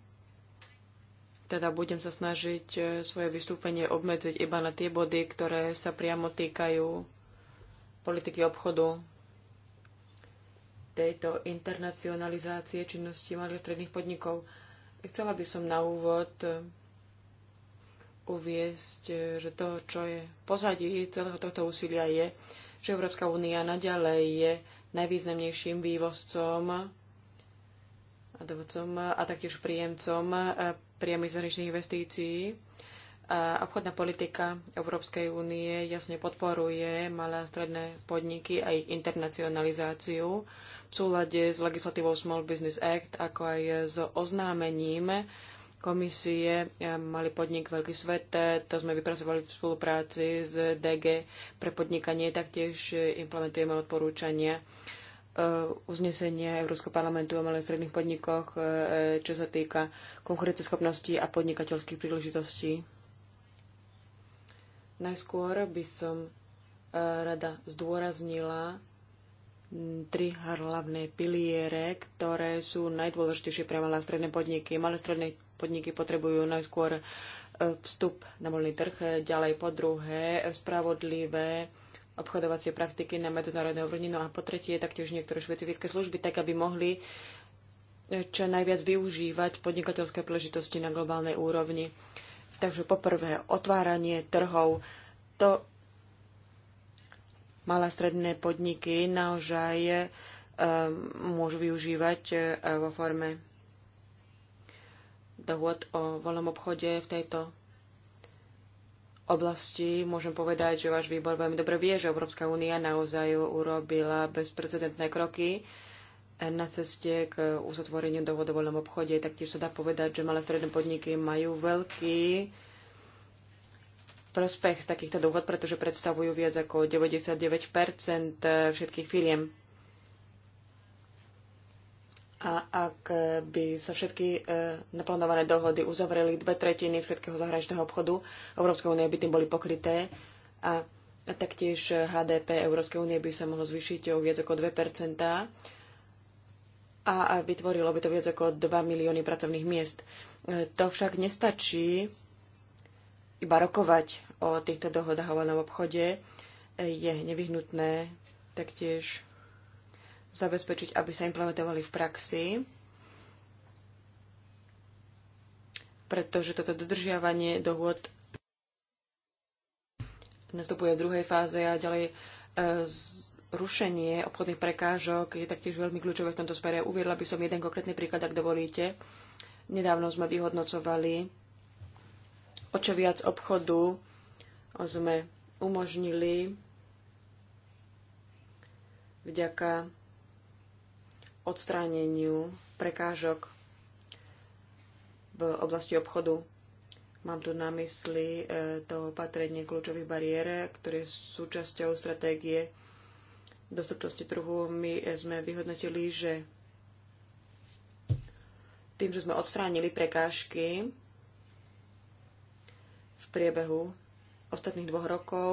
Speaker 2: Teda budem sa snažiť e, svoje vystúpenie obmedziť iba na tie body, ktoré sa priamo týkajú politiky obchodu tejto internacionalizácie činnosti malých stredných podnikov. Chcela by som na úvod e, uviesť, e, že to, čo je pozadí celého tohto úsilia je, že Európska únia naďalej je najvýznamnejším vývozcom a dovodcom a taktiež príjemcom e, priamých zahraničných investícií. A obchodná politika Európskej únie jasne podporuje malé a stredné podniky a ich internacionalizáciu v súlade s legislatívou Small Business Act, ako aj s oznámením komisie eh, Mali podnik Veľký svet. Eh, to sme vypracovali v spolupráci s DG pre podnikanie. Taktiež eh, implementujeme odporúčania uznesenie Európskeho parlamentu o malých stredných podnikoch, čo sa týka konkurenceschopnosti a podnikateľských príležitostí. Najskôr by som rada zdôraznila tri hlavné piliere, ktoré sú najdôležitejšie pre malé a stredné podniky. Malé a stredné podniky potrebujú najskôr e, vstup na voľný trh, e, ďalej po druhé e, spravodlivé obchodovacie praktiky na medzinárodnej úrovni, no a po tretie taktiež niektoré špecifické služby, tak aby mohli čo najviac využívať podnikateľské príležitosti na globálnej úrovni. Takže poprvé, otváranie trhov, to malé stredné podniky naozaj eh, môžu využívať eh, vo forme dohod o voľnom obchode v tejto oblasti. Môžem povedať, že váš výbor veľmi dobre vie, že Európska únia naozaj urobila bezprecedentné kroky eh, na ceste k uzatvoreniu dohod o voľnom obchode. Taktiež sa dá povedať, že malé stredné podniky majú veľký prospech z takýchto dohod, pretože predstavujú viac ako 99 eh, všetkých firiem. A ak eh, by sa všetky eh, naplánované dohody uzavreli dve tretiny všetkého zahraničného obchodu, Európskej únie by tým boli pokryté a taktiež HDP Európskej únie by sa mohlo zvýšiť o viac ako 2 a vytvorilo by to viac ako 2 milióny pracovných miest. To však nestačí iba rokovať o týchto dohodách o voľnom obchode, eh, je nevyhnutné taktiež zabezpečiť, aby sa implementovali v praxi, pretože toto dodržiavanie dohôd nastupuje v druhej fáze a ďalej eh, rušenie obchodných prekážok je taktiež veľmi kľúčové v tomto spere. Uviedla by som jeden konkrétny príklad, ak dovolíte. Nedávno sme vyhodnocovali, o čo viac obchodu sme umožnili vďaka odstráneniu prekážok v oblasti obchodu. Mám tu na mysli e, to opatrenie kľúčových bariér, ktoré sú súčasťou stratégie dostupnosti trhu. My e, sme vyhodnotili, že tým, že sme odstránili prekážky v priebehu ostatných dvoch rokov.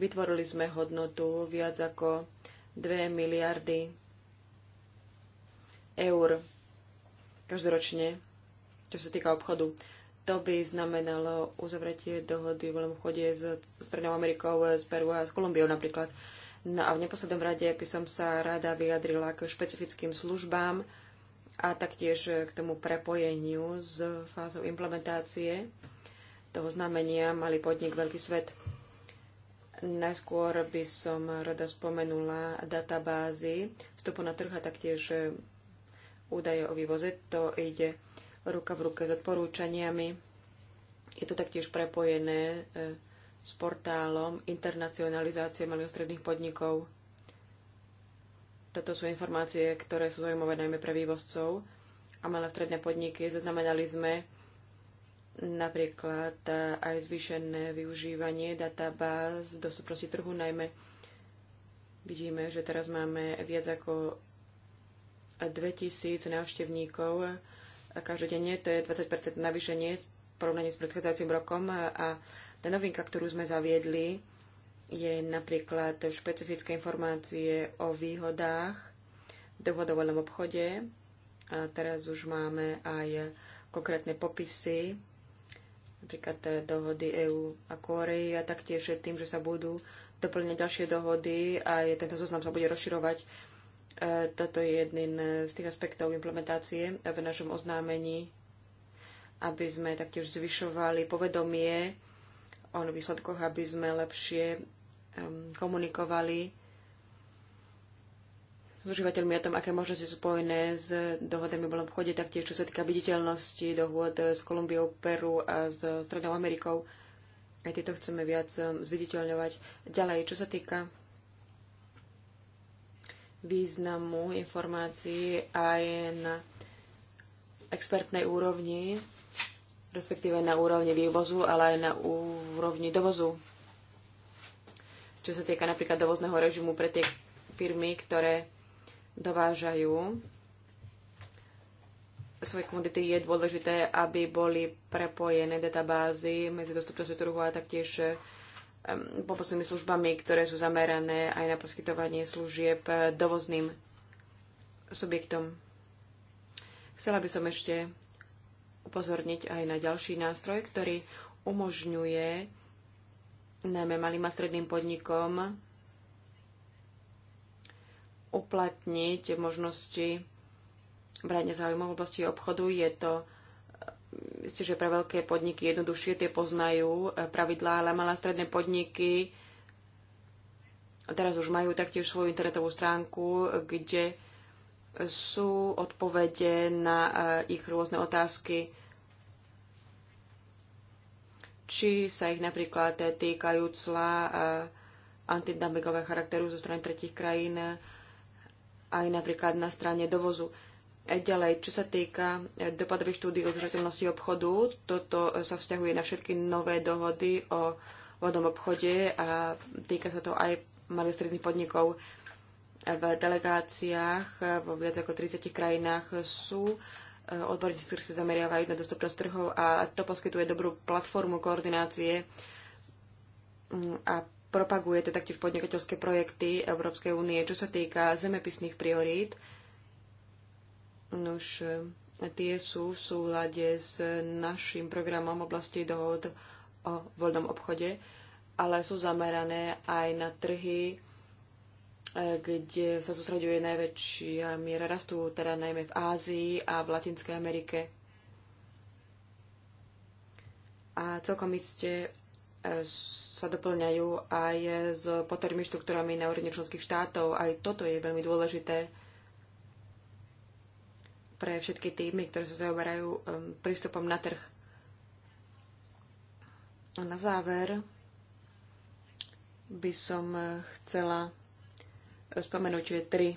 Speaker 2: Vytvorili sme hodnotu viac ako 2 miliardy eur každoročne, čo sa týka obchodu. To by znamenalo uzavretie dohody v voľnom chode s Strednou Amerikou, s Peru a s Kolumbiou napríklad. No a v neposlednom rade by som sa rada vyjadrila k špecifickým službám a taktiež k tomu prepojeniu s fázou implementácie toho znamenia mali podnik Veľký svet. Najskôr by som rada spomenula databázy vstupu na trh a taktiež eh, údaje o vývoze. To ide ruka v ruke s odporúčaniami. Je to taktiež prepojené eh, s portálom internacionalizácie malých stredných podnikov. Toto sú informácie, ktoré sú zaujímavé najmä pre vývozcov a malé stredné podniky. Zaznamenali sme napríklad aj zvýšené využívanie databáz do súprosti trhu, najmä vidíme, že teraz máme viac ako 2000 návštevníkov každodenne, to je 20% navýšenie v porovnaní s predchádzajúcim rokom a tá novinka, ktorú sme zaviedli, je napríklad špecifické informácie o výhodách v dohodovolnom obchode. A teraz už máme aj konkrétne popisy napríklad e, dohody EÚ a Kórei a taktiež tým, že sa budú doplňať ďalšie dohody a tento zoznam sa bude rozširovať. E, toto je jedným z tých aspektov implementácie v našom oznámení, aby sme taktiež zvyšovali povedomie o výsledkoch, aby sme lepšie komunikovali s užívateľmi o tom, aké možnosti sú spojené s dohodami o voľnom obchode, taktiež čo sa týka viditeľnosti dohôd s Kolumbiou, Peru a s Strednou Amerikou. Aj tieto chceme viac um, zviditeľňovať. Ďalej, čo sa týka významu informácií aj na expertnej úrovni, respektíve na úrovni vývozu, ale aj na úrovni dovozu. Čo sa týka napríklad dovozného režimu pre tie firmy, ktoré dovážajú svoje komodity, je dôležité, aby boli prepojené databázy medzi dostupnosťou trhu a taktiež poposlednými službami, ktoré sú zamerané aj na poskytovanie služieb dovozným subjektom. Chcela by som ešte upozorniť aj na ďalší nástroj, ktorý umožňuje najmä malým a stredným podnikom uplatniť možnosti brania záujmov oblasti obchodu. Je to myslíte, že pre veľké podniky jednoduchšie tie poznajú eh, pravidlá, ale malé stredné podniky teraz už majú taktiež svoju internetovú stránku, kde sú odpovede na eh, ich rôzne otázky, či sa ich napríklad eh, týkajú cla antidumpingového charakteru zo strany tretich krajín, aj napríklad na strane dovozu. E, ďalej, čo sa týka e, dopadových štúdí udržateľnosti obchodu, toto e, sa vzťahuje na všetky nové dohody o vodnom obchode a týka sa to aj malých stredných podnikov. V delegáciách vo viac ako 30 krajinách sú odborníci, ktorí sa zameriavajú na dostupnosť trhov a to poskytuje dobrú platformu koordinácie mm, a propaguje to taktiež podnikateľské projekty Európskej únie. Čo sa týka zemepisných priorít, Nož, e, tie sú v súlade s našim programom oblasti dohod o voľnom obchode, ale sú zamerané aj na trhy, e, kde sa sústreďuje najväčšia miera rastu, teda najmä v Ázii a v Latinskej Amerike. A celkom iste sa doplňajú aj s potrebnými štruktúrami na úrovni členských štátov. Aj toto je veľmi dôležité pre všetky týmy, ktoré sa zaoberajú um, prístupom na trh. A na záver by som eh, chcela spomenúť tri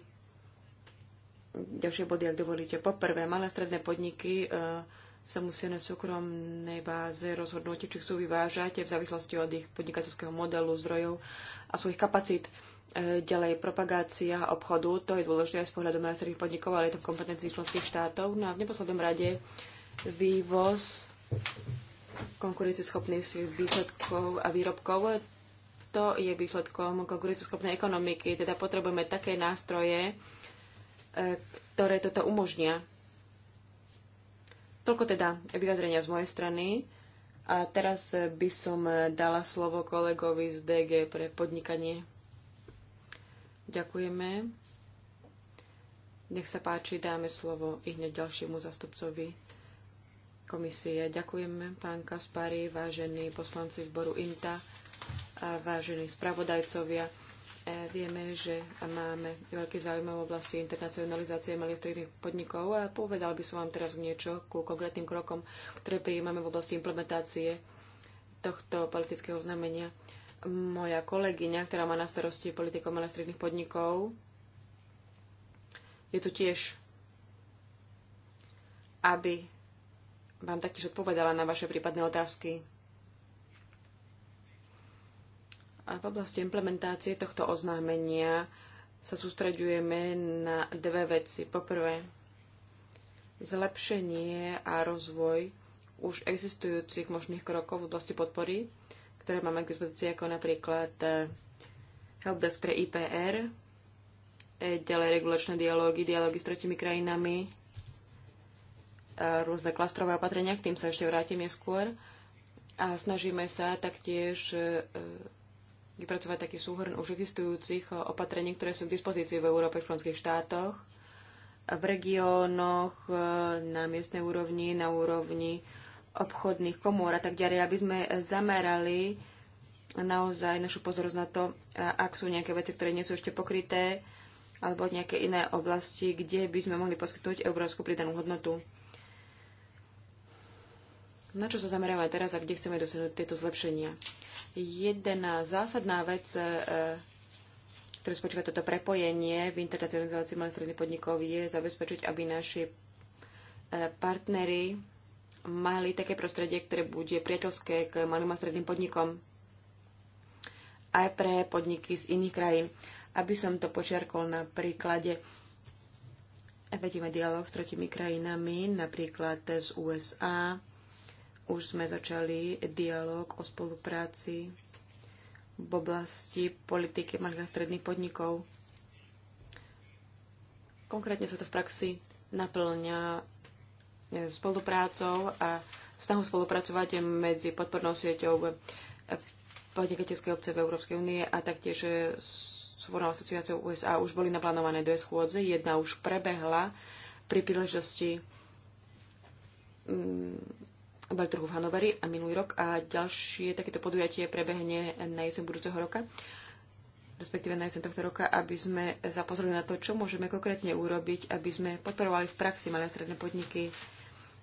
Speaker 2: ďalšie body, ak dovolíte. Poprvé, malé a stredné podniky eh, sa musia na súkromnej báze rozhodnúť, či chcú vyvážať v závislosti od ich podnikateľského modelu, zdrojov a svojich kapacít. E, ďalej propagácia obchodu, to je dôležité aj z pohľadu ministerských podnikov, ale je to kompetencii členských štátov. No a v neposlednom rade vývoz konkurencieschopných výsledkov a výrobkov, to je výsledkom konkurencieschopnej ekonomiky. Teda potrebujeme také nástroje, e, ktoré toto umožnia Toľko teda vyjadrenia z mojej strany. A teraz by som dala slovo kolegovi z DG pre podnikanie. Ďakujeme. Nech sa páči, dáme slovo i hneď ďalšiemu zastupcovi komisie. Ďakujeme, pán Kaspari, vážení poslanci zboru INTA a vážení spravodajcovia. E, vieme, že máme veľký záujem v oblasti internacionalizácie malých stredných podnikov a povedal by som vám teraz niečo ku konkrétnym krokom, ktoré prijímame v oblasti implementácie tohto politického znamenia. Moja kolegyňa, ktorá má na starosti politiku malých stredných podnikov, je tu tiež, aby vám taktiež odpovedala na vaše prípadné otázky. A v oblasti implementácie tohto oznámenia sa sústreďujeme na dve veci. Poprvé, zlepšenie a rozvoj už existujúcich možných krokov v oblasti podpory, ktoré máme k dispozícii, ako napríklad e, helpdesk pre IPR, e, ďalej regulačné dialógy, dialógy s tretimi krajinami, e, rôzne klastrové opatrenia, k tým sa ešte vrátim neskôr. A snažíme sa taktiež vypracovať taký súhrn už existujúcich opatrení, ktoré sú k dispozícii v Európe, v členských štátoch, v regiónoch, e, na miestnej úrovni, na úrovni obchodných komôr a tak ďalej, aby sme zamerali naozaj našu pozornosť na to, e, ak sú nejaké veci, ktoré nie sú ešte pokryté, alebo nejaké iné oblasti, kde by sme mohli poskytnúť európsku pridanú hodnotu na čo sa zameráme teraz a kde chceme dosiahnuť tieto zlepšenia. Jedna zásadná vec, e, ktorú spočíva toto prepojenie v internacionalizácii malých stredných podnikov, je zabezpečiť, aby naši e, partnery mali také prostredie, ktoré bude priateľské k malým a stredným podnikom aj pre podniky z iných krajín. Aby som to počiarkol na príklade, e, vedieme dialog s tretimi krajinami, napríklad z USA, už sme začali dialog o spolupráci v oblasti politiky malých a stredných podnikov. Konkrétne sa to v praxi naplňa e, spoluprácou a snahu spolupracovať medzi podpornou sieťou e, podnikateľskej obce v Európskej únie a taktiež e, Svobodnou asociáciou USA už boli naplánované dve schôdze. Jedna už prebehla pri príležitosti mm, veľtrhu v Hanoveri a minulý rok a ďalšie takéto podujatie prebehne na jeseň budúceho roka respektíve na jeseň tohto roka, aby sme zapozreli na to, čo môžeme konkrétne urobiť, aby sme podporovali v praxi malé a stredné podniky.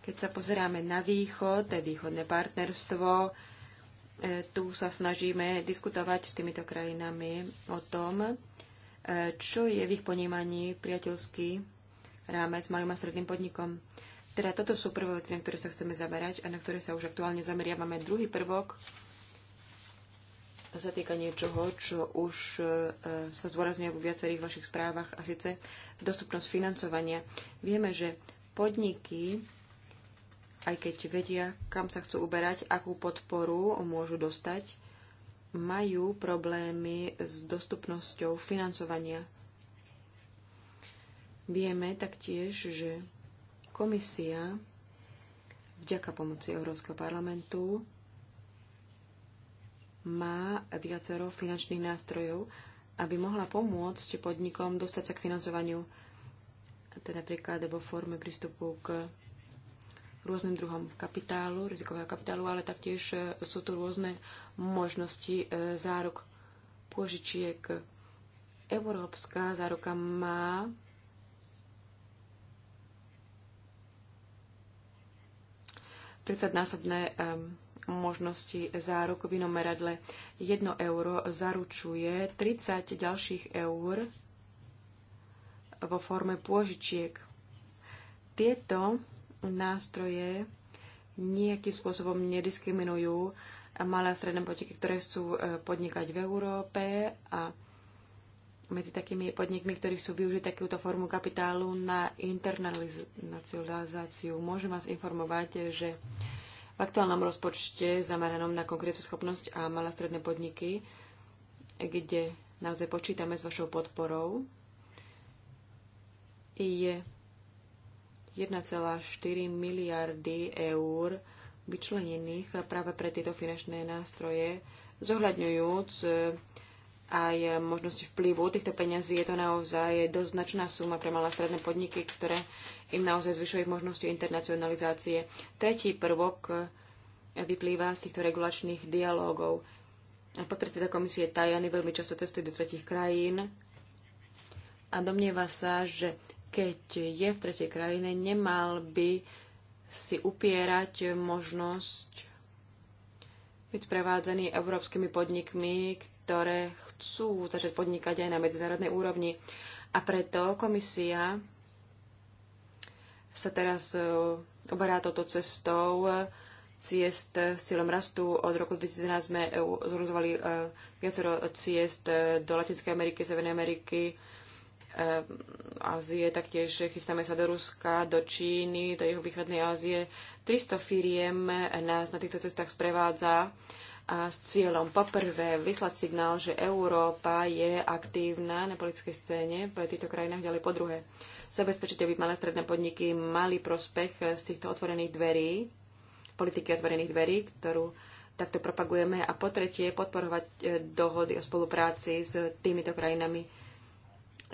Speaker 2: Keď sa pozeráme na východ, to je východné partnerstvo, e, tu sa snažíme diskutovať s týmito krajinami o tom, e, čo je v ich ponímaní priateľský rámec malým a stredným podnikom. Teda toto sú prvé veci, na ktoré sa chceme zamerať a na ktoré sa už aktuálne zameriavame. Druhý prvok sa týka niečoho, čo už e, sa zdôrazňuje vo viacerých vašich správach a síce dostupnosť financovania. Vieme, že podniky, aj keď vedia, kam sa chcú uberať, akú podporu môžu dostať, majú problémy s dostupnosťou financovania. Vieme taktiež, že Komisia vďaka pomoci Európskeho parlamentu má viacero finančných nástrojov, aby mohla pomôcť podnikom dostať sa k financovaniu, teda napríklad vo forme prístupu k rôznym druhom kapitálu, rizikového kapitálu, ale taktiež e, sú tu rôzne možnosti e, zárok pôžičiek. Európska záruka má 30-násobné možnosti za v meradle. 1 euro zaručuje 30 ďalších eur vo forme pôžičiek. Tieto nástroje nejakým spôsobom nediskriminujú malé a stredné podniky, ktoré chcú eh, podnikať v Európe a medzi takými podnikmi, ktorí chcú využiť takúto formu kapitálu na internalizáciu. Môžem vás informovať, že v aktuálnom rozpočte zameranom na konkrétnu schopnosť a malé stredné podniky, kde naozaj počítame s vašou podporou, je 1,4 miliardy eur vyčlenených práve pre tieto finančné nástroje, zohľadňujúc aj možnosť vplyvu týchto peňazí. Je to naozaj dosť značná suma pre malé stredné podniky, ktoré im naozaj zvyšujú ich možnosti internacionalizácie. Tretí prvok e, vyplýva z týchto regulačných dialógov. Podpredseda komisie Tajany veľmi často cestuje do tretich krajín a domnieva sa, že keď je v tretej krajine, nemal by si upierať možnosť byť prevádzaný európskymi podnikmi, ktoré chcú začať podnikať aj na medzinárodnej úrovni. A preto komisia sa teraz e, oberá touto cestou e, ciest s cieľom rastu. Od roku 2011 sme zorganizovali e, viacero ciest do Latinskej Ameriky, Severnej Ameriky, Ehm, Ázie, taktiež chystáme sa do Ruska, do Číny, do jeho východnej Ázie. 300 firiem nás na týchto cestách sprevádza a s cieľom poprvé vyslať signál, že Európa je aktívna na politickej scéne v týchto krajinách, ďalej po druhé zabezpečiť, aby malé stredné podniky mali prospech z týchto otvorených dverí, politiky otvorených dverí, ktorú takto propagujeme a po tretie podporovať eh, dohody o spolupráci s týmito krajinami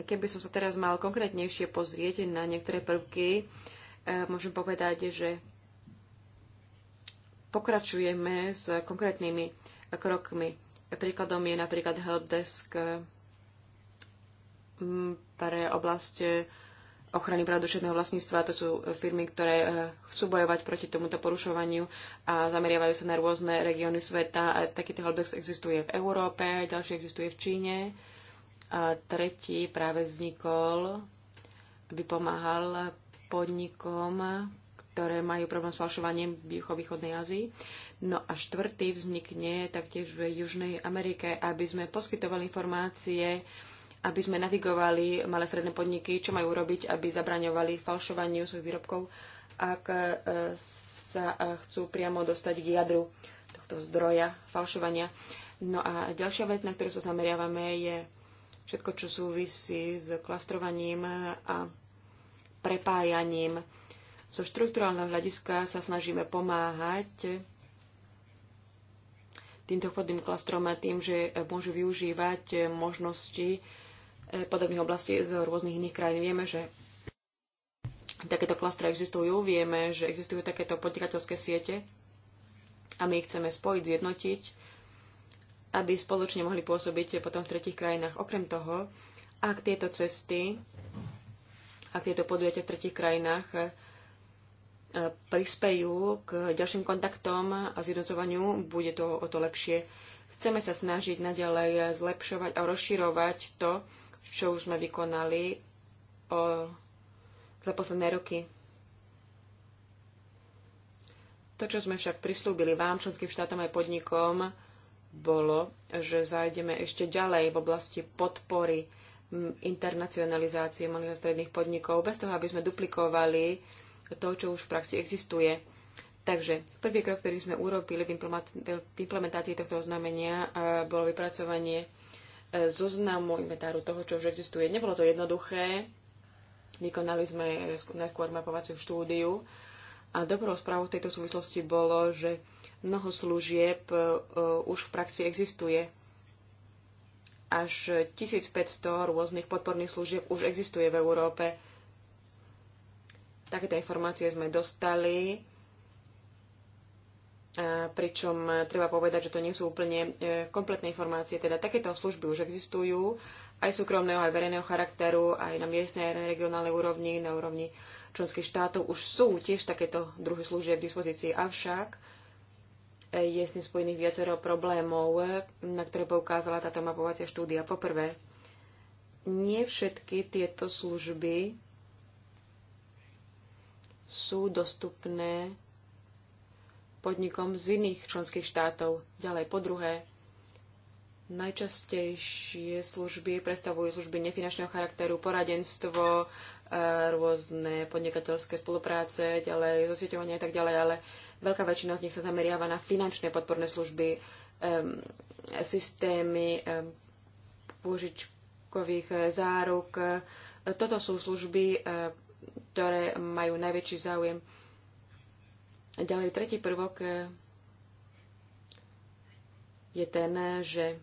Speaker 2: Keby som sa teraz mal konkrétnejšie pozrieť na niektoré prvky, eh, môžem povedať, že pokračujeme s konkrétnymi krokmi. Príkladom je napríklad helpdesk mm, pre oblasť eh, ochrany práv duševného vlastníctva. To sú firmy, ktoré eh, chcú bojovať proti tomuto porušovaniu a zameriavajú sa na rôzne regióny sveta. Takýto helpdesk existuje v Európe, ďalší existuje v Číne. A tretí práve vznikol, aby pomáhal podnikom, ktoré majú problém s falšovaním v juchovýchodnej Ázii. No a štvrtý vznikne taktiež v Južnej Amerike, aby sme poskytovali informácie, aby sme navigovali malé stredné podniky, čo majú robiť, aby zabraňovali falšovaniu svojich výrobkov, ak e, sa e, chcú priamo dostať k jadru tohto zdroja falšovania. No a ďalšia vec, na ktorú sa zameriavame, je všetko, čo súvisí s klastrovaním a prepájaním. Zo štruktúrálneho hľadiska sa snažíme pomáhať týmto chodným klastrom a tým, že môžu využívať možnosti eh, podobných oblastí z rôznych iných krajín. Vieme, že takéto klastre existujú, vieme, že existujú takéto podnikateľské siete a my ich chceme spojiť, zjednotiť aby spoločne mohli pôsobiť potom v tretich krajinách. Okrem toho, ak tieto cesty, ak tieto podujatia v tretich krajinách e, prispejú k ďalším kontaktom a zjednocovaniu, bude to o to lepšie. Chceme sa snažiť naďalej zlepšovať a rozširovať to, čo už sme vykonali o, za posledné roky. To, čo sme však prislúbili vám, členským štátom aj podnikom, bolo, že zájdeme ešte ďalej v oblasti podpory internacionalizácie malých a stredných podnikov, bez toho, aby sme duplikovali to, čo už v praxi existuje. Takže prvý krok, ktorý sme urobili v implementácii tohto oznámenia, bolo vypracovanie e, zoznamu inventáru toho, čo už existuje. Nebolo to jednoduché, vykonali sme najskôr mapovaciu štúdiu a dobrou správou v tejto súvislosti bolo, že Mnoho služieb e, e, už v praxi existuje. Až 1500 rôznych podporných služieb už existuje v Európe. Takéto informácie sme dostali, e, pričom treba povedať, že to nie sú úplne kompletné informácie. Teda takéto služby už existujú, aj súkromného, aj verejného charakteru, aj na miestnej, aj na regionálnej úrovni, na úrovni členských štátov už sú tiež takéto druhy služieb k dispozícii. Avšak je s tým spojených viacero problémov, na ktoré poukázala táto mapovacia štúdia. Poprvé, nie všetky tieto služby sú dostupné podnikom z iných členských štátov. Ďalej, po druhé, najčastejšie služby predstavujú služby nefinančného charakteru, poradenstvo, eh, rôzne podnikateľské spolupráce, ďalej, zosieťovanie a tak ďalej, ale Veľká väčšina z nich sa zameriava na finančné podporné služby, systémy pôžičkových eh, záruk. Toto sú služby, eh, ktoré majú najväčší záujem. Ďalej tretí prvok eh, je ten, že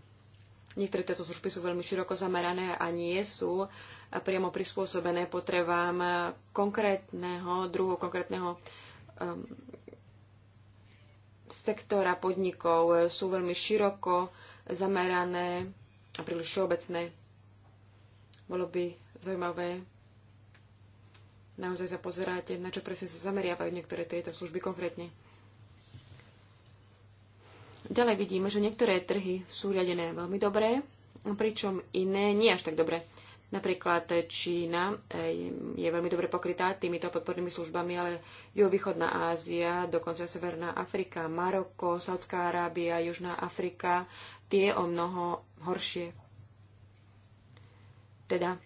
Speaker 2: niektoré tieto služby sú veľmi široko zamerané a nie sú priamo prispôsobené potrebám konkrétneho druhu, konkrétneho sektora podnikov e, sú veľmi široko zamerané a príliš všeobecné. Bolo by zaujímavé naozaj sa pozerať, na čo presne sa zameriavajú niektoré tieto služby konkrétne. Ďalej vidíme, že niektoré trhy sú riadené veľmi dobré, pričom iné nie až tak dobré. Napríklad Čína je veľmi dobre pokrytá týmito podpornými službami, ale juhovýchodná Ázia, dokonca Severná Afrika, Maroko, Saudská Arábia, Južná Afrika, tie o mnoho horšie. Teda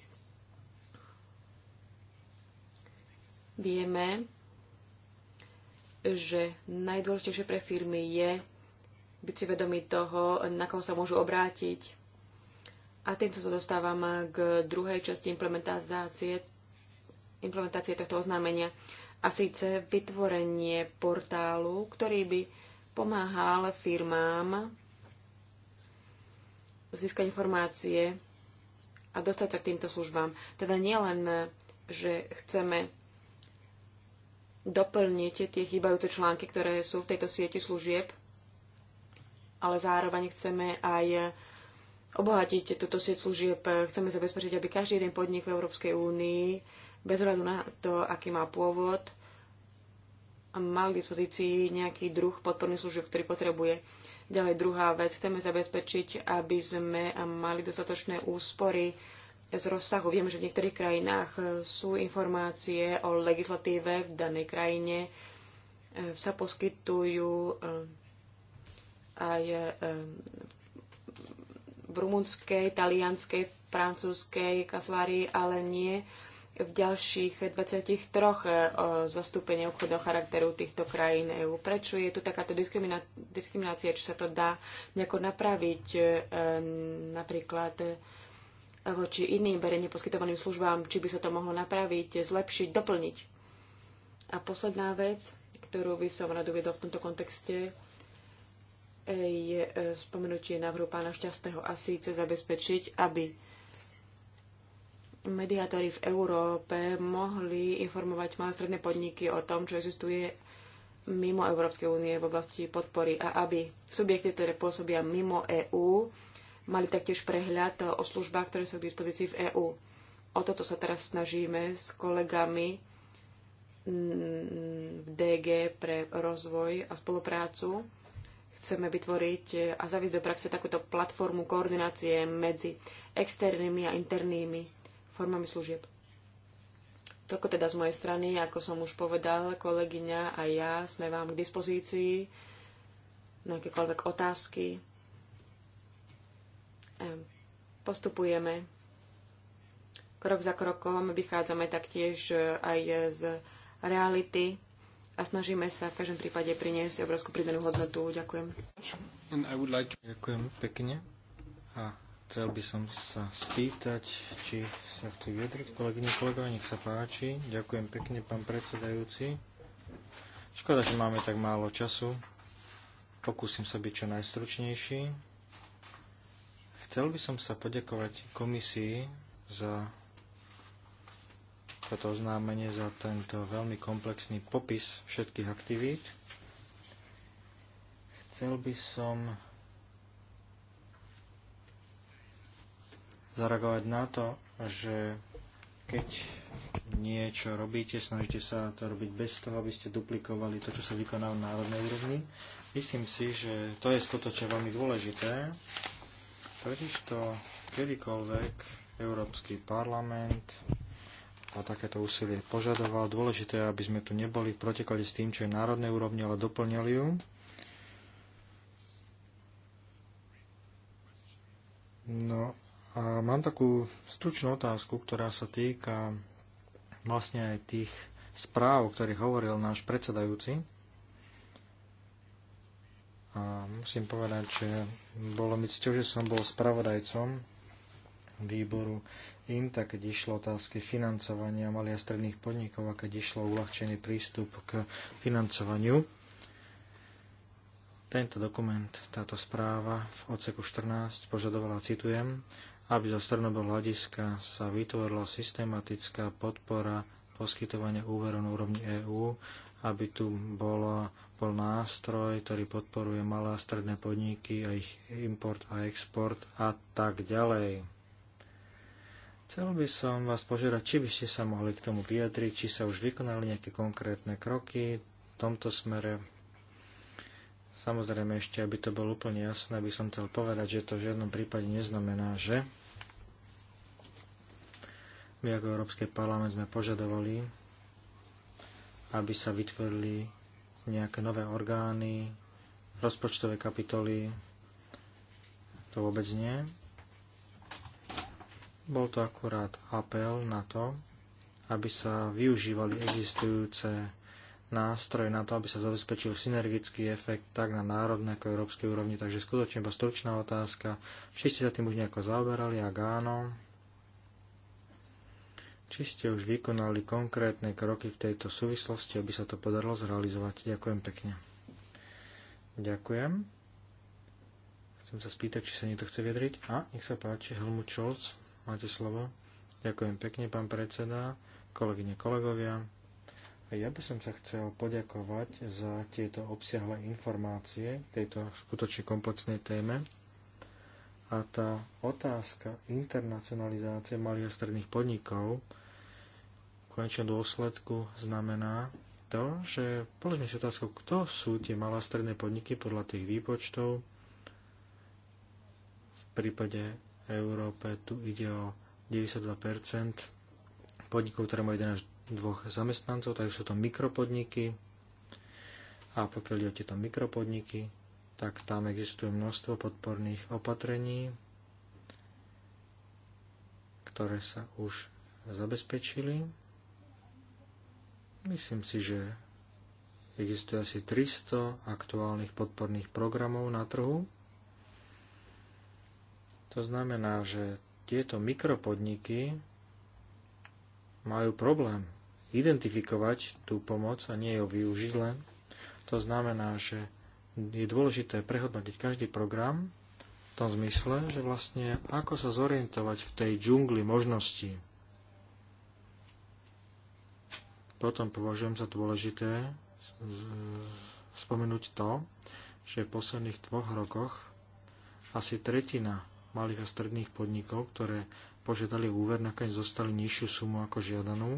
Speaker 2: vieme, že najdôležitejšie pre firmy je byť si vedomí toho, na koho sa môžu obrátiť, a týmto sa dostávam k druhej časti implementácie, implementácie tohto oznámenia a síce vytvorenie portálu, ktorý by pomáhal firmám získať informácie a dostať sa k týmto službám. Teda nielen, že chceme doplniť tie chýbajúce články, ktoré sú v tejto sieti služieb, ale zároveň chceme aj obohatiť túto sieť služieb. Chceme zabezpečiť, aby každý jeden podnik v Európskej únii, bez ohľadu na to, aký má pôvod, mal k dispozícii nejaký druh podporných služieb, ktorý potrebuje. Ďalej druhá vec, chceme zabezpečiť, aby sme mali dostatočné úspory z rozsahu. Viem, že v niektorých krajinách sú informácie o legislatíve v danej krajine, sa poskytujú eh, aj eh, v rumunskej, talianskej, francúzskej kancelárii, ale nie v ďalších 23 eh, zastúpenie obchodného charakteru týchto krajín EÚ. Prečo je tu takáto diskriminácia? Či sa to dá nejako napraviť eh, napríklad eh, voči iným verejne poskytovaným službám? Či by sa to mohlo napraviť, zlepšiť, doplniť? A posledná vec, ktorú by som rád uviedol v tomto kontexte, je e, spomenutie návrhu pána Šťastného a síce zabezpečiť, aby mediátori v Európe mohli informovať malé stredné podniky o tom, čo existuje mimo Európskej únie v oblasti podpory a aby subjekty, ktoré pôsobia mimo EÚ, mali taktiež prehľad o službách, ktoré sú k dispozícii v EÚ. O toto sa teraz snažíme s kolegami v DG pre rozvoj a spoluprácu Chceme vytvoriť eh, a zaviesť do praxe takúto platformu koordinácie medzi externými a internými formami služieb. Toľko teda z mojej strany, ako som už povedal, kolegyňa a ja sme vám k dispozícii na akékoľvek otázky. Postupujeme krok za krokom, vychádzame taktiež eh, aj z reality a snažíme sa v každom prípade priniesť obrovskú pridanú hodnotu. Ďakujem.
Speaker 1: Ďakujem pekne. A chcel by som sa spýtať, či sa chcú vyjadriť kolegyne, kolegovia, nech sa páči. Ďakujem pekne, pán predsedajúci. Škoda, že máme tak málo času. Pokúsim sa byť čo najstručnejší. Chcel by som sa poďakovať komisii za toto to oznámenie, za tento veľmi komplexný popis všetkých aktivít. Chcel by som zareagovať na to, že keď niečo robíte, snažite sa to robiť bez toho, aby ste duplikovali to, čo sa vykoná na národnej úrovni. Myslím si, že to je skutočne veľmi dôležité, totižto kedykoľvek Európsky parlament a takéto úsilie požadoval. Dôležité je, aby sme tu neboli v protiklade s tým, čo je národné úrovni, ale doplňali ju. No a mám takú stručnú otázku, ktorá sa týka vlastne aj tých správ, o ktorých hovoril náš predsedajúci. A musím povedať, že bolo mi cťo, že som bol spravodajcom výboru INTA, keď išlo otázky financovania malých a stredných podnikov a keď išlo uľahčený prístup k financovaniu. Tento dokument, táto správa v odseku 14 požadovala, citujem, aby zo strednobého hľadiska sa vytvorila systematická podpora poskytovania úverov na úrovni EÚ, aby tu bola, bol nástroj, ktorý podporuje malé a stredné podniky a ich import a export a tak ďalej. Chcel by som vás požiadať, či by ste sa mohli k tomu vyjadriť, či sa už vykonali nejaké konkrétne kroky v tomto smere. Samozrejme, ešte, aby to bolo úplne jasné, by som chcel povedať, že to v žiadnom prípade neznamená, že my ako Európsky parlament sme požadovali, aby sa vytvorili nejaké nové orgány, rozpočtové kapitoly. To vôbec nie. Bol to akurát apel na to, aby sa využívali existujúce nástroje na to, aby sa zabezpečil synergický efekt tak na národnej ako európskej úrovni. Takže skutočne iba stručná otázka. Či ste sa tým už nejako zaoberali, ak áno, či ste už vykonali konkrétne kroky v tejto súvislosti, aby sa to podarilo zrealizovať. Ďakujem pekne. Ďakujem. Chcem sa spýtať, či sa niekto chce vyjadriť. A, nech sa páči, Helmut Scholz máte slovo. Ďakujem pekne, pán predseda, kolegyne, kolegovia. Ja by som sa chcel poďakovať za tieto obsiahle informácie tejto skutočne komplexnej téme. A tá otázka internacionalizácie malých a stredných podnikov v konečnom dôsledku znamená to, že položme si otázku, kto sú tie malé a stredné podniky podľa tých výpočtov v prípade Európe tu ide o 92% podnikov, ktoré majú 11 dvoch zamestnancov, takže sú to mikropodniky. A pokiaľ ide o tieto mikropodniky, tak tam existuje množstvo podporných opatrení, ktoré sa už zabezpečili. Myslím si, že existuje asi 300 aktuálnych podporných programov na trhu to znamená, že tieto mikropodniky majú problém identifikovať tú pomoc a nie ju využiť len. To znamená, že je dôležité prehodnotiť každý program v tom zmysle, že vlastne ako sa zorientovať v tej džungli možností. Potom považujem za dôležité spomenúť to, že v posledných dvoch rokoch asi tretina malých a stredných podnikov, ktoré požiadali úver, nakoniec zostali nižšiu sumu ako žiadanú.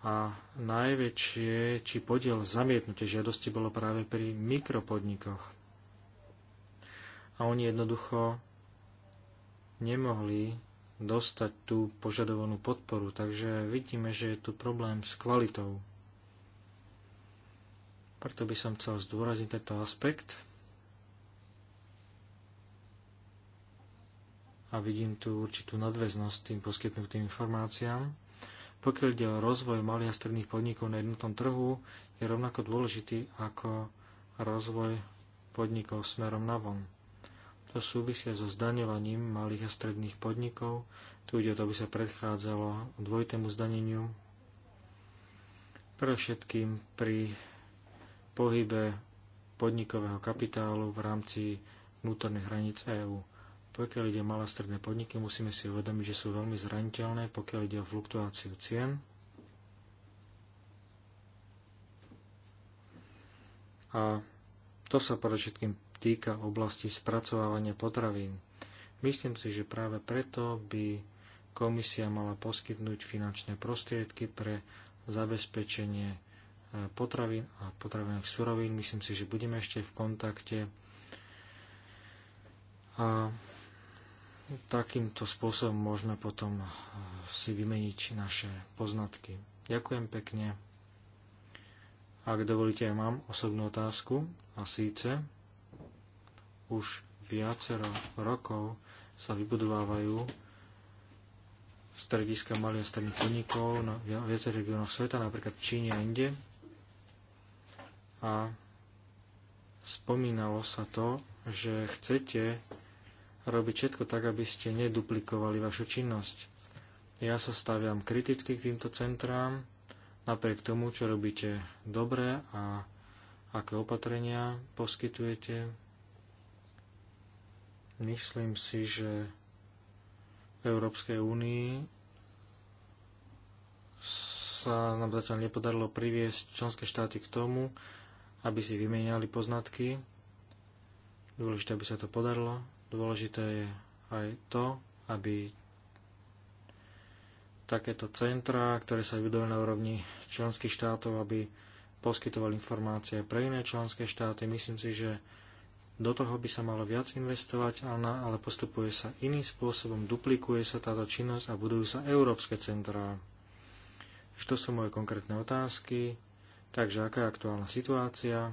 Speaker 1: A najväčšie či podiel zamietnutie žiadosti bolo práve pri mikropodnikoch. A oni jednoducho nemohli dostať tú požadovanú podporu, takže vidíme, že je tu problém s kvalitou. Preto by som chcel zdôrazniť tento aspekt a vidím tu určitú nadväznosť tým poskytnutým informáciám. Pokiaľ ide o rozvoj malých a stredných podnikov na jednotnom trhu, je rovnako dôležitý ako rozvoj podnikov smerom na von. To súvisia so zdaňovaním malých a stredných podnikov. Tu ide o to, aby sa predchádzalo dvojitému zdaneniu. Pre všetkým pri pohybe podnikového kapitálu v rámci vnútorných hraníc EÚ. Pokiaľ ide malé stredné podniky, musíme si uvedomiť, že sú veľmi zraniteľné, pokiaľ ide o fluktuáciu cien. A to sa predovšetkým týka oblasti spracovávania potravín. Myslím si, že práve preto by komisia mala poskytnúť finančné prostriedky pre zabezpečenie e, potravín a potravinových surovín. Myslím si, že budeme ešte v kontakte. A takýmto spôsobom môžeme potom eh, si vymeniť naše poznatky. Ďakujem pekne. Ak dovolíte, ja mám osobnú otázku a síce už viacero rokov sa vybudovávajú strediska malých a stredných podnikov na viacerých regiónoch sveta, napríklad v Číne a inde. A spomínalo sa to, že chcete robiť všetko tak, aby ste neduplikovali vašu činnosť. Ja sa staviam kriticky k týmto centrám, napriek tomu, čo robíte dobre a aké opatrenia poskytujete. Myslím si, že v Európskej únii sa nám zatiaľ nepodarilo priviesť členské štáty k tomu, aby si vymeniali poznatky. Dôležité, aby sa to podarilo. Dôležité je aj to, aby takéto centrá, ktoré sa vybudovali na úrovni členských štátov, aby poskytovali informácie pre iné členské štáty. Myslím si, že do toho by sa malo viac investovať, ale postupuje sa iným spôsobom, duplikuje sa táto činnosť a budujú sa európske centrá. to sú moje konkrétne otázky. Takže aká je aktuálna situácia?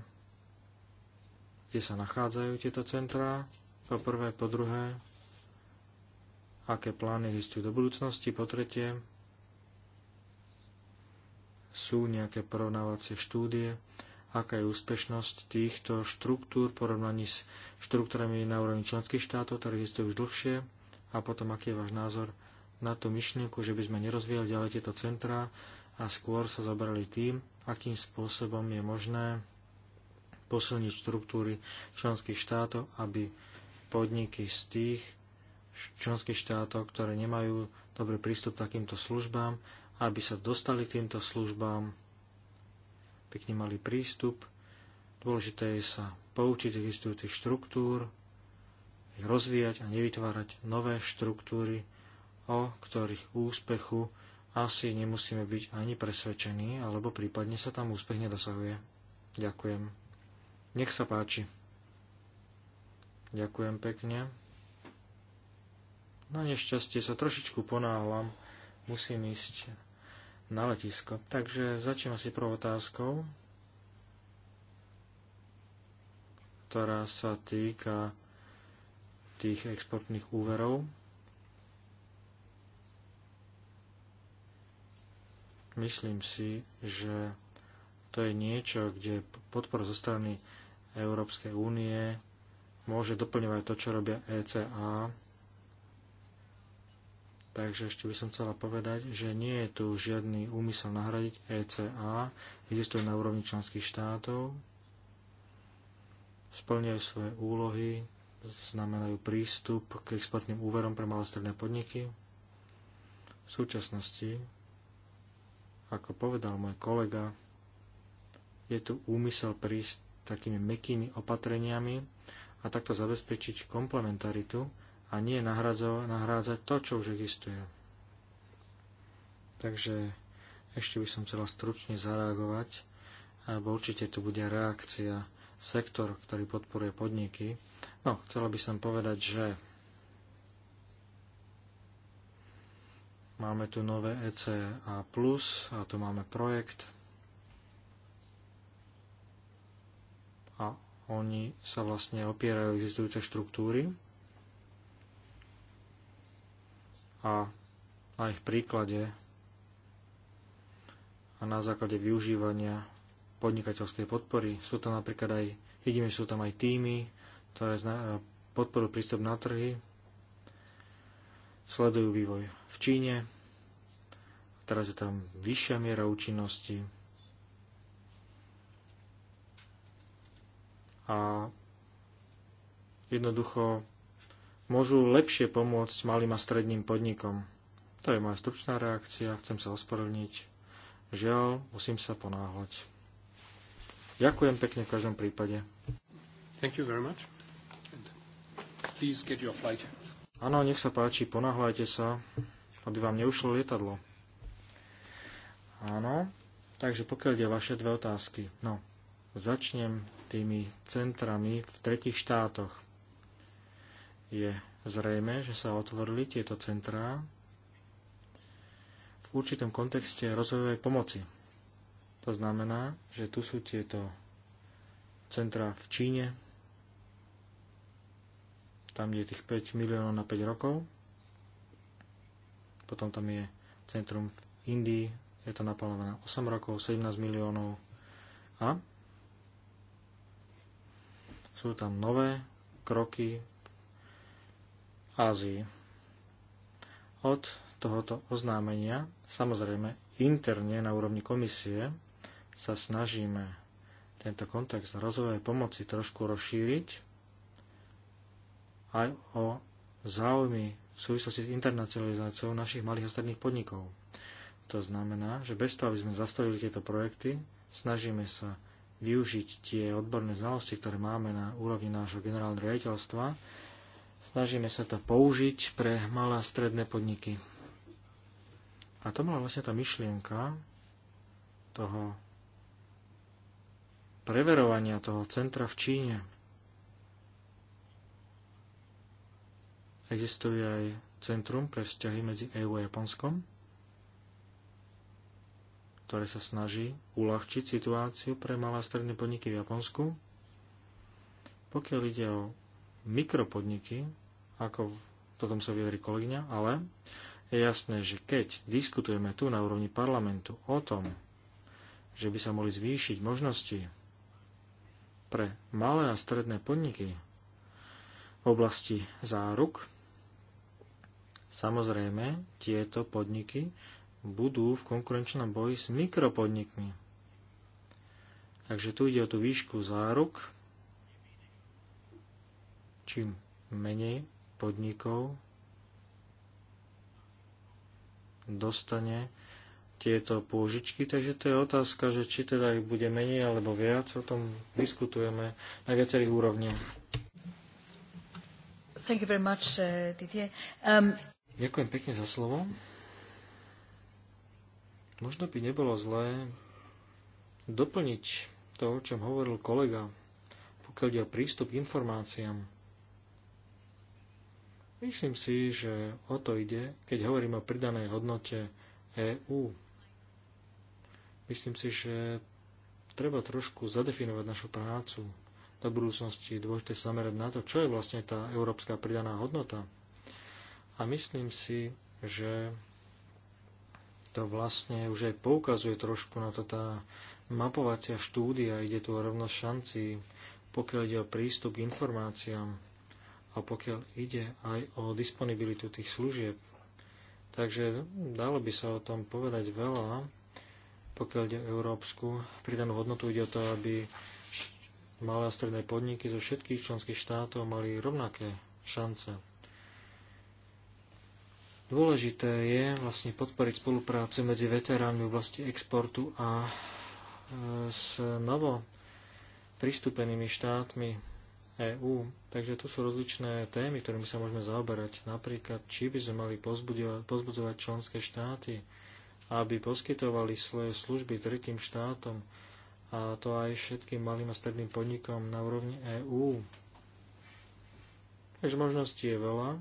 Speaker 1: Kde sa nachádzajú tieto centrá? Po prvé, po druhé, aké plány existujú do budúcnosti. Po tretie, sú nejaké porovnávacie štúdie, aká je úspešnosť týchto štruktúr v porovnaní s štruktúrami na úrovni členských štátov, ktoré existujú už dlhšie, a potom aký je váš názor na tú myšlienku, že by sme nerozvíjali ďalej tieto centrá a skôr sa zabrali tým, akým spôsobom je možné posilniť štruktúry členských štátov, aby podniky z tých členských štátov, ktoré nemajú dobrý prístup k takýmto službám, aby sa dostali k týmto službám, pekne mali prístup. Dôležité je sa poučiť existujúcich štruktúr, ich rozvíjať a nevytvárať nové štruktúry, o ktorých úspechu asi nemusíme byť ani presvedčení, alebo prípadne sa tam úspech nedosahuje. Ďakujem. Nech sa páči. Ďakujem pekne. Na nešťastie sa trošičku ponáhlam, musím ísť na letisko. Takže začnem asi prvou otázkou, ktorá sa týka tých exportných úverov. Myslím si, že to je niečo, kde podpora zo strany Európskej únie môže doplňovať to, čo robia ECA. Takže ešte by som chcela povedať, že nie je tu žiadny úmysel nahradiť ECA. Existuje na úrovni členských štátov, splňajú svoje úlohy, znamenajú prístup k exportným úverom pre malé stredné podniky. V súčasnosti, ako povedal môj kolega, je tu úmysel prísť takými mekými opatreniami, a takto zabezpečiť komplementaritu a nie nahrádzať to, čo už existuje. Takže ešte by som chcela stručne zareagovať, alebo určite tu bude reakcia sektor, ktorý podporuje podniky. No, chcela by som povedať, že máme tu nové ECA+, a tu máme projekt a oni sa vlastne opierajú existujúce štruktúry a na ich príklade a na základe využívania podnikateľskej podpory. Sú tam napríklad aj, vidíme, sú tam aj týmy, ktoré e, podporujú prístup na trhy, sledujú vývoj v Číne, teraz je tam vyššia miera účinnosti, a jednoducho môžu lepšie pomôcť malým a stredným podnikom. To je moja stručná reakcia, chcem sa ospravedlniť. Žiaľ, musím sa ponáhľať. Ďakujem pekne v každom prípade.
Speaker 3: Thank you very much. please get your flight.
Speaker 1: Áno, nech sa páči, ponáhľajte sa, aby vám neušlo lietadlo. Áno, takže pokiaľ ide vaše dve otázky. No, Začnem tými centrami v tretich štátoch. Je zrejme, že sa otvorili tieto centrá v určitom kontexte rozvojovej pomoci. To znamená, že tu sú tieto centra v Číne, tam je tých 5 miliónov na 5 rokov, potom tam je centrum v Indii, je to naplánované 8 rokov, 17 miliónov a sú tam nové kroky v Ázii. Od tohoto oznámenia, samozrejme interne na úrovni komisie, sa snažíme tento kontext rozvojovej pomoci trošku rozšíriť aj o záujmy v súvislosti s internacionalizáciou našich malých a stredných podnikov. To znamená, že bez toho, aby sme zastavili tieto projekty, snažíme sa využiť tie odborné znalosti, ktoré máme na úrovni nášho generálneho riaditeľstva. Snažíme sa to použiť pre malé a stredné podniky. A to bola vlastne tá myšlienka toho
Speaker 3: preverovania
Speaker 1: toho centra v Číne. Existuje aj Centrum pre vzťahy medzi EU a Japonskom, ktoré sa snaží uľahčiť situáciu pre malé a stredné podniky v Japonsku. Pokiaľ ide o mikropodniky, ako to tom sa vyjadri kolegyňa, ale je jasné, že keď diskutujeme tu na úrovni parlamentu o tom, že by sa mohli zvýšiť možnosti pre malé a stredné podniky v oblasti záruk, samozrejme tieto podniky budú v konkurenčnom boji s mikropodnikmi. Takže tu ide o tú výšku záruk. Čím menej podnikov dostane tieto pôžičky, takže to je otázka, že či teda ich bude menej alebo viac, o tom diskutujeme na viacerých úrovniach.
Speaker 3: Thank you very much, eh, Didier.
Speaker 1: Um... Ďakujem pekne za slovo. Možno by nebolo zlé doplniť to, o čom hovoril kolega, pokiaľ ide o prístup k informáciám. Myslím si, že o to ide, keď hovorím o pridanej hodnote EÚ. Myslím si, že treba trošku zadefinovať našu prácu do budúcnosti. Dôležité sa zamerať na to, čo je vlastne tá európska pridaná hodnota. A myslím si, že to vlastne už aj poukazuje trošku na to tá mapovacia štúdia, ide tu o rovnosť šanci, pokiaľ ide o prístup k informáciám a pokiaľ ide aj o disponibilitu tých služieb. Takže dalo by sa o tom povedať veľa, pokiaľ ide o európsku pridanú hodnotu, ide o to, aby malé a stredné podniky zo všetkých členských štátov mali rovnaké šance. Dôležité je vlastne podporiť spoluprácu medzi veteránmi v oblasti exportu a e, s novo pristúpenými štátmi EÚ. Takže tu sú rozličné témy, ktorými sa môžeme zaoberať. Napríklad, či by sme mali pozbudzovať členské štáty, aby poskytovali svoje služby tretím štátom, a to aj všetkým malým a stredným podnikom na úrovni EÚ. Takže možností je veľa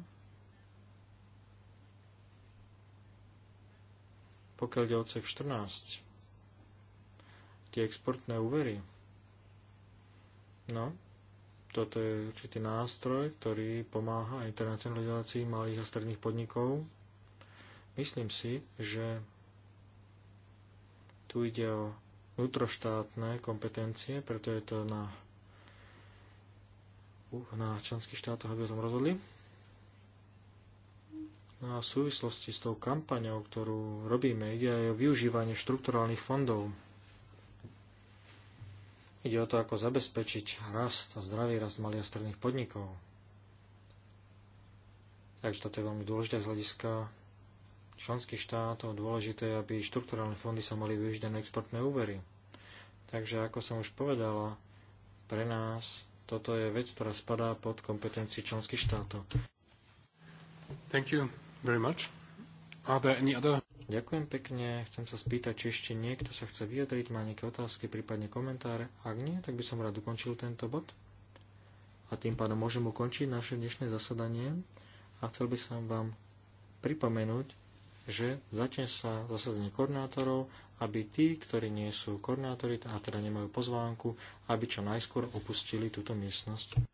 Speaker 1: Pokiaľ ide odsek 14, tie exportné úvery, no, toto je určitý nástroj, ktorý pomáha internacionalizácii malých a stredných podnikov. Myslím si, že tu ide o vnútroštátne kompetencie, preto je to na, na členských štátoch, aby sme rozhodli. No a v súvislosti s tou kampaňou, ktorú robíme, ide aj o využívanie štrukturálnych fondov. Ide o to, ako zabezpečiť rast a zdravý rast malých a stredných podnikov. Takže toto je veľmi dôležité z hľadiska členských štátov. Dôležité, je, aby štrukturálne fondy sa mali využiť na exportné úvery. Takže, ako som už povedala, pre nás toto je vec, ktorá spadá pod kompetencii členských štátov. Thank you very much. Are there any other... Ďakujem pekne. Chcem sa spýtať, či ešte niekto sa chce vyjadriť, má nejaké otázky, prípadne komentáre. Ak nie, tak by som rád ukončil tento bod. A tým pádom môžem ukončiť naše dnešné zasadanie. A chcel by som vám pripomenúť, že začne sa zasadanie koordinátorov, aby tí, ktorí nie sú koordinátori a teda nemajú pozvánku, aby čo najskôr opustili túto miestnosť.